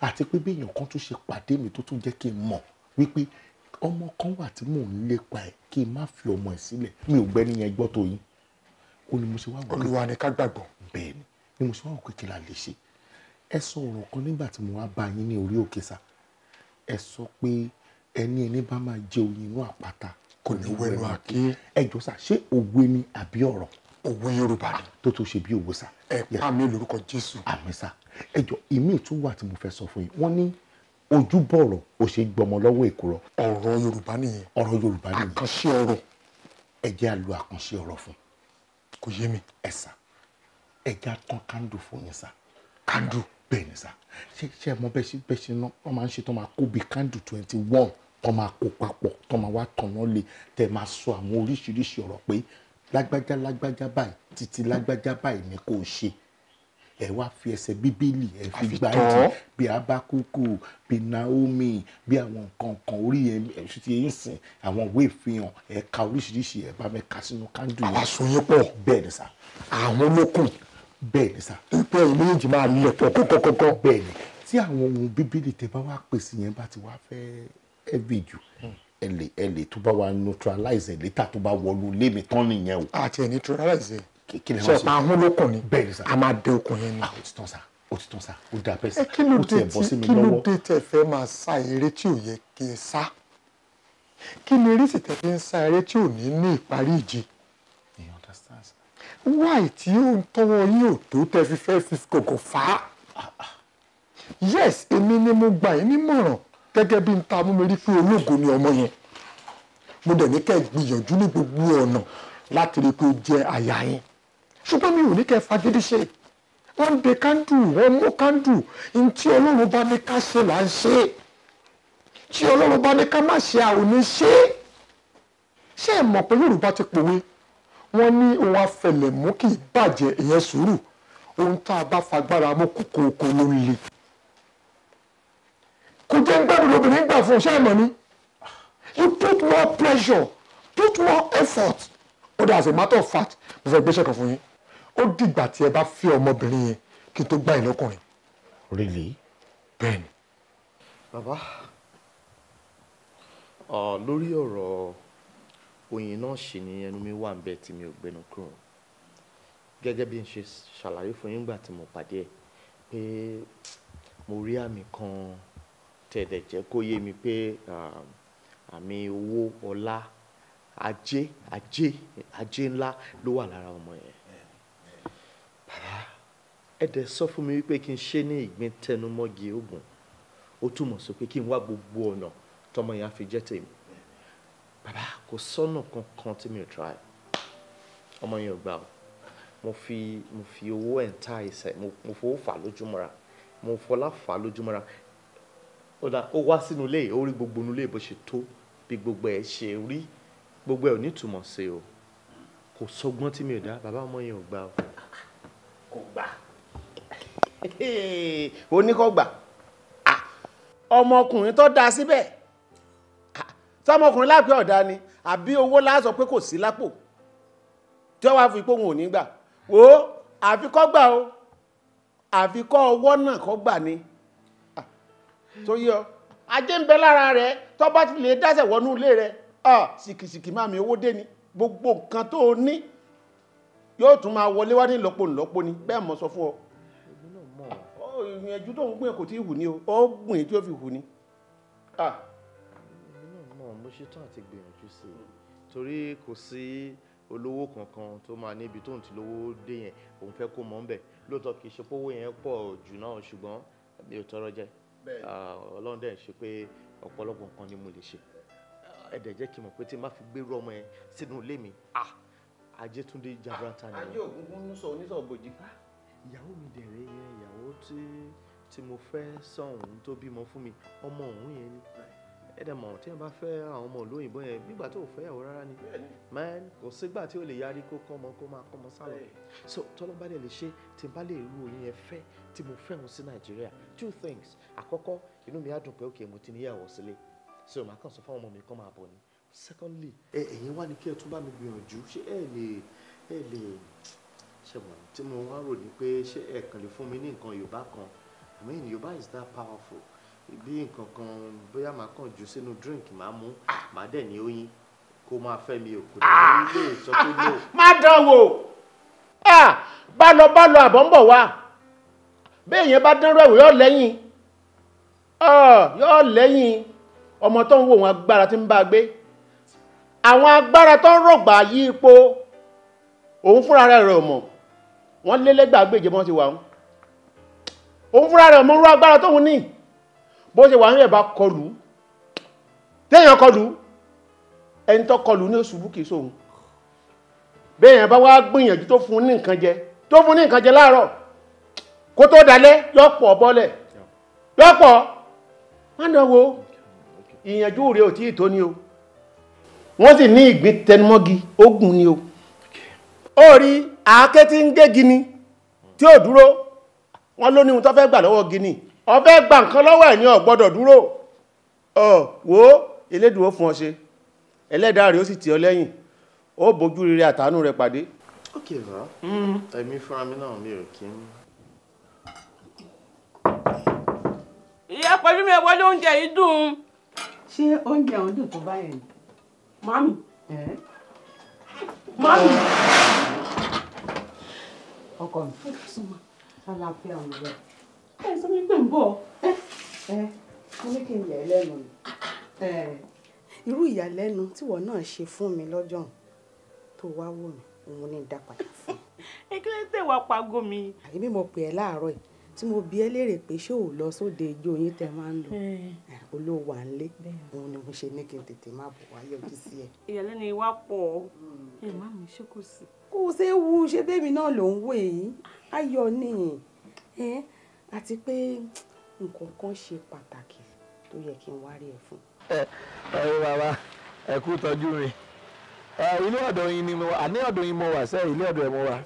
àti pé bí èèyàn kan tún ṣe pàdé mi tó tún jẹ́ kí n mọ̀ wípé ọmọ kan wà tí mò ń lépa ẹ̀ kí n má fi ọmọ ẹ̀ sílẹ̀ mi ò gbẹ́ nìyẹn gbọ́ tó yín kó ni mo ṣe wá wò. olúwa ni ká gbàgbọ́. bẹ́ẹ̀ ni mo ṣe wá òkè kí la lè ṣe ẹ sọ ọ̀rọ̀ kan nígbà tí mo wá bá yín ní orí òkè sá ẹ sọ pé ẹni ẹni bá máa jẹ oyin àpáta kò ní wẹnu àké ẹ jọ ṣé òwe ni àbí ọ̀rọ̀ òwe yorùbá ni tó tó ṣe bí òwe sá ẹ pa mi lórúkọ jésù àmín sá ẹ jọ ìmí ìtún wà tí mo fẹ́ sọ fún yín wọ́n ní ojúbọ̀rọ̀ ò ṣe gbọmọ lọ́wọ́ èkùrọ́. ọ̀rọ̀ yorùbá nìyẹn ọ̀rọ̀ yorùbá nìyẹn àkànṣe ọ̀rọ̀ ẹ jẹ́ àkànṣe ọ̀rọ̀ fún kò yé mi ẹ sá ẹja tán kándù fún yín sá kándù bẹ́ẹ̀ ni sá ṣe ṣe mọ bẹ́ẹ̀ ṣe bẹ́ẹ̀ ṣe náà wọ́n máa ń ṣe tó máa kó bíi kándù twenty one tó máa kó papọ̀ tó máa wá tọ̀nà lè tẹ̀ máa sọ àwọn oríṣiríṣi ọ̀rọ̀ pé lágbájá lágbájá báyìí títí lágbájá báyìí ni kò ṣe ẹ wá fi ẹsẹ̀ bíbélì ẹ fi gba ẹtì bí abakuku bí naomi bí àwọn nǹkan kan orí ẹ ẹsùn ti yín sìn àwọn ìwé ìfihàn ẹ ka oríṣiríṣi ẹ bá mi ka sínú kándù yẹn. àwọn aṣoyún pọ̀ bẹ́ẹ̀ ni sà. àwọn olókùn bẹ́ẹ̀ ni sá pé ẹ̀yin méjèèjì máa lẹ̀ pọ̀ kọ́kọ́kọ́kọ́ bẹ́ẹ̀ tí àwọn ohun bíbélì tẹ bá wá pèsè yẹn bá ti wá fẹ́ heavy jù ẹ lè tó bá wa neutralize ẹ létà tó bá wọlú lémi tán nìyẹn o. àti ẹ neutralize ẹ kékeré wọn sọ pa ahun lókun ni bẹ́ẹ̀ ni a máa dé okun yẹn ni. àwọn ah, ti tán sá ó ti tán sá ó dà bẹ́ẹ̀ sá ó tiẹ̀ bọ́ sí kí ló dé tẹ fẹ́ máa sá eré tí ò yẹ kí ẹ sá kí ni eré sì tẹ fi ń sá eré tí ò ní ní ìparí ìje wáì tí ó ń tọwọ́ yín ò tó tẹ́ fi fẹ́ fi kòkò fà á. yes èmi ni mo gbà yín nímọ̀ràn gẹ́gẹ́ bí n ta mú mi rí pé ológo ni ọmọ yẹn mo dẹ̀ ní kẹ́ ẹ gbìyànjú ní gbogbo ọ̀nà láti rí i pé ó jẹ́ àyà yín ṣùgbọ́n mi ò ní kẹ́ ẹ fagídí ṣe wọ́n de kándù wọ́n mú kándù ntí ọlọ́run bá ní ká ṣe là ń ṣe tí ọlọ́run bá ní ká má ṣe àwọn oníṣe ṣé ẹ mọ̀ pé yorùbá ti pòwe wọ́n ní òun afẹlẹ̀ mú kì í bàjẹ́ ìyẹn sùúrù ohun tá a bá fagbára mú kókó oko ló ń le. kò jẹ́ gbẹ́dùn lóbìnrin gbà fún ṣáà mọ̀ ni you put more pressure put more effort ó dà as a matter of fact mo fẹ́ gbéṣẹ́ kan fún yín ó dìgbà tí ẹ bá fẹ́ ọmọbìnrin yẹn kí n tó gbá ẹ lọ́kùnrin. bẹ́ẹ̀ni. bàbá lórí ọ̀rọ̀ oyin náà ṣì ní ẹnu mi wà ń bẹ tí mi ò gbẹnu kúrò gẹ́gẹ́ bí n ṣe ṣàlàyé fún yín gbà tí mo pàdé ẹ̀ pé mo rí àmì kan tẹ̀dẹ̀ jẹ́ kó yé mi pé àmì owó ọlá ajé ajé ajé ńlá ló wà lára ọmọ yẹn bàbá ẹ dẹ̀ sọ fún mi wípé kí n ṣe ní ìgbín tẹnumọ́gi ogun ó túmọ̀ sí pé kí n wá gbogbo ọ̀nà tọmọ yẹn á fi jẹ́ tèmi Baba, kò sọ́nà kankan tí mi ò try ọmọ yẹn ò gbà o mo fi mo fi owó ẹ̀ ń ta ẹsẹ̀ mo fowó fà lójúmọ́ra mo fọlá fà lójúmọ́ra ó wá sínú ilé ó rí gbogbo inú ilé bó ṣe tó bí gbogbo ẹ̀ ṣe rí gbogbo ẹ̀ ò ní túmọ̀ sí o kò sọgbọ́n tí mi ò dá bàbá ọmọ yẹn ò gbà o. kò gbà oníkọ̀gbà ah, ọmọkùnrin tó dáa síbẹ̀ sọmọkùnrin lápẹ́ ọ̀dá ni àbí owó lásọ pé kò sí lápò tí ó wá fi pé òun ò ní gbà wò àfikọ́ gbà o àfikọ́ ọwọ́ náà kọ́ gbà ni tó yẹ ọ ajé ń bẹ lára rẹ tó bá ti lè dáṣẹ̀ wọnú ilé rẹ sìkìsìkì máa mi owó dé ni gbogbo nǹkan tó o ní yóò tún máa wọlé wá ní lọ́pọ̀ lọ́pọ̀ ni bẹ́ẹ̀ mọ̀ sọ fún ọ ìyẹn ju tó ń gbìn kò tí ì hù ni o ó gbìn tí ó fi hù ni mo ṣetán àti gbìyànjú sí i torí kò sí olówó kankan tó máa níbi tóun ti lówó dé yẹn òun fẹ́ kó mọ́ ń bẹ̀ lóòótọ́ kì í ṣe pówó yẹn pọ̀ jù náà ṣùgbọ́n mi ò tọrọ jẹ ọlọ́run dẹ̀ ṣe pé ọ̀pọ̀lọpọ̀ nǹkan ni mo lè ṣe ẹ̀dẹ̀ jẹ́ kí n mọ̀ pé tí n bá fi gbérú ọmọ yẹn sínú ilé mi ajétúndé jabrata ni. ajé ògúngún ń sọ oníṣọ̀bòjì. ìyàwó mi dẹ̀rẹ̀ yẹn ìyàwó tí mo fẹ́ sọ̀hún tó bímọ fún mi ọmọ òun yẹn ni ẹ̀dẹ̀ mọ̀ tí wọ́n bá fẹ́ àwọn ọmọ olóyìnbó yẹn nígbà tó fẹ́yàwó rárá ni man kò sígbà tí ó lè yarí kó kọ́mọ kó máa kọ́mọ sálọ so tọ́lọ́mbà dẹ̀ lè ṣe tí n bá lè rú oyin yẹn fẹ́ tí mo fẹ́ sí nàìjíríà two things àkọ́kọ́ inú mi á dùn pé ó kì í mo ti níyàwó sílé so màá kàn sọ fáwọn ọmọ mi kọ́ máa bọ̀ ni secondly ẹ ẹ̀yin wá ní kí ẹ tún bá mi gbìyànjú ṣé ẹ lè ẹ lè ṣẹ̀wọ̀n tí mo wá rò ní pé ṣé ẹ kàn lè fún mi ní nǹkan yorùbá kan i mean yorùbá is that powerful bí nǹkan kan bóyá màá kàn jù sínú drink màá mú màá dẹ̀ ní oyin kó máa fẹ́ mi òkú nílé sọ pé lò. má dán wò bá lọ bá lọ àbọ̀ ń bọ̀ wá bẹ́ẹ̀ yẹn bá dánrọ̀ ẹ̀wò yóò lẹ́yìn yóò lẹ́yìn ọmọ tó ń wo òun agbára tí ń bá a gbé àwọn agbára tó ń rọ̀gbà yí ipò òun fúnra rẹ̀ mọ̀ wọ́n lé lẹ́gbàá gbèjẹ́ bọ́n ti wà òun fúnra rẹ̀ mọ̀ rú agbára tóun ní. bó ṣe wà ní ẹ̀bá kọlù téèyàn kọlù ẹni tọ́ kọlù ní oṣù búkì sóhun èyàn bá wá gbìyànjú tó fún ní nǹkan jẹ tó fún ní nǹkan jẹ láàárọ̀ kó tó dalẹ́ yọpọ̀ bọ́lẹ̀ yọpọ̀ ìyànjú rẹ̀ ò ogun ni o ó rí àáké tí gini tí ò dúró wọ́n gini ọbẹ̀ gba nǹkan lọ́wọ́ ẹ̀ ní ọ̀gbọ́dọ̀ dúró ọ̀ wo elédùnwó fún ọ ṣe ẹlẹ́dàá rẹ̀ ó sì tì ọ lẹ́yìn ó bójú rere àtàánú rẹ̀ pàdé. ókè rà mm-hmm. ẹ̀mí fúnra mi náà mi ò kí ń. ìyá pẹ̀lú mi wọlé oúnjẹ yìí dùn. ṣé oúnjẹ ọ̀hún dùn tó báyẹn ni mami mami ọkọ mi. àlàáfíà ń ẹ sọ mi pé ń bọ̀ ẹ ẹ mo ní kí n yà ẹ lẹ́nu ni. irú ìyàlẹ́nu tíwọ náà ṣe fún mi lọ́jọ́ tó wá wò mí òun ní dá padà fún mi. ẹ kí ló ń tẹ̀wá pago mi. àyè mi mo pè ẹ́ láàárọ̀ yìí tí mo bi ẹ́ léèrè pé ṣé ò lọ sóde ijó yín tẹ máa ń lọ olówó à ń lé òun ni mo ṣe ní kí n tètè má bọ̀ wáyé ojú sí ẹ. ìyàlẹ́nu ìwà pọ̀ hmm. ẹ̀ má mi ṣe kò sí. kò ṣeé wu ṣe bẹ́ẹ̀ mi náà ló ń wò èyí ayọ̀ nìyí àti pé nǹkan kan ṣe pàtàkì tó yẹ kí n wá rí ẹ fún. ẹ ẹ bàbá ẹ kú tọ́jú mi ilé ọ̀dọ̀ yín ni mo wà àní ọ̀dọ̀ yín mo wà sẹ ilé ọ̀dọ̀ ẹ mo wà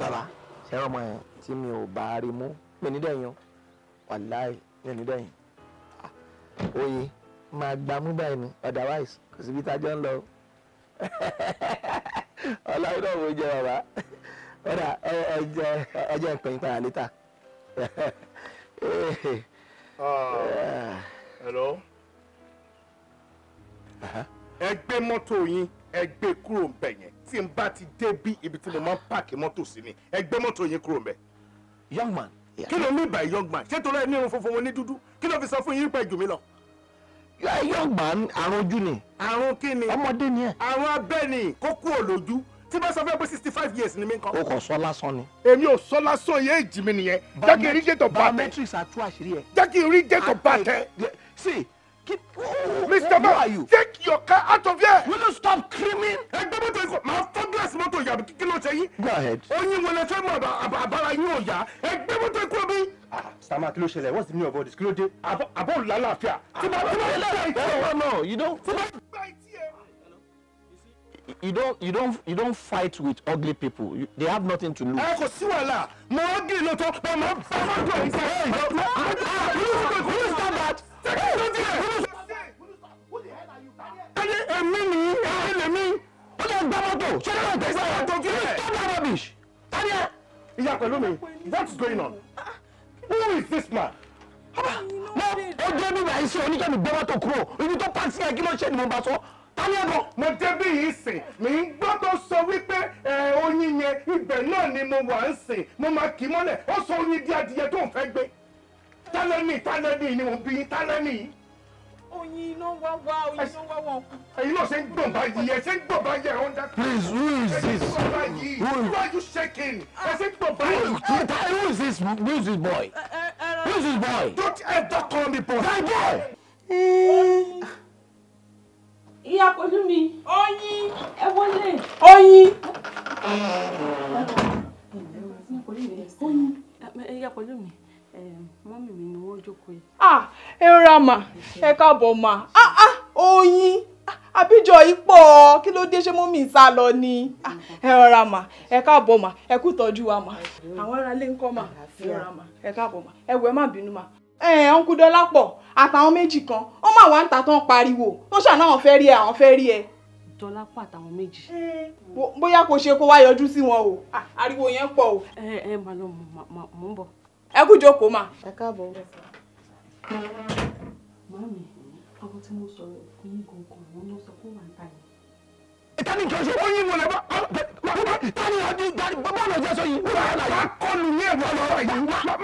bàbá ṣe ọmọ yẹn tí mi ò bá rí mú mi ní dẹ̀yìn o wàláì mi ní dẹ̀yìn oyè máa gba mú báyìí ni otherwise kò síbi tájọ ń lọ ọlọ́run náà mo jẹ bàbá ọ̀dà ọjọ́ ìpín padà létà. Ah. hello. ẹ mọ́tò yín ẹ kúrò ń bẹ̀ yẹn tí n bá ti dé bí ibi tí mo máa ń pààkì mọ́tò sí ni ẹ mọ́tò yín kúrò ń bẹ̀. young man. kí ló ní ìbà young man ṣé torí ẹ ní irun funfun wọn ní dúdú kí ló fi sọ fún yín pẹ̀ jù mí lọ. young man àrùn ojú ni. àrùn kí ni. ọmọdé ni ẹ. àrùn abẹ́ ni kókó òlójú tí bá sọ fẹ́ pé sixty five years ni mí kan. o kò sọ lásán ni. èmi ò sọ lásán yé èjì mi nìyẹn jẹ́ kí n rí jẹ́tọ̀ bá tẹ. biometrics àtú àṣírí ẹ̀. jẹ́ kí rí jẹ́tọ̀ bá tẹ. see keep. mr man take your car out of here. will you stop screaming. ẹgbẹ́ mọ́tò ikọ̀ máa fọ́ gíláàsì mọ́tò ìyá mi kí ló ṣe yín. go ahead. oyin wọlé fẹ́ mọ àbára yín ò yá ẹgbẹ́ mọ́tò ikọ̀ mi. sama kí ló ṣẹlẹ̀ what's the meaning of all this kí ló dé. àbọ̀ làlàáfíà. tí bá tí bá yẹ lẹ́yìn. no no you know. tí bá you don't you don't you don't fight with ugly people you, they have nothing to lose. ẹ kò sí wàhálà mo ugly ló tó pé mo bá wọn jọ ìta ẹ yọ ló ló ló ló standard. ẹni èmi ni ẹni lèmi ó lè gbá mọ́tò ṣé ló ń tẹ̀sán ẹ̀ tó kí ẹ̀ tó dá rubbish. tani ẹ. ìyá pẹ̀lú mi what is going on who is this man mo ojú ẹbí bàá iṣẹ́ oníkẹ́mi gbọ́mọ́tò kúrò ibi tó pàṣẹ kí ló ṣe ni mo bá sọ alẹ́bọ̀ mo débí yìí sìn mi ń gbọ́ tó sọ wípé oyin yẹn ibẹ̀ náà ni mo wà ń sìn mo máa kì í mọ́lẹ̀ ó sọ oyin di adìyẹ tó ń fẹ́ gbé tálẹ́nì tálẹ́nì ni mo bí tálẹ́nì oyin iná wá wá oyin iná wá wá. èyí náà ṣe ń gbọ̀n báyìí ẹ ṣe ń gbọ̀n báyìí ẹ ọ̀ndà. please who is this who are you shaking ẹ ṣe ń gbọ̀n báyìí. who is this who is this boy who is this boy. don't ever call me boy. my boy ìyá pẹ̀lú mi oyin ẹ wọlé oyin. ìyá pẹ̀lú mi mọ́mì mi ni wọ́n jókòó yìí. ah ẹ rà mà ẹ káàbọ̀ mà ah ah oyin àbíjọ ipò kí ló dé ṣé mọ́mì sá lọ ni ẹ rọra mà ẹ káàbọ̀ mà ẹ kú tọ́jú wa mà àwọn aráalé ń kọ́ mà ẹ rọra mà ẹ káàbọ̀ mà ẹ wẹ̀ má bínú mà ọ̀nkú eh, dọ́lápọ̀ àtàwọn méjì kan wọ́n máa wá ń ta tán pariwo wọ́n ṣàná àwọn fẹ́ rí ẹ àwọn fẹ́ rí ẹ. dọ́lápọ̀ àtàwọn méjì. Eh, bóyá kò ṣe kó wá yọjú sí wọn o ariwo yẹn pọ̀ o. ẹ ẹ màá lọ mò ń bọ̀. ẹ kú jókòó mà. ẹ káàbọ̀ o. màmí àwọn tí mo sọ̀rọ̀ fún yín gangan wọn lọ sọ fún wa ń ta yẹn. ìtàní tani ọdún tani bọ́ọ̀lù ọjọ́ sọ yìí. wàá kọlu ní ẹ̀rọ lọ́rọ̀ yìí. wàá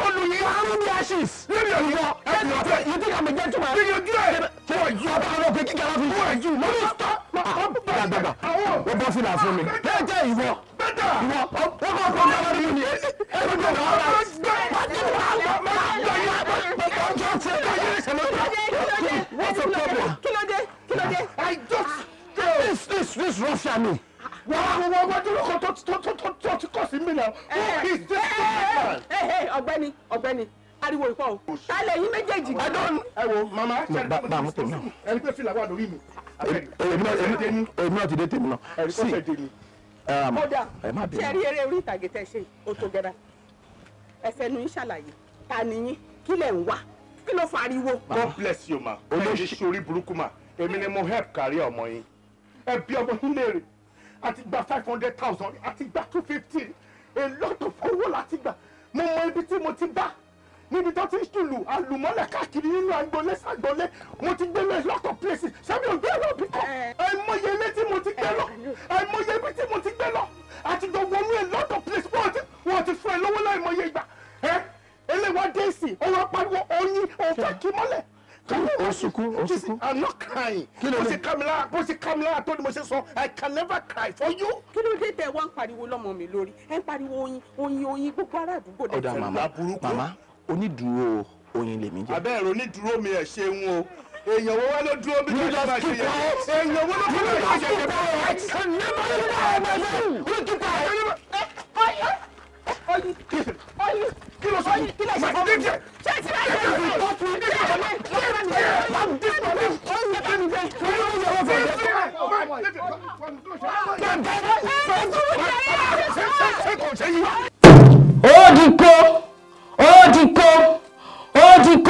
kọlu yìí. wàá mú mi ashes. lórí ọ̀yọ́ ẹ̀sìn ọ̀fẹ́. yìí tí kàmú jẹ́ tuma. lórí ojú ẹ̀ fún ọ̀jú. ọba àwọn ọkọ̀ kíkà wá fún mi. fún ọ̀jú mo ní sọ. dàgbàgbà ó bọ́ fìlà fún mi. bẹ́ẹ̀ ah, ah. This this this ruffian me wà á wọ ọmọ dúró kan tó ti kọ̀ sí mi náà. ọ̀gbẹ́ni ọ̀gbẹ́ni ariwo ìpọ o ta lè yín méjèèjì. ẹ wo mama bá a mú tèmi náà. ẹni pé fìlà wà lórí mi. èmi náà ti dé tèmi náà. ẹni kọ́ fẹ́ dé mi. Um, kódà tí ẹ rí eré orí ìtàgé tẹ ṣe o tó gẹ́ra ẹsẹ̀ nu yín ṣàlàyé ta ni yín kí lẹ̀ ń wá kí ló fa ariwo. God bless you ma olóṣèlú orí burúkú ma èmi ni mo help kárí ọmọ yín ẹ bí ọmọ yín léèrè àti gba five hundred thousand àti gba two fifty a lot of owó láti gbà mo mọ ibi tí mo ti bá níbi tó ti ń ṣùlù àlùmọ́lẹ̀ káàkiri nínú agbolé sàgbolé mo ti gbé lọ lot of places sábẹ́ ògbé ẹ̀rọ bí kan eh. àìmọye ilé tí mo ti gbé lọ eh, àìmọye ibi tí mo ti gbé lọ àti jọ wọnú a lot of places wọ́n ti wọ́n ti fún ẹ lọ́wọ́ láìmọye ìgbà ẹ eh, eléwà dé sí ọwọ́ pariwo oyin òfẹ́ kí mọ́lẹ̀ o sunkún o sunkún. i'm not crying. kí ló dé mo ṣe kamila mo ṣe kamila tó ni mo ṣe sọ i can never cry for you. kí ló dé tẹ wá ń pariwo lọmọ mi lórí ẹ ń pariwo oyin oyin oyin gbogbo ará àdúgbò dẹ. ọ̀dà màmá màmá onídùúró oyin lèmi jẹ. abẹ́rẹ́ onídùúró mi ẹ̀ ṣeun o èèyàn wo wá ló dúró bí kò ní bá ṣe yẹ èèyàn wo ló kọ́ ló ṣe yẹ. you just keep quiet. you just keep quiet ọyí ọyí kí ló sọ yìí kí ló sọ fún mi ṣé ti máa ṣe é lọ fún di kó ó di kó ó di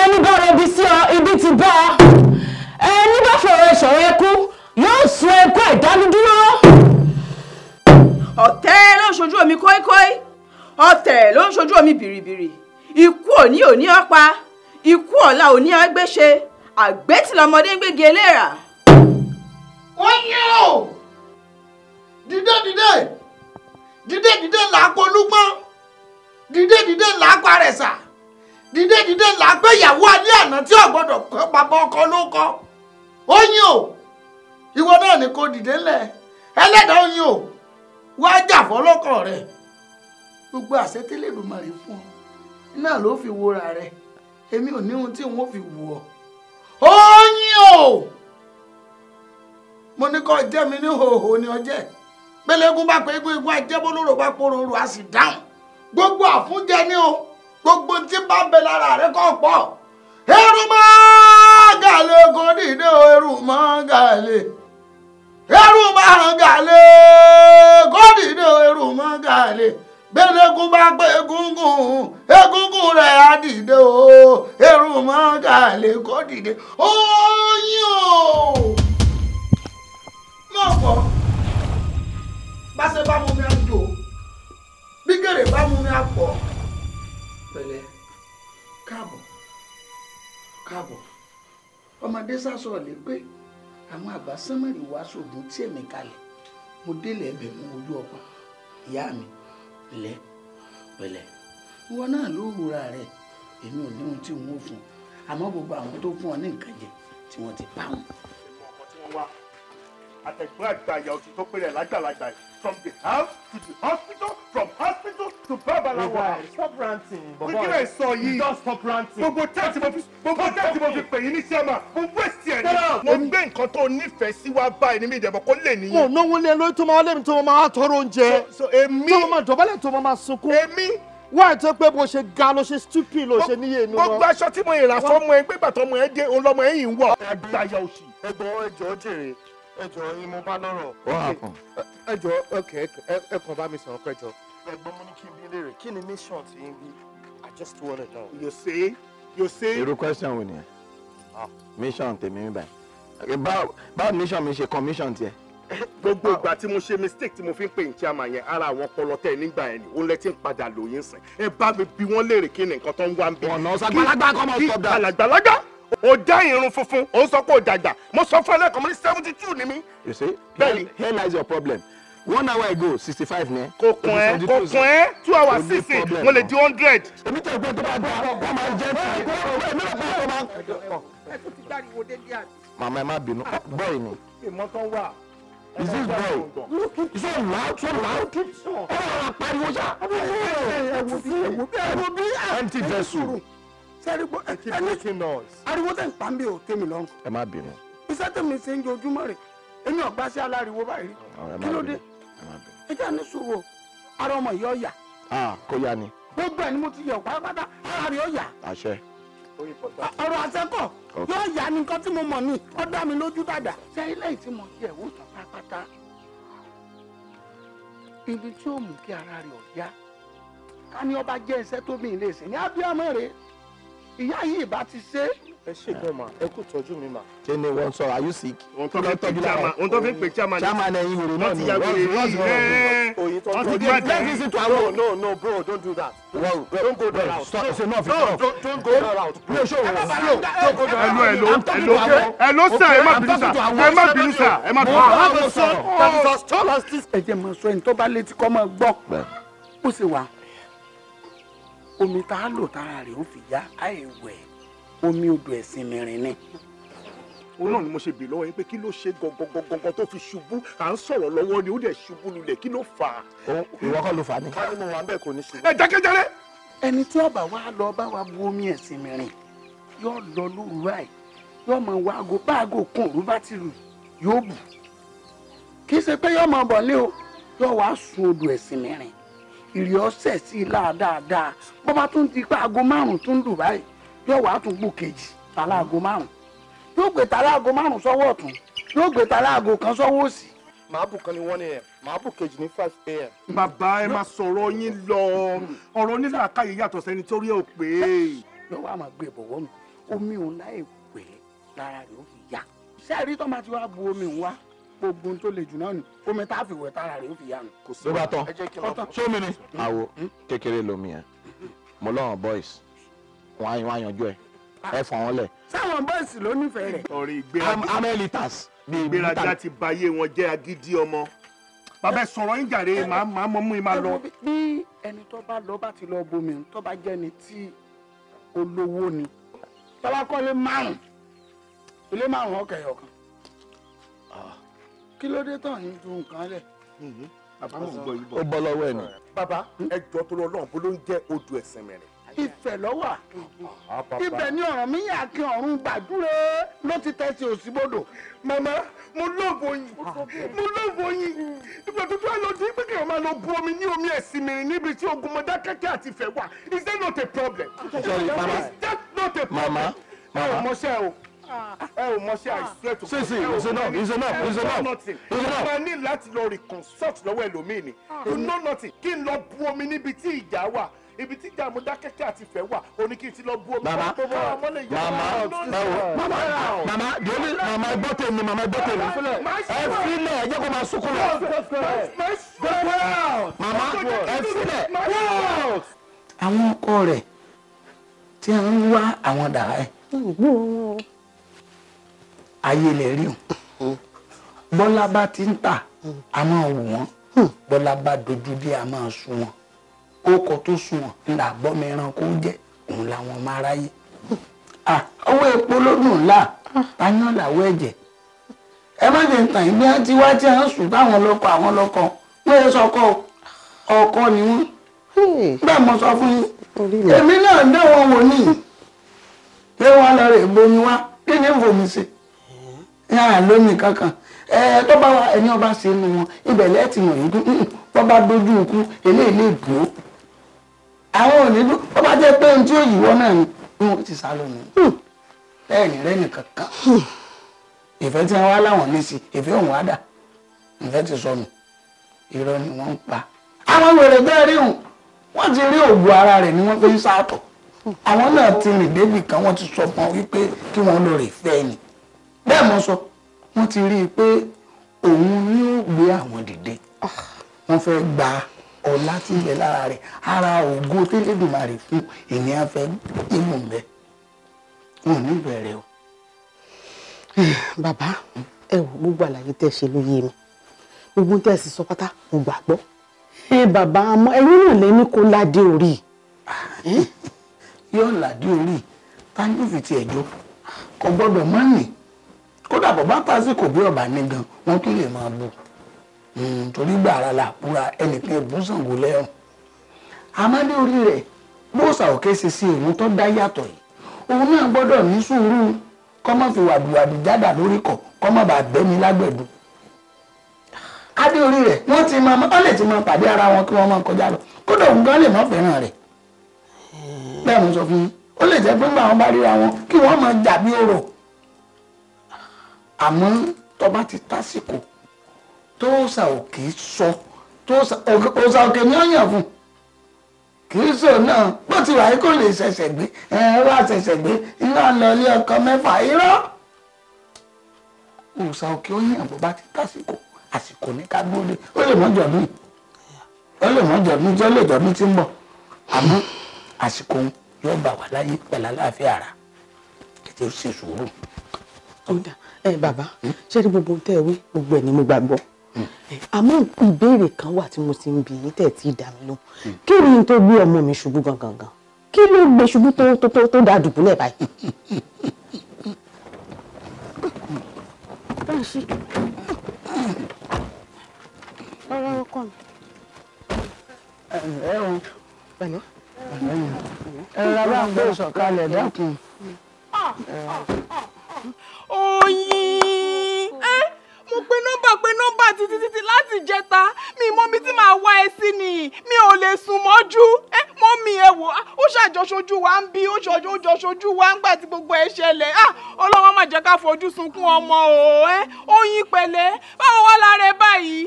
ẹni bá rẹ̀ bí sí ọ ibi ti bá ọ ẹni bá fọ̀rọ̀ ìṣòro ẹkú yóò sun ẹkú àìdánudúró. ọ̀tẹ̀ ló ń ṣojú omi kóíkóí ọ̀tẹ̀ ló ń ṣojú omi bìrìbìrì ikú òní òní ọ̀pá ikú ọ̀la òní agbéṣe àgbétìlọmọdé ń gbégi eléèrà. ó yẹ o dìde dìde dìde dìde làákò olúgbọ́n dìde dìde làákò àrẹ̀sà dìde dìde làákò ìyàwó alẹ́ àná tí ò gbọ́dọ̀ kọ́ papọ̀ ọkọ ló kọ́ ó yín o ìwọ náà ni kò dìde ńlẹ̀ ẹlẹ́dàá ó yín o wá jà fọlọ́kọ̀ rẹ̀ gbogbo àṣetẹ́lẹ̀ Èdùmàrè fún ọ náà ló fi wora rẹ̀ èmi ò ní ohun tí wọn fi wù ọ ó o mo ní kó jẹ́ mi ní hòhò ni ọjẹ́ pélégun bá pé egun egun ajẹ́bólóró bá pororo a sì dáhùn gbogbo àfúnjẹ ni o gbogbo tí bá ń bẹ lára rẹ kọ́ pọ̀ èrò máa màgàlè kò dìde o ẹrù màgàlè ẹrù màgàlè kò dìde o ẹrù màgàlè gbẹ̀lẹ́gùn bá gbé egungun egungun rẹ̀ á dìde o ẹrù màgàlè kò dìde ó yín o mọ̀kọ́ báṣẹ bá mú mi àjò bí gèrè bá mú mi àpọ̀ pẹ̀lẹ́ káàbọ̀ káàbọ̀ ọmọdé sásọ ọ̀lẹ́ pé àwọn àgbà sánmọ̀rì wá ṣògùn tí èmi kalẹ̀ mo délẹ̀ ẹbẹ̀ mú ojú ọ̀pá ìyá mi lẹ́ pẹ̀lẹ́ ìwọ náà ló wúra rẹ̀ èmi ò ní ohun tí n ó fún àmọ́ gbogbo àwọn tó fún ọ ní nǹkan jẹ tí wọ́n ti pa wọn. ọkọ tí wọ́n wá àtẹ̀gbọ́n àgbàyà òsì tó péré lágbàlagbà from the house to the hospital from hospital to babalawa. stop ranting bọ̀bọ̀ rẹ̀ yìí just stop ranting. gbogbo tẹ́tí mo fi gbogbo tẹ́tí mo fi pè yín ní sẹ́mà mo wéṣì ẹ̀ ní. mo gbé nǹkan tó nífẹ̀ẹ́ sí wá bá ẹni mi ìdẹ̀bọ̀ kó lè níyẹn. mo náwó lé lórí tó máa lé mi tó máa tọrọ oúnjẹ. èmi tó máa dọ̀bálẹ̀ tó máa sunkún. èmi wá ẹ̀ pé bó ṣe ga ló ṣe stupid ló ṣe níyè inú wọn. mo aṣọ tí mo yìn rà ẹ gbé ọmọ ẹ dé òun ẹ yìí ń wọ̀. àgbàyà òsì ẹgbọ́n ẹjọ́ jèrè ẹ jọ̀ọ́ mo bá lọ́rọ̀. wọ́n á kàn. ẹ ọkẹ ẹ bá mi sọ̀rọ̀ pẹ́ jọ. mo ní kí n bí léèrè kí ni nation ti ń bí i just want to know. you see you see. irú question wo nìyẹn ah. mission tèmi mi báyìí báwo mission mi ṣe commission tiẹ̀ gbogbo ìgbà tí mo ṣe mistake tí mo fi ń pè ní chairman yẹn ara àwọn ọpọlọ tẹ nígbà yẹn ni òun lẹ ti ń padà lòyìn sìn ẹ bá mi bí wọn léèrè kí ni nǹkan tó ń wá ń bí. ọ̀nà ọ̀sàgbàlagbà o dá irun funfun o sọ pé o dàgbà mo sọ fún ẹlẹ́kọ̀ọ́ mo ní seventy two ni mí. you see bẹ́ẹ̀ni here lies your problem one hour ago sixty five ni. kò kún ẹ kò kún ẹ two hours sixty mo lè di hundred. èmi tẹ̀ gbé tó bá gbé àwọn ọgbọ́n máa ń jẹ́ tí ìgbé mi ò bá tó máa. ẹ tó ti gbáriwo délé àná. màmá ẹ má bínú ah. bọ́ọ̀ ni. ìmọ̀ tán wà. Is this boy? He's so loud, so loud. Ọ̀rọ̀ àpariwo ṣá. Ẹ wo bí ẹ wo bí. Anti vessel sẹ́rígbó ẹni ariwo tẹ̀ ń pa mí ò tẹ́mi lọ́rùn. ẹ má bínú. iṣẹ́ tèmi ṣe ń jojúmọ́ rẹ̀ èmi ọ̀gbá sí aláriwo báyìí kí ló dé ẹ jẹ́ àní sùúrù ara ọmọ yìí ọ̀yà. kó yá ni. gbogbo ẹ̀ ni mo ti yẹ̀ pátápátá ara rẹ̀ ọ̀yà. àṣẹ. ọ̀rọ̀ àṣẹkọ̀ yóò yá ni nǹkan tí mo mọ̀ ni ó dá mi lójú dàda. ṣé ilé yìí mo yẹ̀ wò tán pátápátá ibi tí ó mú kí ara rẹ̀ ọ̀yà ká ní ọba jẹ́ iṣẹ́ tó mi ilé ìsìn ní abiyamọ rèé ìyá yìí ìbá ti ṣe. ẹ ṣe gan ma ẹ kú tọ́jú mi ma. ṣé ni wọn sọ are you sick. wọn tó fi pe chairman wọn tó fi pe chairman. chairman ẹyin wèrè náà ni wọn ti yàgò èyí wọn ti gbàdé. let's listen to our own. no no bro don't do that. don't go there out. stop say no fit no don't go there out. play o slow don't go there out. hello hello hello hello sir ẹ má bínú sir ẹ má bínú sir ẹ má bínú. I have a son that is as tall as this. ẹ jẹ́ mọ̀ sọ ẹni tó bá létí kọ́ mọ́ gbọ́ bó ṣe wà omi tá a lò tára rẹ̀ ó fi yá àìwẹ̀ omi odò ẹ̀sìn mìíràn ni. òun náà ni mo ṣe bì lọ́wọ́ yín pé kí ló ṣe gangan tó fi ṣubú à ń sọ̀rọ̀ lọ́wọ́ ni ó dẹ̀ ṣubú lulẹ̀ kí ló fà á. ìwọ kọ́ ló fà á ni. ká ní mo bẹ́ẹ̀ kò ní ṣubú. ẹ jákèjárẹ́. ẹni tí àbá wa lọ bá wa bu omi ẹ̀sìn mìíràn yóò lọ lóru báyìí yóò máa wá aago bá òru bá ti lù yóò bù kì í o yóò wá ìrì ọ̀sẹ̀ sí ilá dáadáa bó bá tún di pé aago márùn tún lù báyìí yóò wá tún gbò kejì tàlá aago márùn yóò gbé tàlá aago márùn sọ́wọ́ ọ̀tún yóò gbé tàlá kan sọ́wọ́ òsì. màá bù kan ní one màá bù kejì ní five a.m. bàbá ẹ máa sọ̀rọ̀ yín lọ ọ̀rọ̀ nílẹ̀ àkáyé yàtọ̀ sẹ́ni tó rí ẹ̀ ò pé. lọ́wọ́ àmọ́ gbé e bọ̀wọ́ mi omi òun láì pẹ́ lára rẹ̀ ó fi yá. sẹ́ẹ̀rí tó máa ti wá bu omi òun wá gbogbo tó le jù náà nù omi tá a fi wẹ̀ tára rẹ̀ ó fi yá kò sí wàá tán sómi ni. Mm-hmm. àwo kékeré lomi yẹn mo lọ́wọ́n boys wọ́n á yanjú ẹ̀ ẹ ah. fọ wọn lẹ̀. sáwọn boys ló nífẹ̀ẹ́ rẹ̀. ọ̀rẹ́ ìgbéraga amelitas. ìgbéraga ti bayé wọn jẹ́ agídí ọmọ. bàbá sọ̀rọ̀ yín jàre màá màá mọ́ yín máa lọ. bí ẹni tó bá lọ bá ti lọ bomi tó bá jẹ́ ni tí olówó ni tọ́lá kọ́lé márùn-ún ilé márùn-ún ọkẹ́ kí ló dé tán mm-hmm. yín ju nǹkan lẹ̀. ó bọ́ lọ́wọ́ ẹ̀ nù. bàbá ẹ jọ tó lọ lọ́hùn bó ń jẹ́ odò ẹ̀sìn mẹ́rin. ìfẹ́ lọ́wà ah, ibẹ̀ ni ọ̀ràn mi yà kí ọ̀run gbàdúrà ló ti tẹ̀sí òsínbodò màmá mo lóògùn oyin ah, mo lóògùn oyin ìgbà tuntun àlọ́ ti pé kí wọ́n máa lọ bu omi ní omi ẹ̀sìn mìíràn níbi tí ogun mọ̀dá kẹ́kẹ́ àti ìfẹ́ wà is that not a problem? sorry mama mama mama ẹ ò mọ sí àìsí ẹtù. sí sí it's enough it's enough it's enough it's enough. ọba ní láti lọ reconsult lọ́wọ́ ẹlòmíì ni ah. you know nothing kí n lọ bu omi níbi tí ìjà wà ibi tí ìjà Mọdákẹ́kẹ́ àti Ifẹ̀ wà òní kí n ti lọ bu omi. mama mama mama mama the only mama gbọ́ tèmi mama gbọ́ tèmi ẹ filẹ̀ ẹ jẹ́ kó máa sunkún lọ. mama ẹ filẹ̀ àwọn ọkọ rẹ̀ tí a ń wá àwọn dàrá ẹ̀ ayé lè rí wọn bọ́lá bá ti ń tà a máa wù wọ́n hmm. bọ́lá bá dojú dé a máa sun wọn ó kọ tó sun wọn ńlá bọ́mi ẹranko jẹ́ òun làwọn máa ráyè ọwọ́ epo lódùn ńlá tayán ah. làwọ̀ ẹ̀jẹ̀ ẹ má jẹ́ tàn ìgbé àti wá tí a ń sùn táwọn lọ́kọ̀ àwọn lọ́kọ̀ wọ́n yẹ sọkọ ọkọ ni wọ́n bẹ́ẹ̀ mo sọ fún yín èmi náà dẹ́wọ̀n wò ní pé wọ́n lọ rè bomi wá kí ni fòmí ṣe yàrá lómi kankan ẹ tó bá wa ẹni ọba ṣe nu wọn ibẹ̀ lẹ́ẹ̀tì mọ̀ yìí dún wọ́n bá dojú ikú eléyìí lè dùn ó àwọn ò ní dún wọ́n bá jẹ́ pé ohun tí ó yìí wọ́n náà ni wọn ti sá lónìí lẹ́yìn hmm. rẹ́ nìkan kan ìfẹ́ tí wọ́n wá láwọn níṣì ìfẹ́ òun wá dà ìfẹ́ ti sọnù irọ́ ni wọ́n ń pa àwọn wèrè bẹ́ẹ̀ rí òun wọ́n ti rí òògùn ara rẹ̀ ni wọ́n fi ń sáàtọ̀ hmm. àwọn náà ti rìn débì kan wọ́n ti sọ fún wọn wípé kí wọ́n lò rè fẹ́ ni bẹ́ẹ̀ mọ́ sọ wọ́n ti rí i pé òun ni ó gbé àwọn dìde ah. wọ́n fẹ́ gba ọlá tí ń bẹ lára rẹ̀ ara ògo tẹ́lẹ̀dùmarè fún ènìyàn fẹ́ inú bẹ́ẹ̀ wọn ní bẹ̀rẹ̀ o. bàbá ẹ wo gbogbo àlàyé tẹ́ ṣe ló yé mi gbogbo tẹ́ sì sọ pátá mo gbàgbọ́ ẹ bàbá àmọ́ ẹ̀yin náà lè ní kó ládé orí. yóò ládé orí ta ni ó fi tiẹ̀ jọ kò gbọ́dọ̀ má kódà bàbá pàṣípò bí ọba ní gan wọn tún lè máa bù hmm, torí gbàrà làkúra ẹnìkan ẹbùn Ṣàngó lẹ́rùn amadé orí rẹ̀ bóòsà òkè ṣe sí èyí tó dá yàtọ̀ yìí òun náà gbọ́dọ̀ ní sùúrù kọ́mọ́ fi wàdùwàdù jáda lórí kọ̀ kọ́mọ́ bá bẹ́ni lágbẹ̀dù adé orí rẹ̀ wọ́n ti máa wọ́n lè ti máa pàdé ara wọn kí wọ́n máa kọjá lọ kódà òun gan lè má fẹ́ràn rẹ̀ bẹ́ẹ̀ mo sọ fún yín ó lè jẹ́ pé ńgbà wọn bá ríra wọn kí wọ́n máa jà bí ọ̀rọ̀ àmọ́ tó bá ti tásìkò tó sà ò kì í sọ tó sà òkè ní ọ̀yàn fún kì í sọ náà bó ti wà kó lè ṣẹ̀ṣẹ̀ gbé ẹ̀rọ àṣẹ̀ṣẹ̀ gbé iná lọ ilé ọkọ mẹ́fà irọ́ òòsà òkè ọ̀yàn bó bá ti tásìkò àsìkò ní ká gbóde ó lè mọ́jọ mí ó lè mọ́jọ mí jẹ́ lè mí tí ń bọ̀ àmọ́ àsìkò yóò bà wá láyé pẹ̀lú àlàáfíà ara tètè ṣe sùúrù ẹ bàbá ṣé ní gbogbo tẹ́ ẹ wí gbogbo ẹ̀ ni mo gbàgbọ́ àmọ́ ìbéèrè kan wà tí mo ti ń bi yín tẹ̀ tí dà mí lóhùn kí ni tó gbé ọmọ mi ṣubú gangan gan kí ló gbé ṣubú tó tó tó tó dáa dùbúlẹ̀ báyìí. bẹ́ẹ̀ sí ọ̀rọ̀ ọkọ mi. ẹ ọ pẹ̀lẹ́. ẹ ra bá ń gbé ìsọ̀kalẹ̀ dákun oyin ẹ eh, mo pe nọ́mbà pe nọ́mbà títí títí láti jẹta mi mọ mi tí màá wá ẹ ni mi ò lè sùn mọ́jú ẹ mọ mi ẹ wò ah, ó ṣàjọṣojú wa ń bí ó ṣàjọṣojú wa ń gbà tí gbogbo ẹ ṣẹlẹ̀ ah ọlọ́wọ́n má jẹ́ ká fojú sunkún ọmọ o ẹ eh. oyin pẹ̀lẹ́ báwo wá lára ẹ báyìí.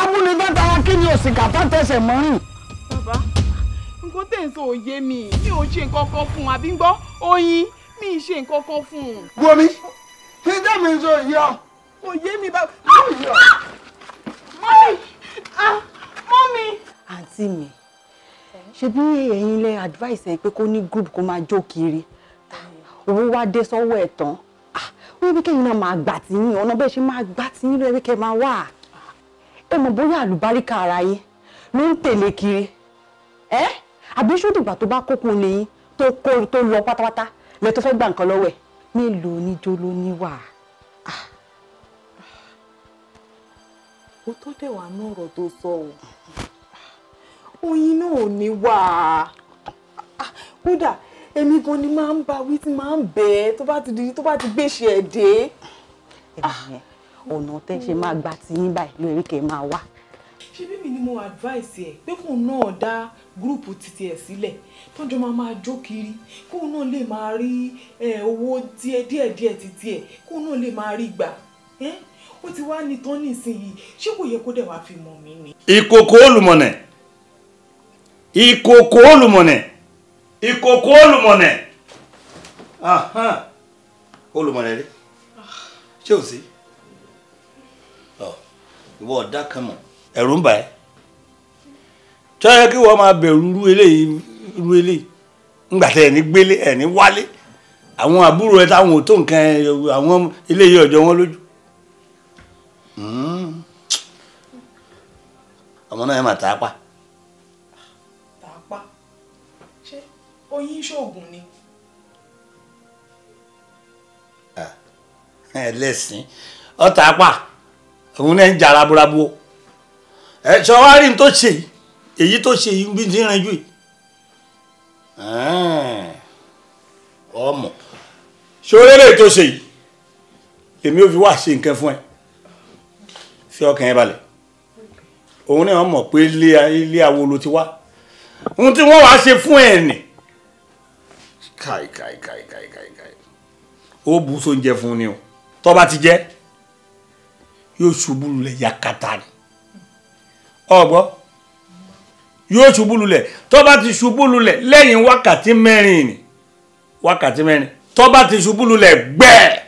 amúnigbàtàwá kí ni òsìkà tó tẹsẹ̀ mọ́rìn. bàbá nǹkan tẹ̀ ń sọ mi mi ò ṣe nǹkan kan fún àbí oyin mi ṣe nǹkan kan fún un. wọmi kí n dẹ́mi sọ yìí ọ. kò yé mi bá. mọ́mí mọ́mí. àǹtí mi ṣebí ẹ̀yin lẹ advice ẹ pé kó ní group kó máa jó kiri owó wá dé sọ́wọ́ ẹ̀ tán wọ́n yẹ kí ẹ̀yin náà máa gbà tí yín ọ̀nà bẹ́ẹ̀ ṣe máa gbà tí yín lọ́yẹ́ kẹ́ máa wà ẹ mọ̀ bóyá àlùbáríkà ara yín ló ń tẹ̀lé kiri ẹ́ àbí ṣó dìgbà tó bá kókun lè yín tó kó tó lọ pátápátá ìwé tó fẹ́ gbà nǹkan lọ́wọ́ ẹ̀ mélòó níjó ló níwà. o ah. tó dẹ̀ wá ní ọ̀rọ̀ tó sọ o oyin náà ò ní wà á ah, kódà èmi gan ni máa ń bá wí tí máa ń bẹ̀ tó bá ti di tó bá ti gbèsè ẹ̀ dé. ọ̀nà tẹ́ ṣe máa gba ti yín báyìí lórí kẹ́ máa wá mo advice ẹ pé kóun náà dá gúrùpù títí ẹ sílẹ̀ tọ́jú máa máa jó kiri kóun náà lè máa rí owó díẹ̀ díẹ̀ díẹ̀ títí ẹ kóun náà lè máa rí gbà ó ti wá ní tán nísìnyìí ṣé kò yẹ kó dẹ̀ wá fi mọ̀ mí ni. ìkòkò olùmọ̀nẹ̀ ìkòkò olùmọ̀nẹ̀ ìkòkò olùmọ̀nẹ̀ olùmọ̀nẹ̀ rí ṣé ò sí ìwọ ọ̀dà kan mọ̀ ẹ̀rù ń bà ẹ́ sọ́yẹ́ kí wọ́n máa bẹ̀rù irú eléyìí irú eléyìí ní gbélé ẹ̀ ní wálé àwọn àbúrò ẹ táwọn ò tó nǹkan àwọn eléyìí ọ̀jọ̀ wọn lójú. Hmm. ọmọ náà ni. òun náà ń jà raburabu ẹ̀ rí n tó ṣe èyí tó ṣe yìí bí ti rìn jù yìí. ọmọ ṣoréré tó ṣe yìí èmi ò fi wá ṣe nǹkan fún ẹ fi ọkàn yẹn balẹ̀ òun náà mọ̀ pé ilé awo ló ti wá ohun tí wọ́n wàá ṣe fún ẹ nì káì káì káì káì káì káì fún ni o tó ti jẹ yóò ṣubú lulẹ̀ yakata ni ọgbọ́n. Oh, yóò ṣubú lulẹ̀ tó bá ti ṣubú lulẹ̀ lẹ́yìn wákàtí mẹ́rin ni wákàtí mẹ́rin tó bá ti ṣubú lulẹ̀ gbẹ́ẹ̀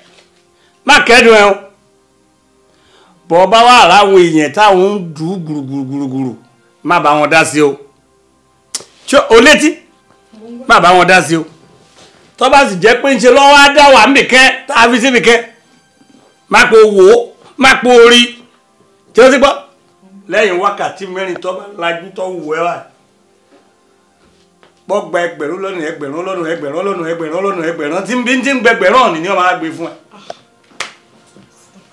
má kẹ́dùn ẹ̀ o bọ̀ bá wà láwọn èèyàn táwọn ń dùn gbùrùgbùrùgbùrù má bá wọn dá sí o ṣé o létí má bá wọn dá sí o tó bá sì jẹ́ pé ń ṣe lọ́wọ́ á dá wà níbìkẹ́ tá a fi síbìkẹ́ má pe wò ó má pe orí tí ó ti gbọ́ lẹ́yìn wákàtí mẹ́rin tó lajú tó wù ẹ́ wà gbọ́gba ẹgbẹ̀rún lọ́nà ẹgbẹ̀rún lọ́nà ẹgbẹ̀rún lọ́nà ẹgbẹ̀rún lọ́nà ẹgbẹ̀rún tí bí tí ń gbẹ ẹgbẹ̀rún ọ̀nì ni wọ́n máa gbé fún ẹ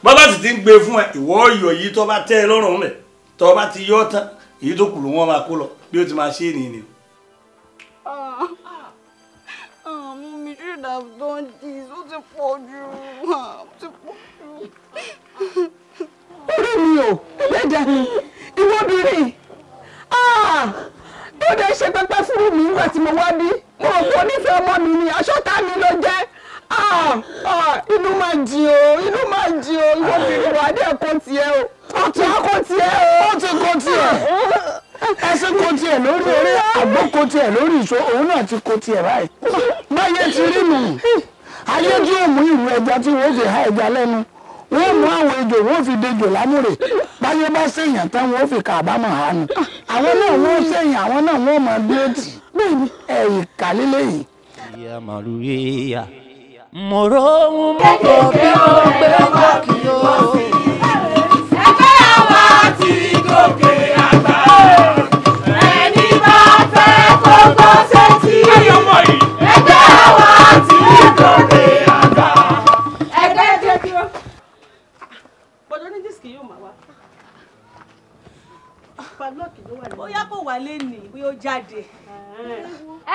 bọ́bá sì ti ń gbé fún ẹ ìwọ ọyọ̀ yìí tó bá tẹ́ ẹ lọ́rùn rẹ̀ tó bá ti yọ tán èyí tó kù ló wọ́n máa kó lọ bí ó ti máa ṣe nìyí ni. Ah, ah, mo mi ṣe ìdààmú tó ń di ó ti pọ̀ jù ó ti pọ̀ jù orí mi ò ẹlẹ́dàá mi ìwọ́bìnrin tó ah, dẹ̀ ṣe pẹ́pẹ́ fúru mi nígbà tí mo wá bí mo rò pé onífẹ́ ọmọ mi ni aṣọ́ta mi ló jẹ́ ah, ah, inú máa jì o inú máa jì o ìwọ́bìnrin wà á dẹ̀ kó tiẹ̀ o ó ti kó tiẹ̀ o ó ti kó tiẹ̀ ẹsẹ̀ kó tiẹ̀ lórí orí àgbo kó tiẹ̀ lórí ìṣó òun náà ti kó tiẹ̀ báyìí báyẹn ti rí nù ayé tí ó mú ìlú ẹja tí wọ́n ṣe há ẹja lẹ́nu wọ́n mú àwọn ejò wọ́n fi dejò lámúre báyé bá ṣèyàn tán wọ́n fi kàbámọ̀ hánu àwọn náà wọ́n ṣèyàn àwọn náà wọ́n mọ déètì ẹ̀yìn kàlílẹ̀ yìí. ìyá màlúù yéèyà mo rò mú kò bí mo gbé wá kí wa lénìí bóyá ó jáde.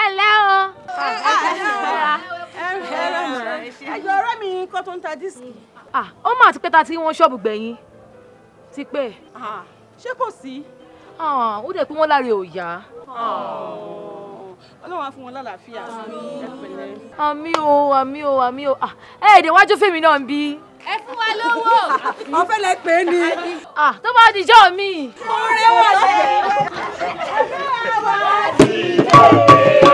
ẹ lẹ́ o. àjọ ah, ọ̀rẹ́ mi kọ́ tó ń ta dísìkì. Ah, ó mà ti pẹ́ ta tí wọ́n ṣọ́ọ̀bù gbẹ̀yìn ti pẹ́. Ah, ṣé kò sí. ó dẹ̀ pé wọ́n láre ò yá. Oh, Ọlọ́run á fún wọn lálàáfíà. àmì o àmì o àmì o ẹ̀ ẹ̀dẹ̀ wájú fèmí náà ń bí ẹ fún wa lówó. ọ̀fẹ́ lẹ pè é ni. tó bá dijọ́ mi. oore wà lẹ́yìn. ọ̀fẹ́ wà lẹ́yìn.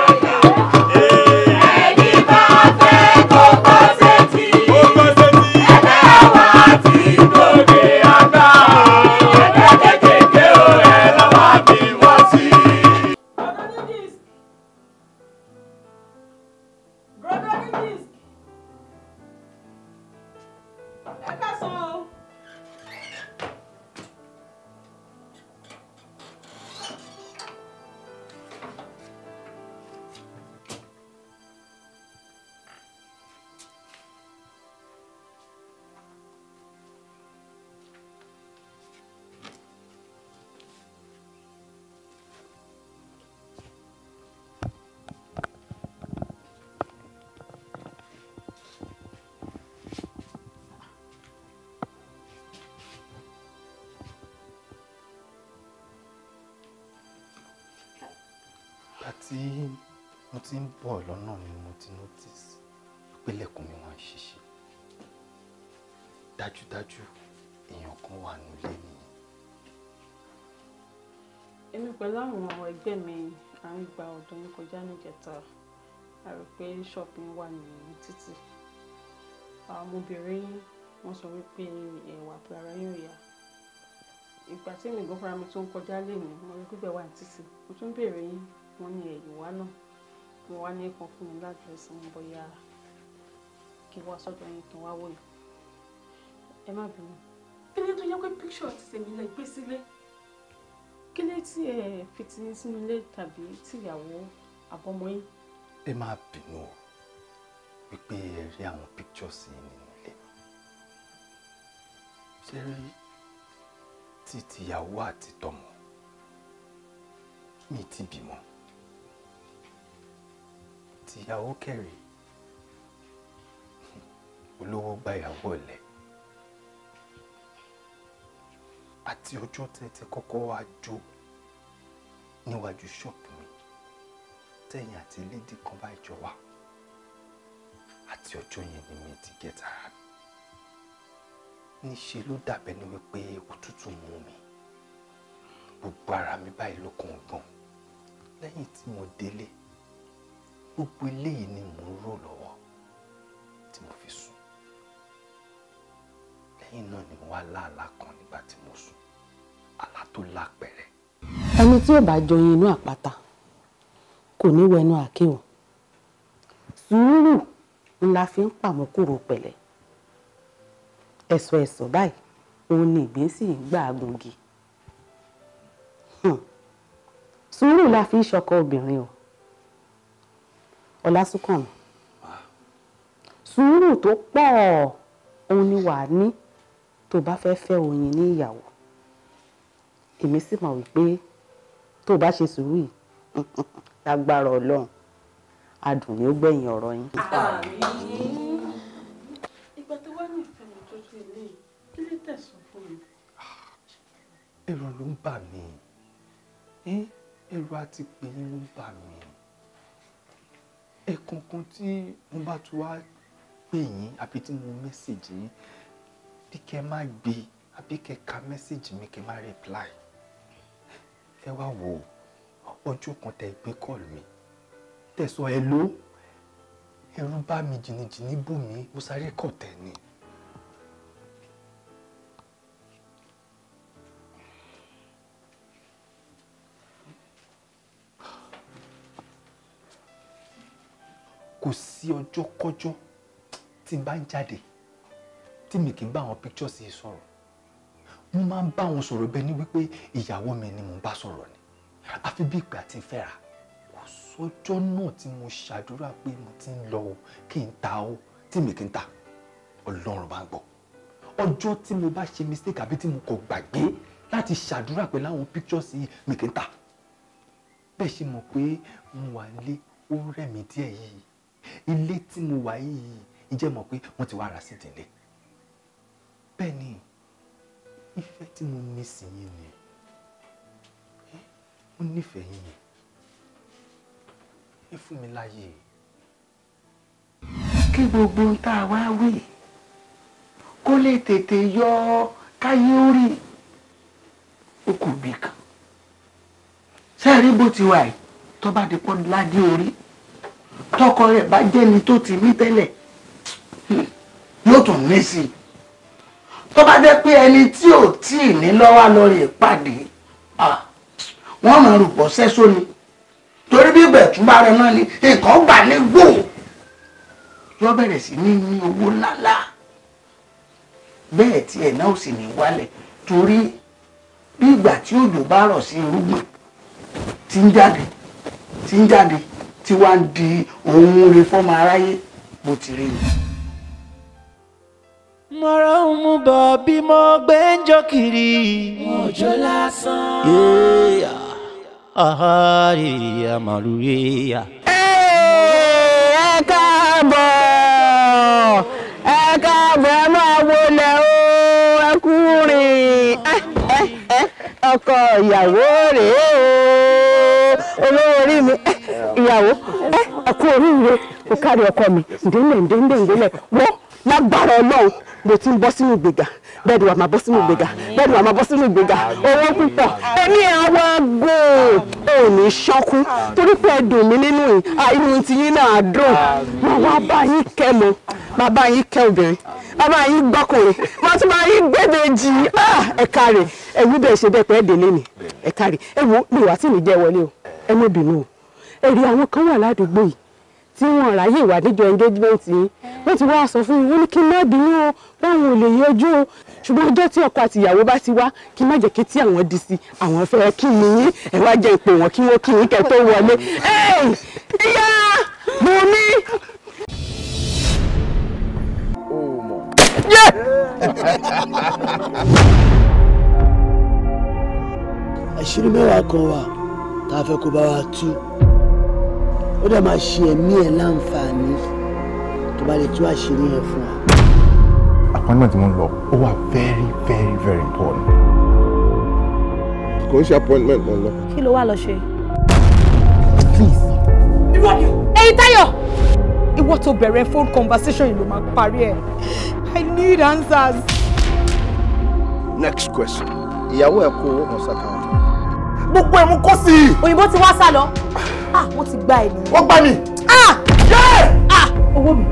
níjẹta a rò pé ṣọ́ọ̀bù yín wà ní títì àwọn ọmọbìnrin yín wọ́n sọ wípé ẹ̀wà pé ara yín ò yá ìgbà tí èmi gan fúnra mi tó ń kọjá lèmi mo rí pípẹ́ wà ní títì mo tún béèrè yín wọ́n ní ẹ̀yìn wá náà mo wá ní kan fún mi ládùúrẹ́sì wọn bóyá kí wá sọ́dọ̀ yín kí wá wò yín ẹ má bínú. kí ni tó yẹ pé píkṣọ̀ ti tèmi lẹ gbé sílé kí ni tí ẹ fi ti sínú ilé tàbí tìyàwó àbọ̀mọ yín. ẹ máa bínú o wípé ẹ rí àwọn pictures yìí nínú ilé ṣe rí tí tìyàwó àti tọmọ mi ti bímọ tìyàwó kẹrin olówó gba ìyàwó ọ̀lẹ àti ọjọ́ tẹ́ ti kọ́kọ́ wá jó níwájú ṣọ́ọ̀bù tẹ̀yìn àti lédì kan bá jọ wà àti ọjọ́ yẹn ni mi ti gẹ̀ tara mi níṣe ló dàbẹ́ ni wípé òtútù mú mi gbogbo ara mi báyìí ló kàn gbọ̀n lẹ́yìn tí mo délé gbogbo eléyìí ni mò ń rò lọ́wọ́ tí mo fi sùn lẹ́yìn náà ni mo wá láàlá kan nígbà tí mo sùn àlá tó lápẹ̀rẹ̀. ẹni tí ò bá jọyìn inú àpáta kò ní wẹnu àáké o sùúrù ńlá fi ń pàmò kúrò pẹ̀lẹ́ ẹ̀sọ̀ ẹ̀sọ̀ báyìí òun ni ìgbín sì ń gbà agungi sùúrù la fi ń ṣọkọ obìnrin o ọlásùnkànmí sùúrù tó pọ̀ òun ni wàá ní tó bá fẹ́ fẹ́ oyin ní ìyàwó èmi sì mọ̀ wípé tó bá ṣe sùúrù yìí lágbára ọlọ́run adùn ni ó gbẹ̀yìn ọ̀rọ̀ yín. ìgbà tó wá ní ìfẹ́ mi tó ti lè kí ló tẹ̀sán fún mi. ẹ̀rọ ló ń bà mí ẹ̀rọ àti pé yín ló ń bà mí ẹ̀ẹ̀kọ̀ọ̀kan tí mo bá tún wá pè yín àbí tí mo mẹ́sàgì yín bí kẹ́ má gbé àbí kẹ́ ka mẹ́sàgì mi kẹ́ má rẹ́pláì ẹ wá wò ó ọjọ́ kan tẹ ìgbé kọ́ọ̀lù mi tẹ̀sọ ẹ ló ẹ̀rù bá mi jìnnìjìnnì bù mí mo sáré kọ̀ tẹ̀ ni. kò sí ọjọ́ kọ́jọ́ tí n bá ń jáde tí mi kì í bá àwọn pictures yìí sọ̀rọ̀ mo máa ń bá wọn sọ̀rọ̀ bẹ́ẹ̀ ni wípé ìyàwó mi ni mò bá sọ̀rọ̀ ni àfi bí ìpè àti ìfẹ́ra kò sọ́jọ́ náà tí mo ṣàdúrà pé mo ti ń lọ o kí n ta o tí mi kì í ta ọlọ́run bá ń gbọ́ ọjọ́ tí mo bá ṣe mistake àbí tí mo kò gbàgbé láti ṣàdúrà pẹ̀lú àwọn pictures yìí mi kì í ta bẹ́ẹ̀ ṣe mọ̀ pé mo wà nílé ó rẹ̀ mí díẹ̀ yìí ilé tí mo wà yìí ìjẹ́ mọ̀ pé wọ́n ti wá ra sí ìdílé bẹ́ẹ̀ ni ìfẹ́ tí mo ní sí yín ni ó nífẹ̀ẹ́ yín yẹn ẹ fún mi láyè. kí gbogbo ń tá a wá wí kó lè tètè yọ káyé orí okùn bì kan sẹ́ẹ̀rí bó ti wà yìí tó bá di pọ́n ládé orí tọkọ rẹ̀ bá jẹ́ni tó ti ní tẹ́lẹ̀ yóò tún ní sí i tó bá jẹ́ pé ẹni tí ò tí ní lọ́wọ́ lọ́ọ́ pàdé ah wọ́n máa rò pọ̀ ni torí bí bẹ̀túbà rẹ̀ náà ni nǹkan gbà ní gbò yọ bẹ̀rẹ̀ sí ní ní owó ńláńlá bẹ́ẹ̀ tí ẹ̀ náà sì ní wálẹ̀ torí bí ìgbà tí òjò bá rọ̀ sí irúgbìn tí ń jáde tí ń jáde tí wàá di ohun rẹ̀ fọ́mọ aráyé bó ti rí ni. mo rọ mú bọ̀ bí mo gbé ń jọ kiri. mo jó lásán. Yeah ahari amaluya. ẹ káàbọ̀ ẹ káàbọ̀ ẹ máa wọlé o ẹ kú rìn ọkọ ìyàwó rèé o olówó orí mi ìyàwó ẹ kú oríire o kárí ọkọ mi ndéńdé ndéńdé ndéńdé wọ́n lágbára ọlọ́run mo ti ń bọ́ sínú ìgbéga bẹ́ẹ̀ ni wàá máa bọ́ sínú ìgbéga bẹ́ẹ̀ ni wàá máa bọ́ sínú ìgbéga owó púpọ̀ èmi àwọn aago ò ní ṣọ́kú torí pé ẹ̀dùn mi nínú irun tiyín náà dùn wọ́n wá bá yín kẹ́ mo máa bá yín kẹ́ obìnrin máa bá yín gbọ́kùnrin máa tún máa yín gbẹ́dẹ̀jì ẹ̀ka rẹ̀ ẹ̀wí bẹ́ẹ̀ ṣe bẹ́ẹ̀ pẹ́ délé ni ẹ̀ka rẹ̀ ẹ̀wọ́ mi wá sí mi jẹ́ wọlé o ẹ mọ́ bínú o èrè àwọn kan wà ládùúgbò yìí tí wọ́n ráyè wà níjọ engagement yìí wọ́n ti wá sọ fún mi wọ́n ní kí n má bínú o báwọn ò lè yẹjú o ṣùgbọ́n ọjọ́ tí ọkọ àti ìyàwó bá ti wá kí n má jẹ́ kí tí àwọn di sí àwọn fẹ́ kí ni yín ẹ wá jẹ́ ìpè wọn kí wọ́n kí yín kẹ́ tó wọlé ìyá mo ní. àṣírí mẹ́wàá kan wà tá a fẹ́ kó bá wa tú ó dẹ̀ máa ṣe ẹ̀mí ẹ̀ láǹfààní tó bá lè tú àṣírí yẹn fún wa. appointment tí mo lọ ó wà very very very important. kò ń ṣe appointment mo ń lọ. kí ló wà lọ ṣe. please. ìwọ ni. ẹyin Táyọ̀ ìwọ tó bẹ̀rẹ̀ phone conversation yìí ló máa parí ẹ̀ I need answers. next question ìyàwó ẹ̀ kó owó kan ṣàkàwọ́ gbogbo ẹ̀mú kó sí i. òyìnbó ti wá sá lọ ah wọ́n ti gba ẹ̀ nìyẹn. wọ́n gbá mi. ah yẹ́ẹ̀. ah owó mi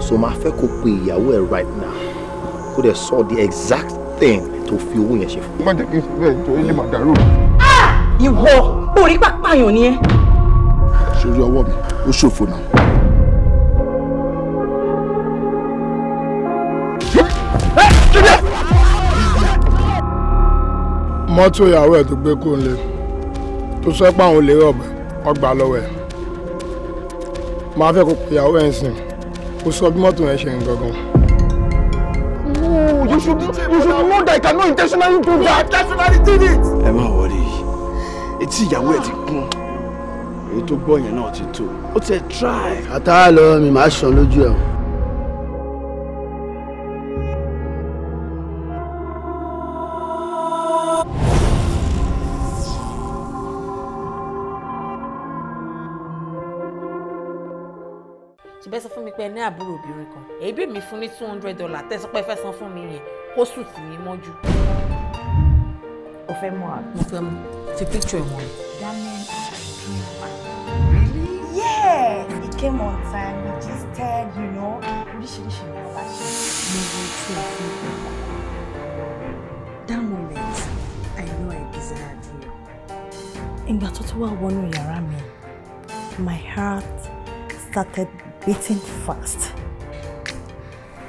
so máa fẹ́ kó pe ìyàwó ẹ̀ right now kó dẹ̀ sọ the exact thing tó fi owó yẹn ṣe fún. má jẹ́ kí n fi bẹ́ẹ̀ tó ilé màá dàrú. Ah! ìwọ orí pàpàyàn ni ẹ. sórí ọwọ́ mi ó ṣòfò náà. mọ́tò ìyàwó ẹ̀ tó gbé kó ń lé tó sọ pé àwọn olè rọ̀bẹ̀ ọgbà lọ́wọ́ ẹ̀ máa fẹ́ kó pe ìyàwó ẹ̀ ń sìn kò sọ bí mọ́tò yẹn ṣe ń gangan. you should you should know that I cannot intentionally do that. I intentionally did it. ẹ má wọrí etí ìyàwó ẹ ti kún èyí tó gbọ́ yẹn náà ti tó ó ti try. àtàlọ́ mi máa ṣan lójú ẹ̀ fẹ́ sọ fún mi pé ẹ ní àbúrò obìnrin kan èébì mi fún ní two hundred dollar tẹ́ sọ pé ẹ fẹ́ san fún mi yẹn kó sùn mí mọ́jú. o fẹ́ mọ àbí. mo fẹ́ mọ fi picture ẹ̀ yeah he came on time he gisted you know that moment i know i deserve you. ìgbà tó tún wá wọnú yàrá mi my heart started eating fast.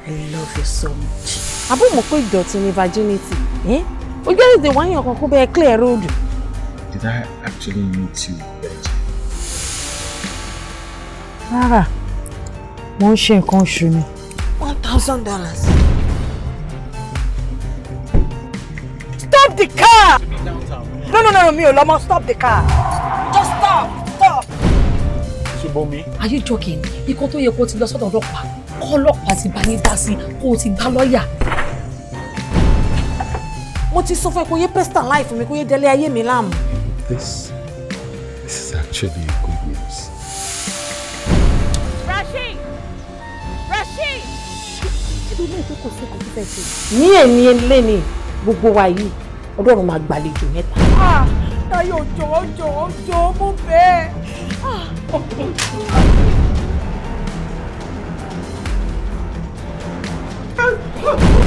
I love you so much. Àbú mọ̀ pé ìdọ̀tí ni virginity. Ó jẹ́ èdè wáyàn kan kó bẹ́ẹ̀ clear road. Did I actually meet you better? Rárá, wọ́n ń ṣe ni. One thousand dollars. Stop the car! No, no, no, mi ò lọ́mọ stop the car bomi. are you joking ikọ̀ tó yẹ kó ti lọ sọ́dọ̀ ọlọ́pàá kọ́ ọlọ́pàá ti bá yín dá sí kó o ti gbá lọ́ọ̀yà. mo ti sọ fún ẹ kó yé pesta life mi kó yé délé ayé mi láàmú. this this is actually good news. rasheed rasheed. ṣé ilé ìpín kò sí kò tó fẹ́ ṣe. ní èmi eléni gbogbo wa yìí ọlọ́run máa gbàlejò mẹ́ta. ah tayo jọ̀wọ́ jọ̀wọ́ jọ̀wọ́ mo bẹ́ẹ̀. Oh,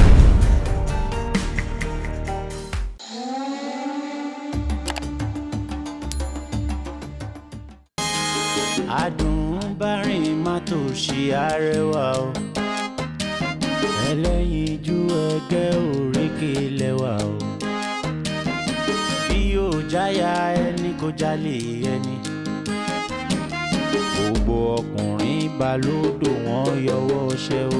balódò wọ́n yọwọ́ ṣẹ́ o.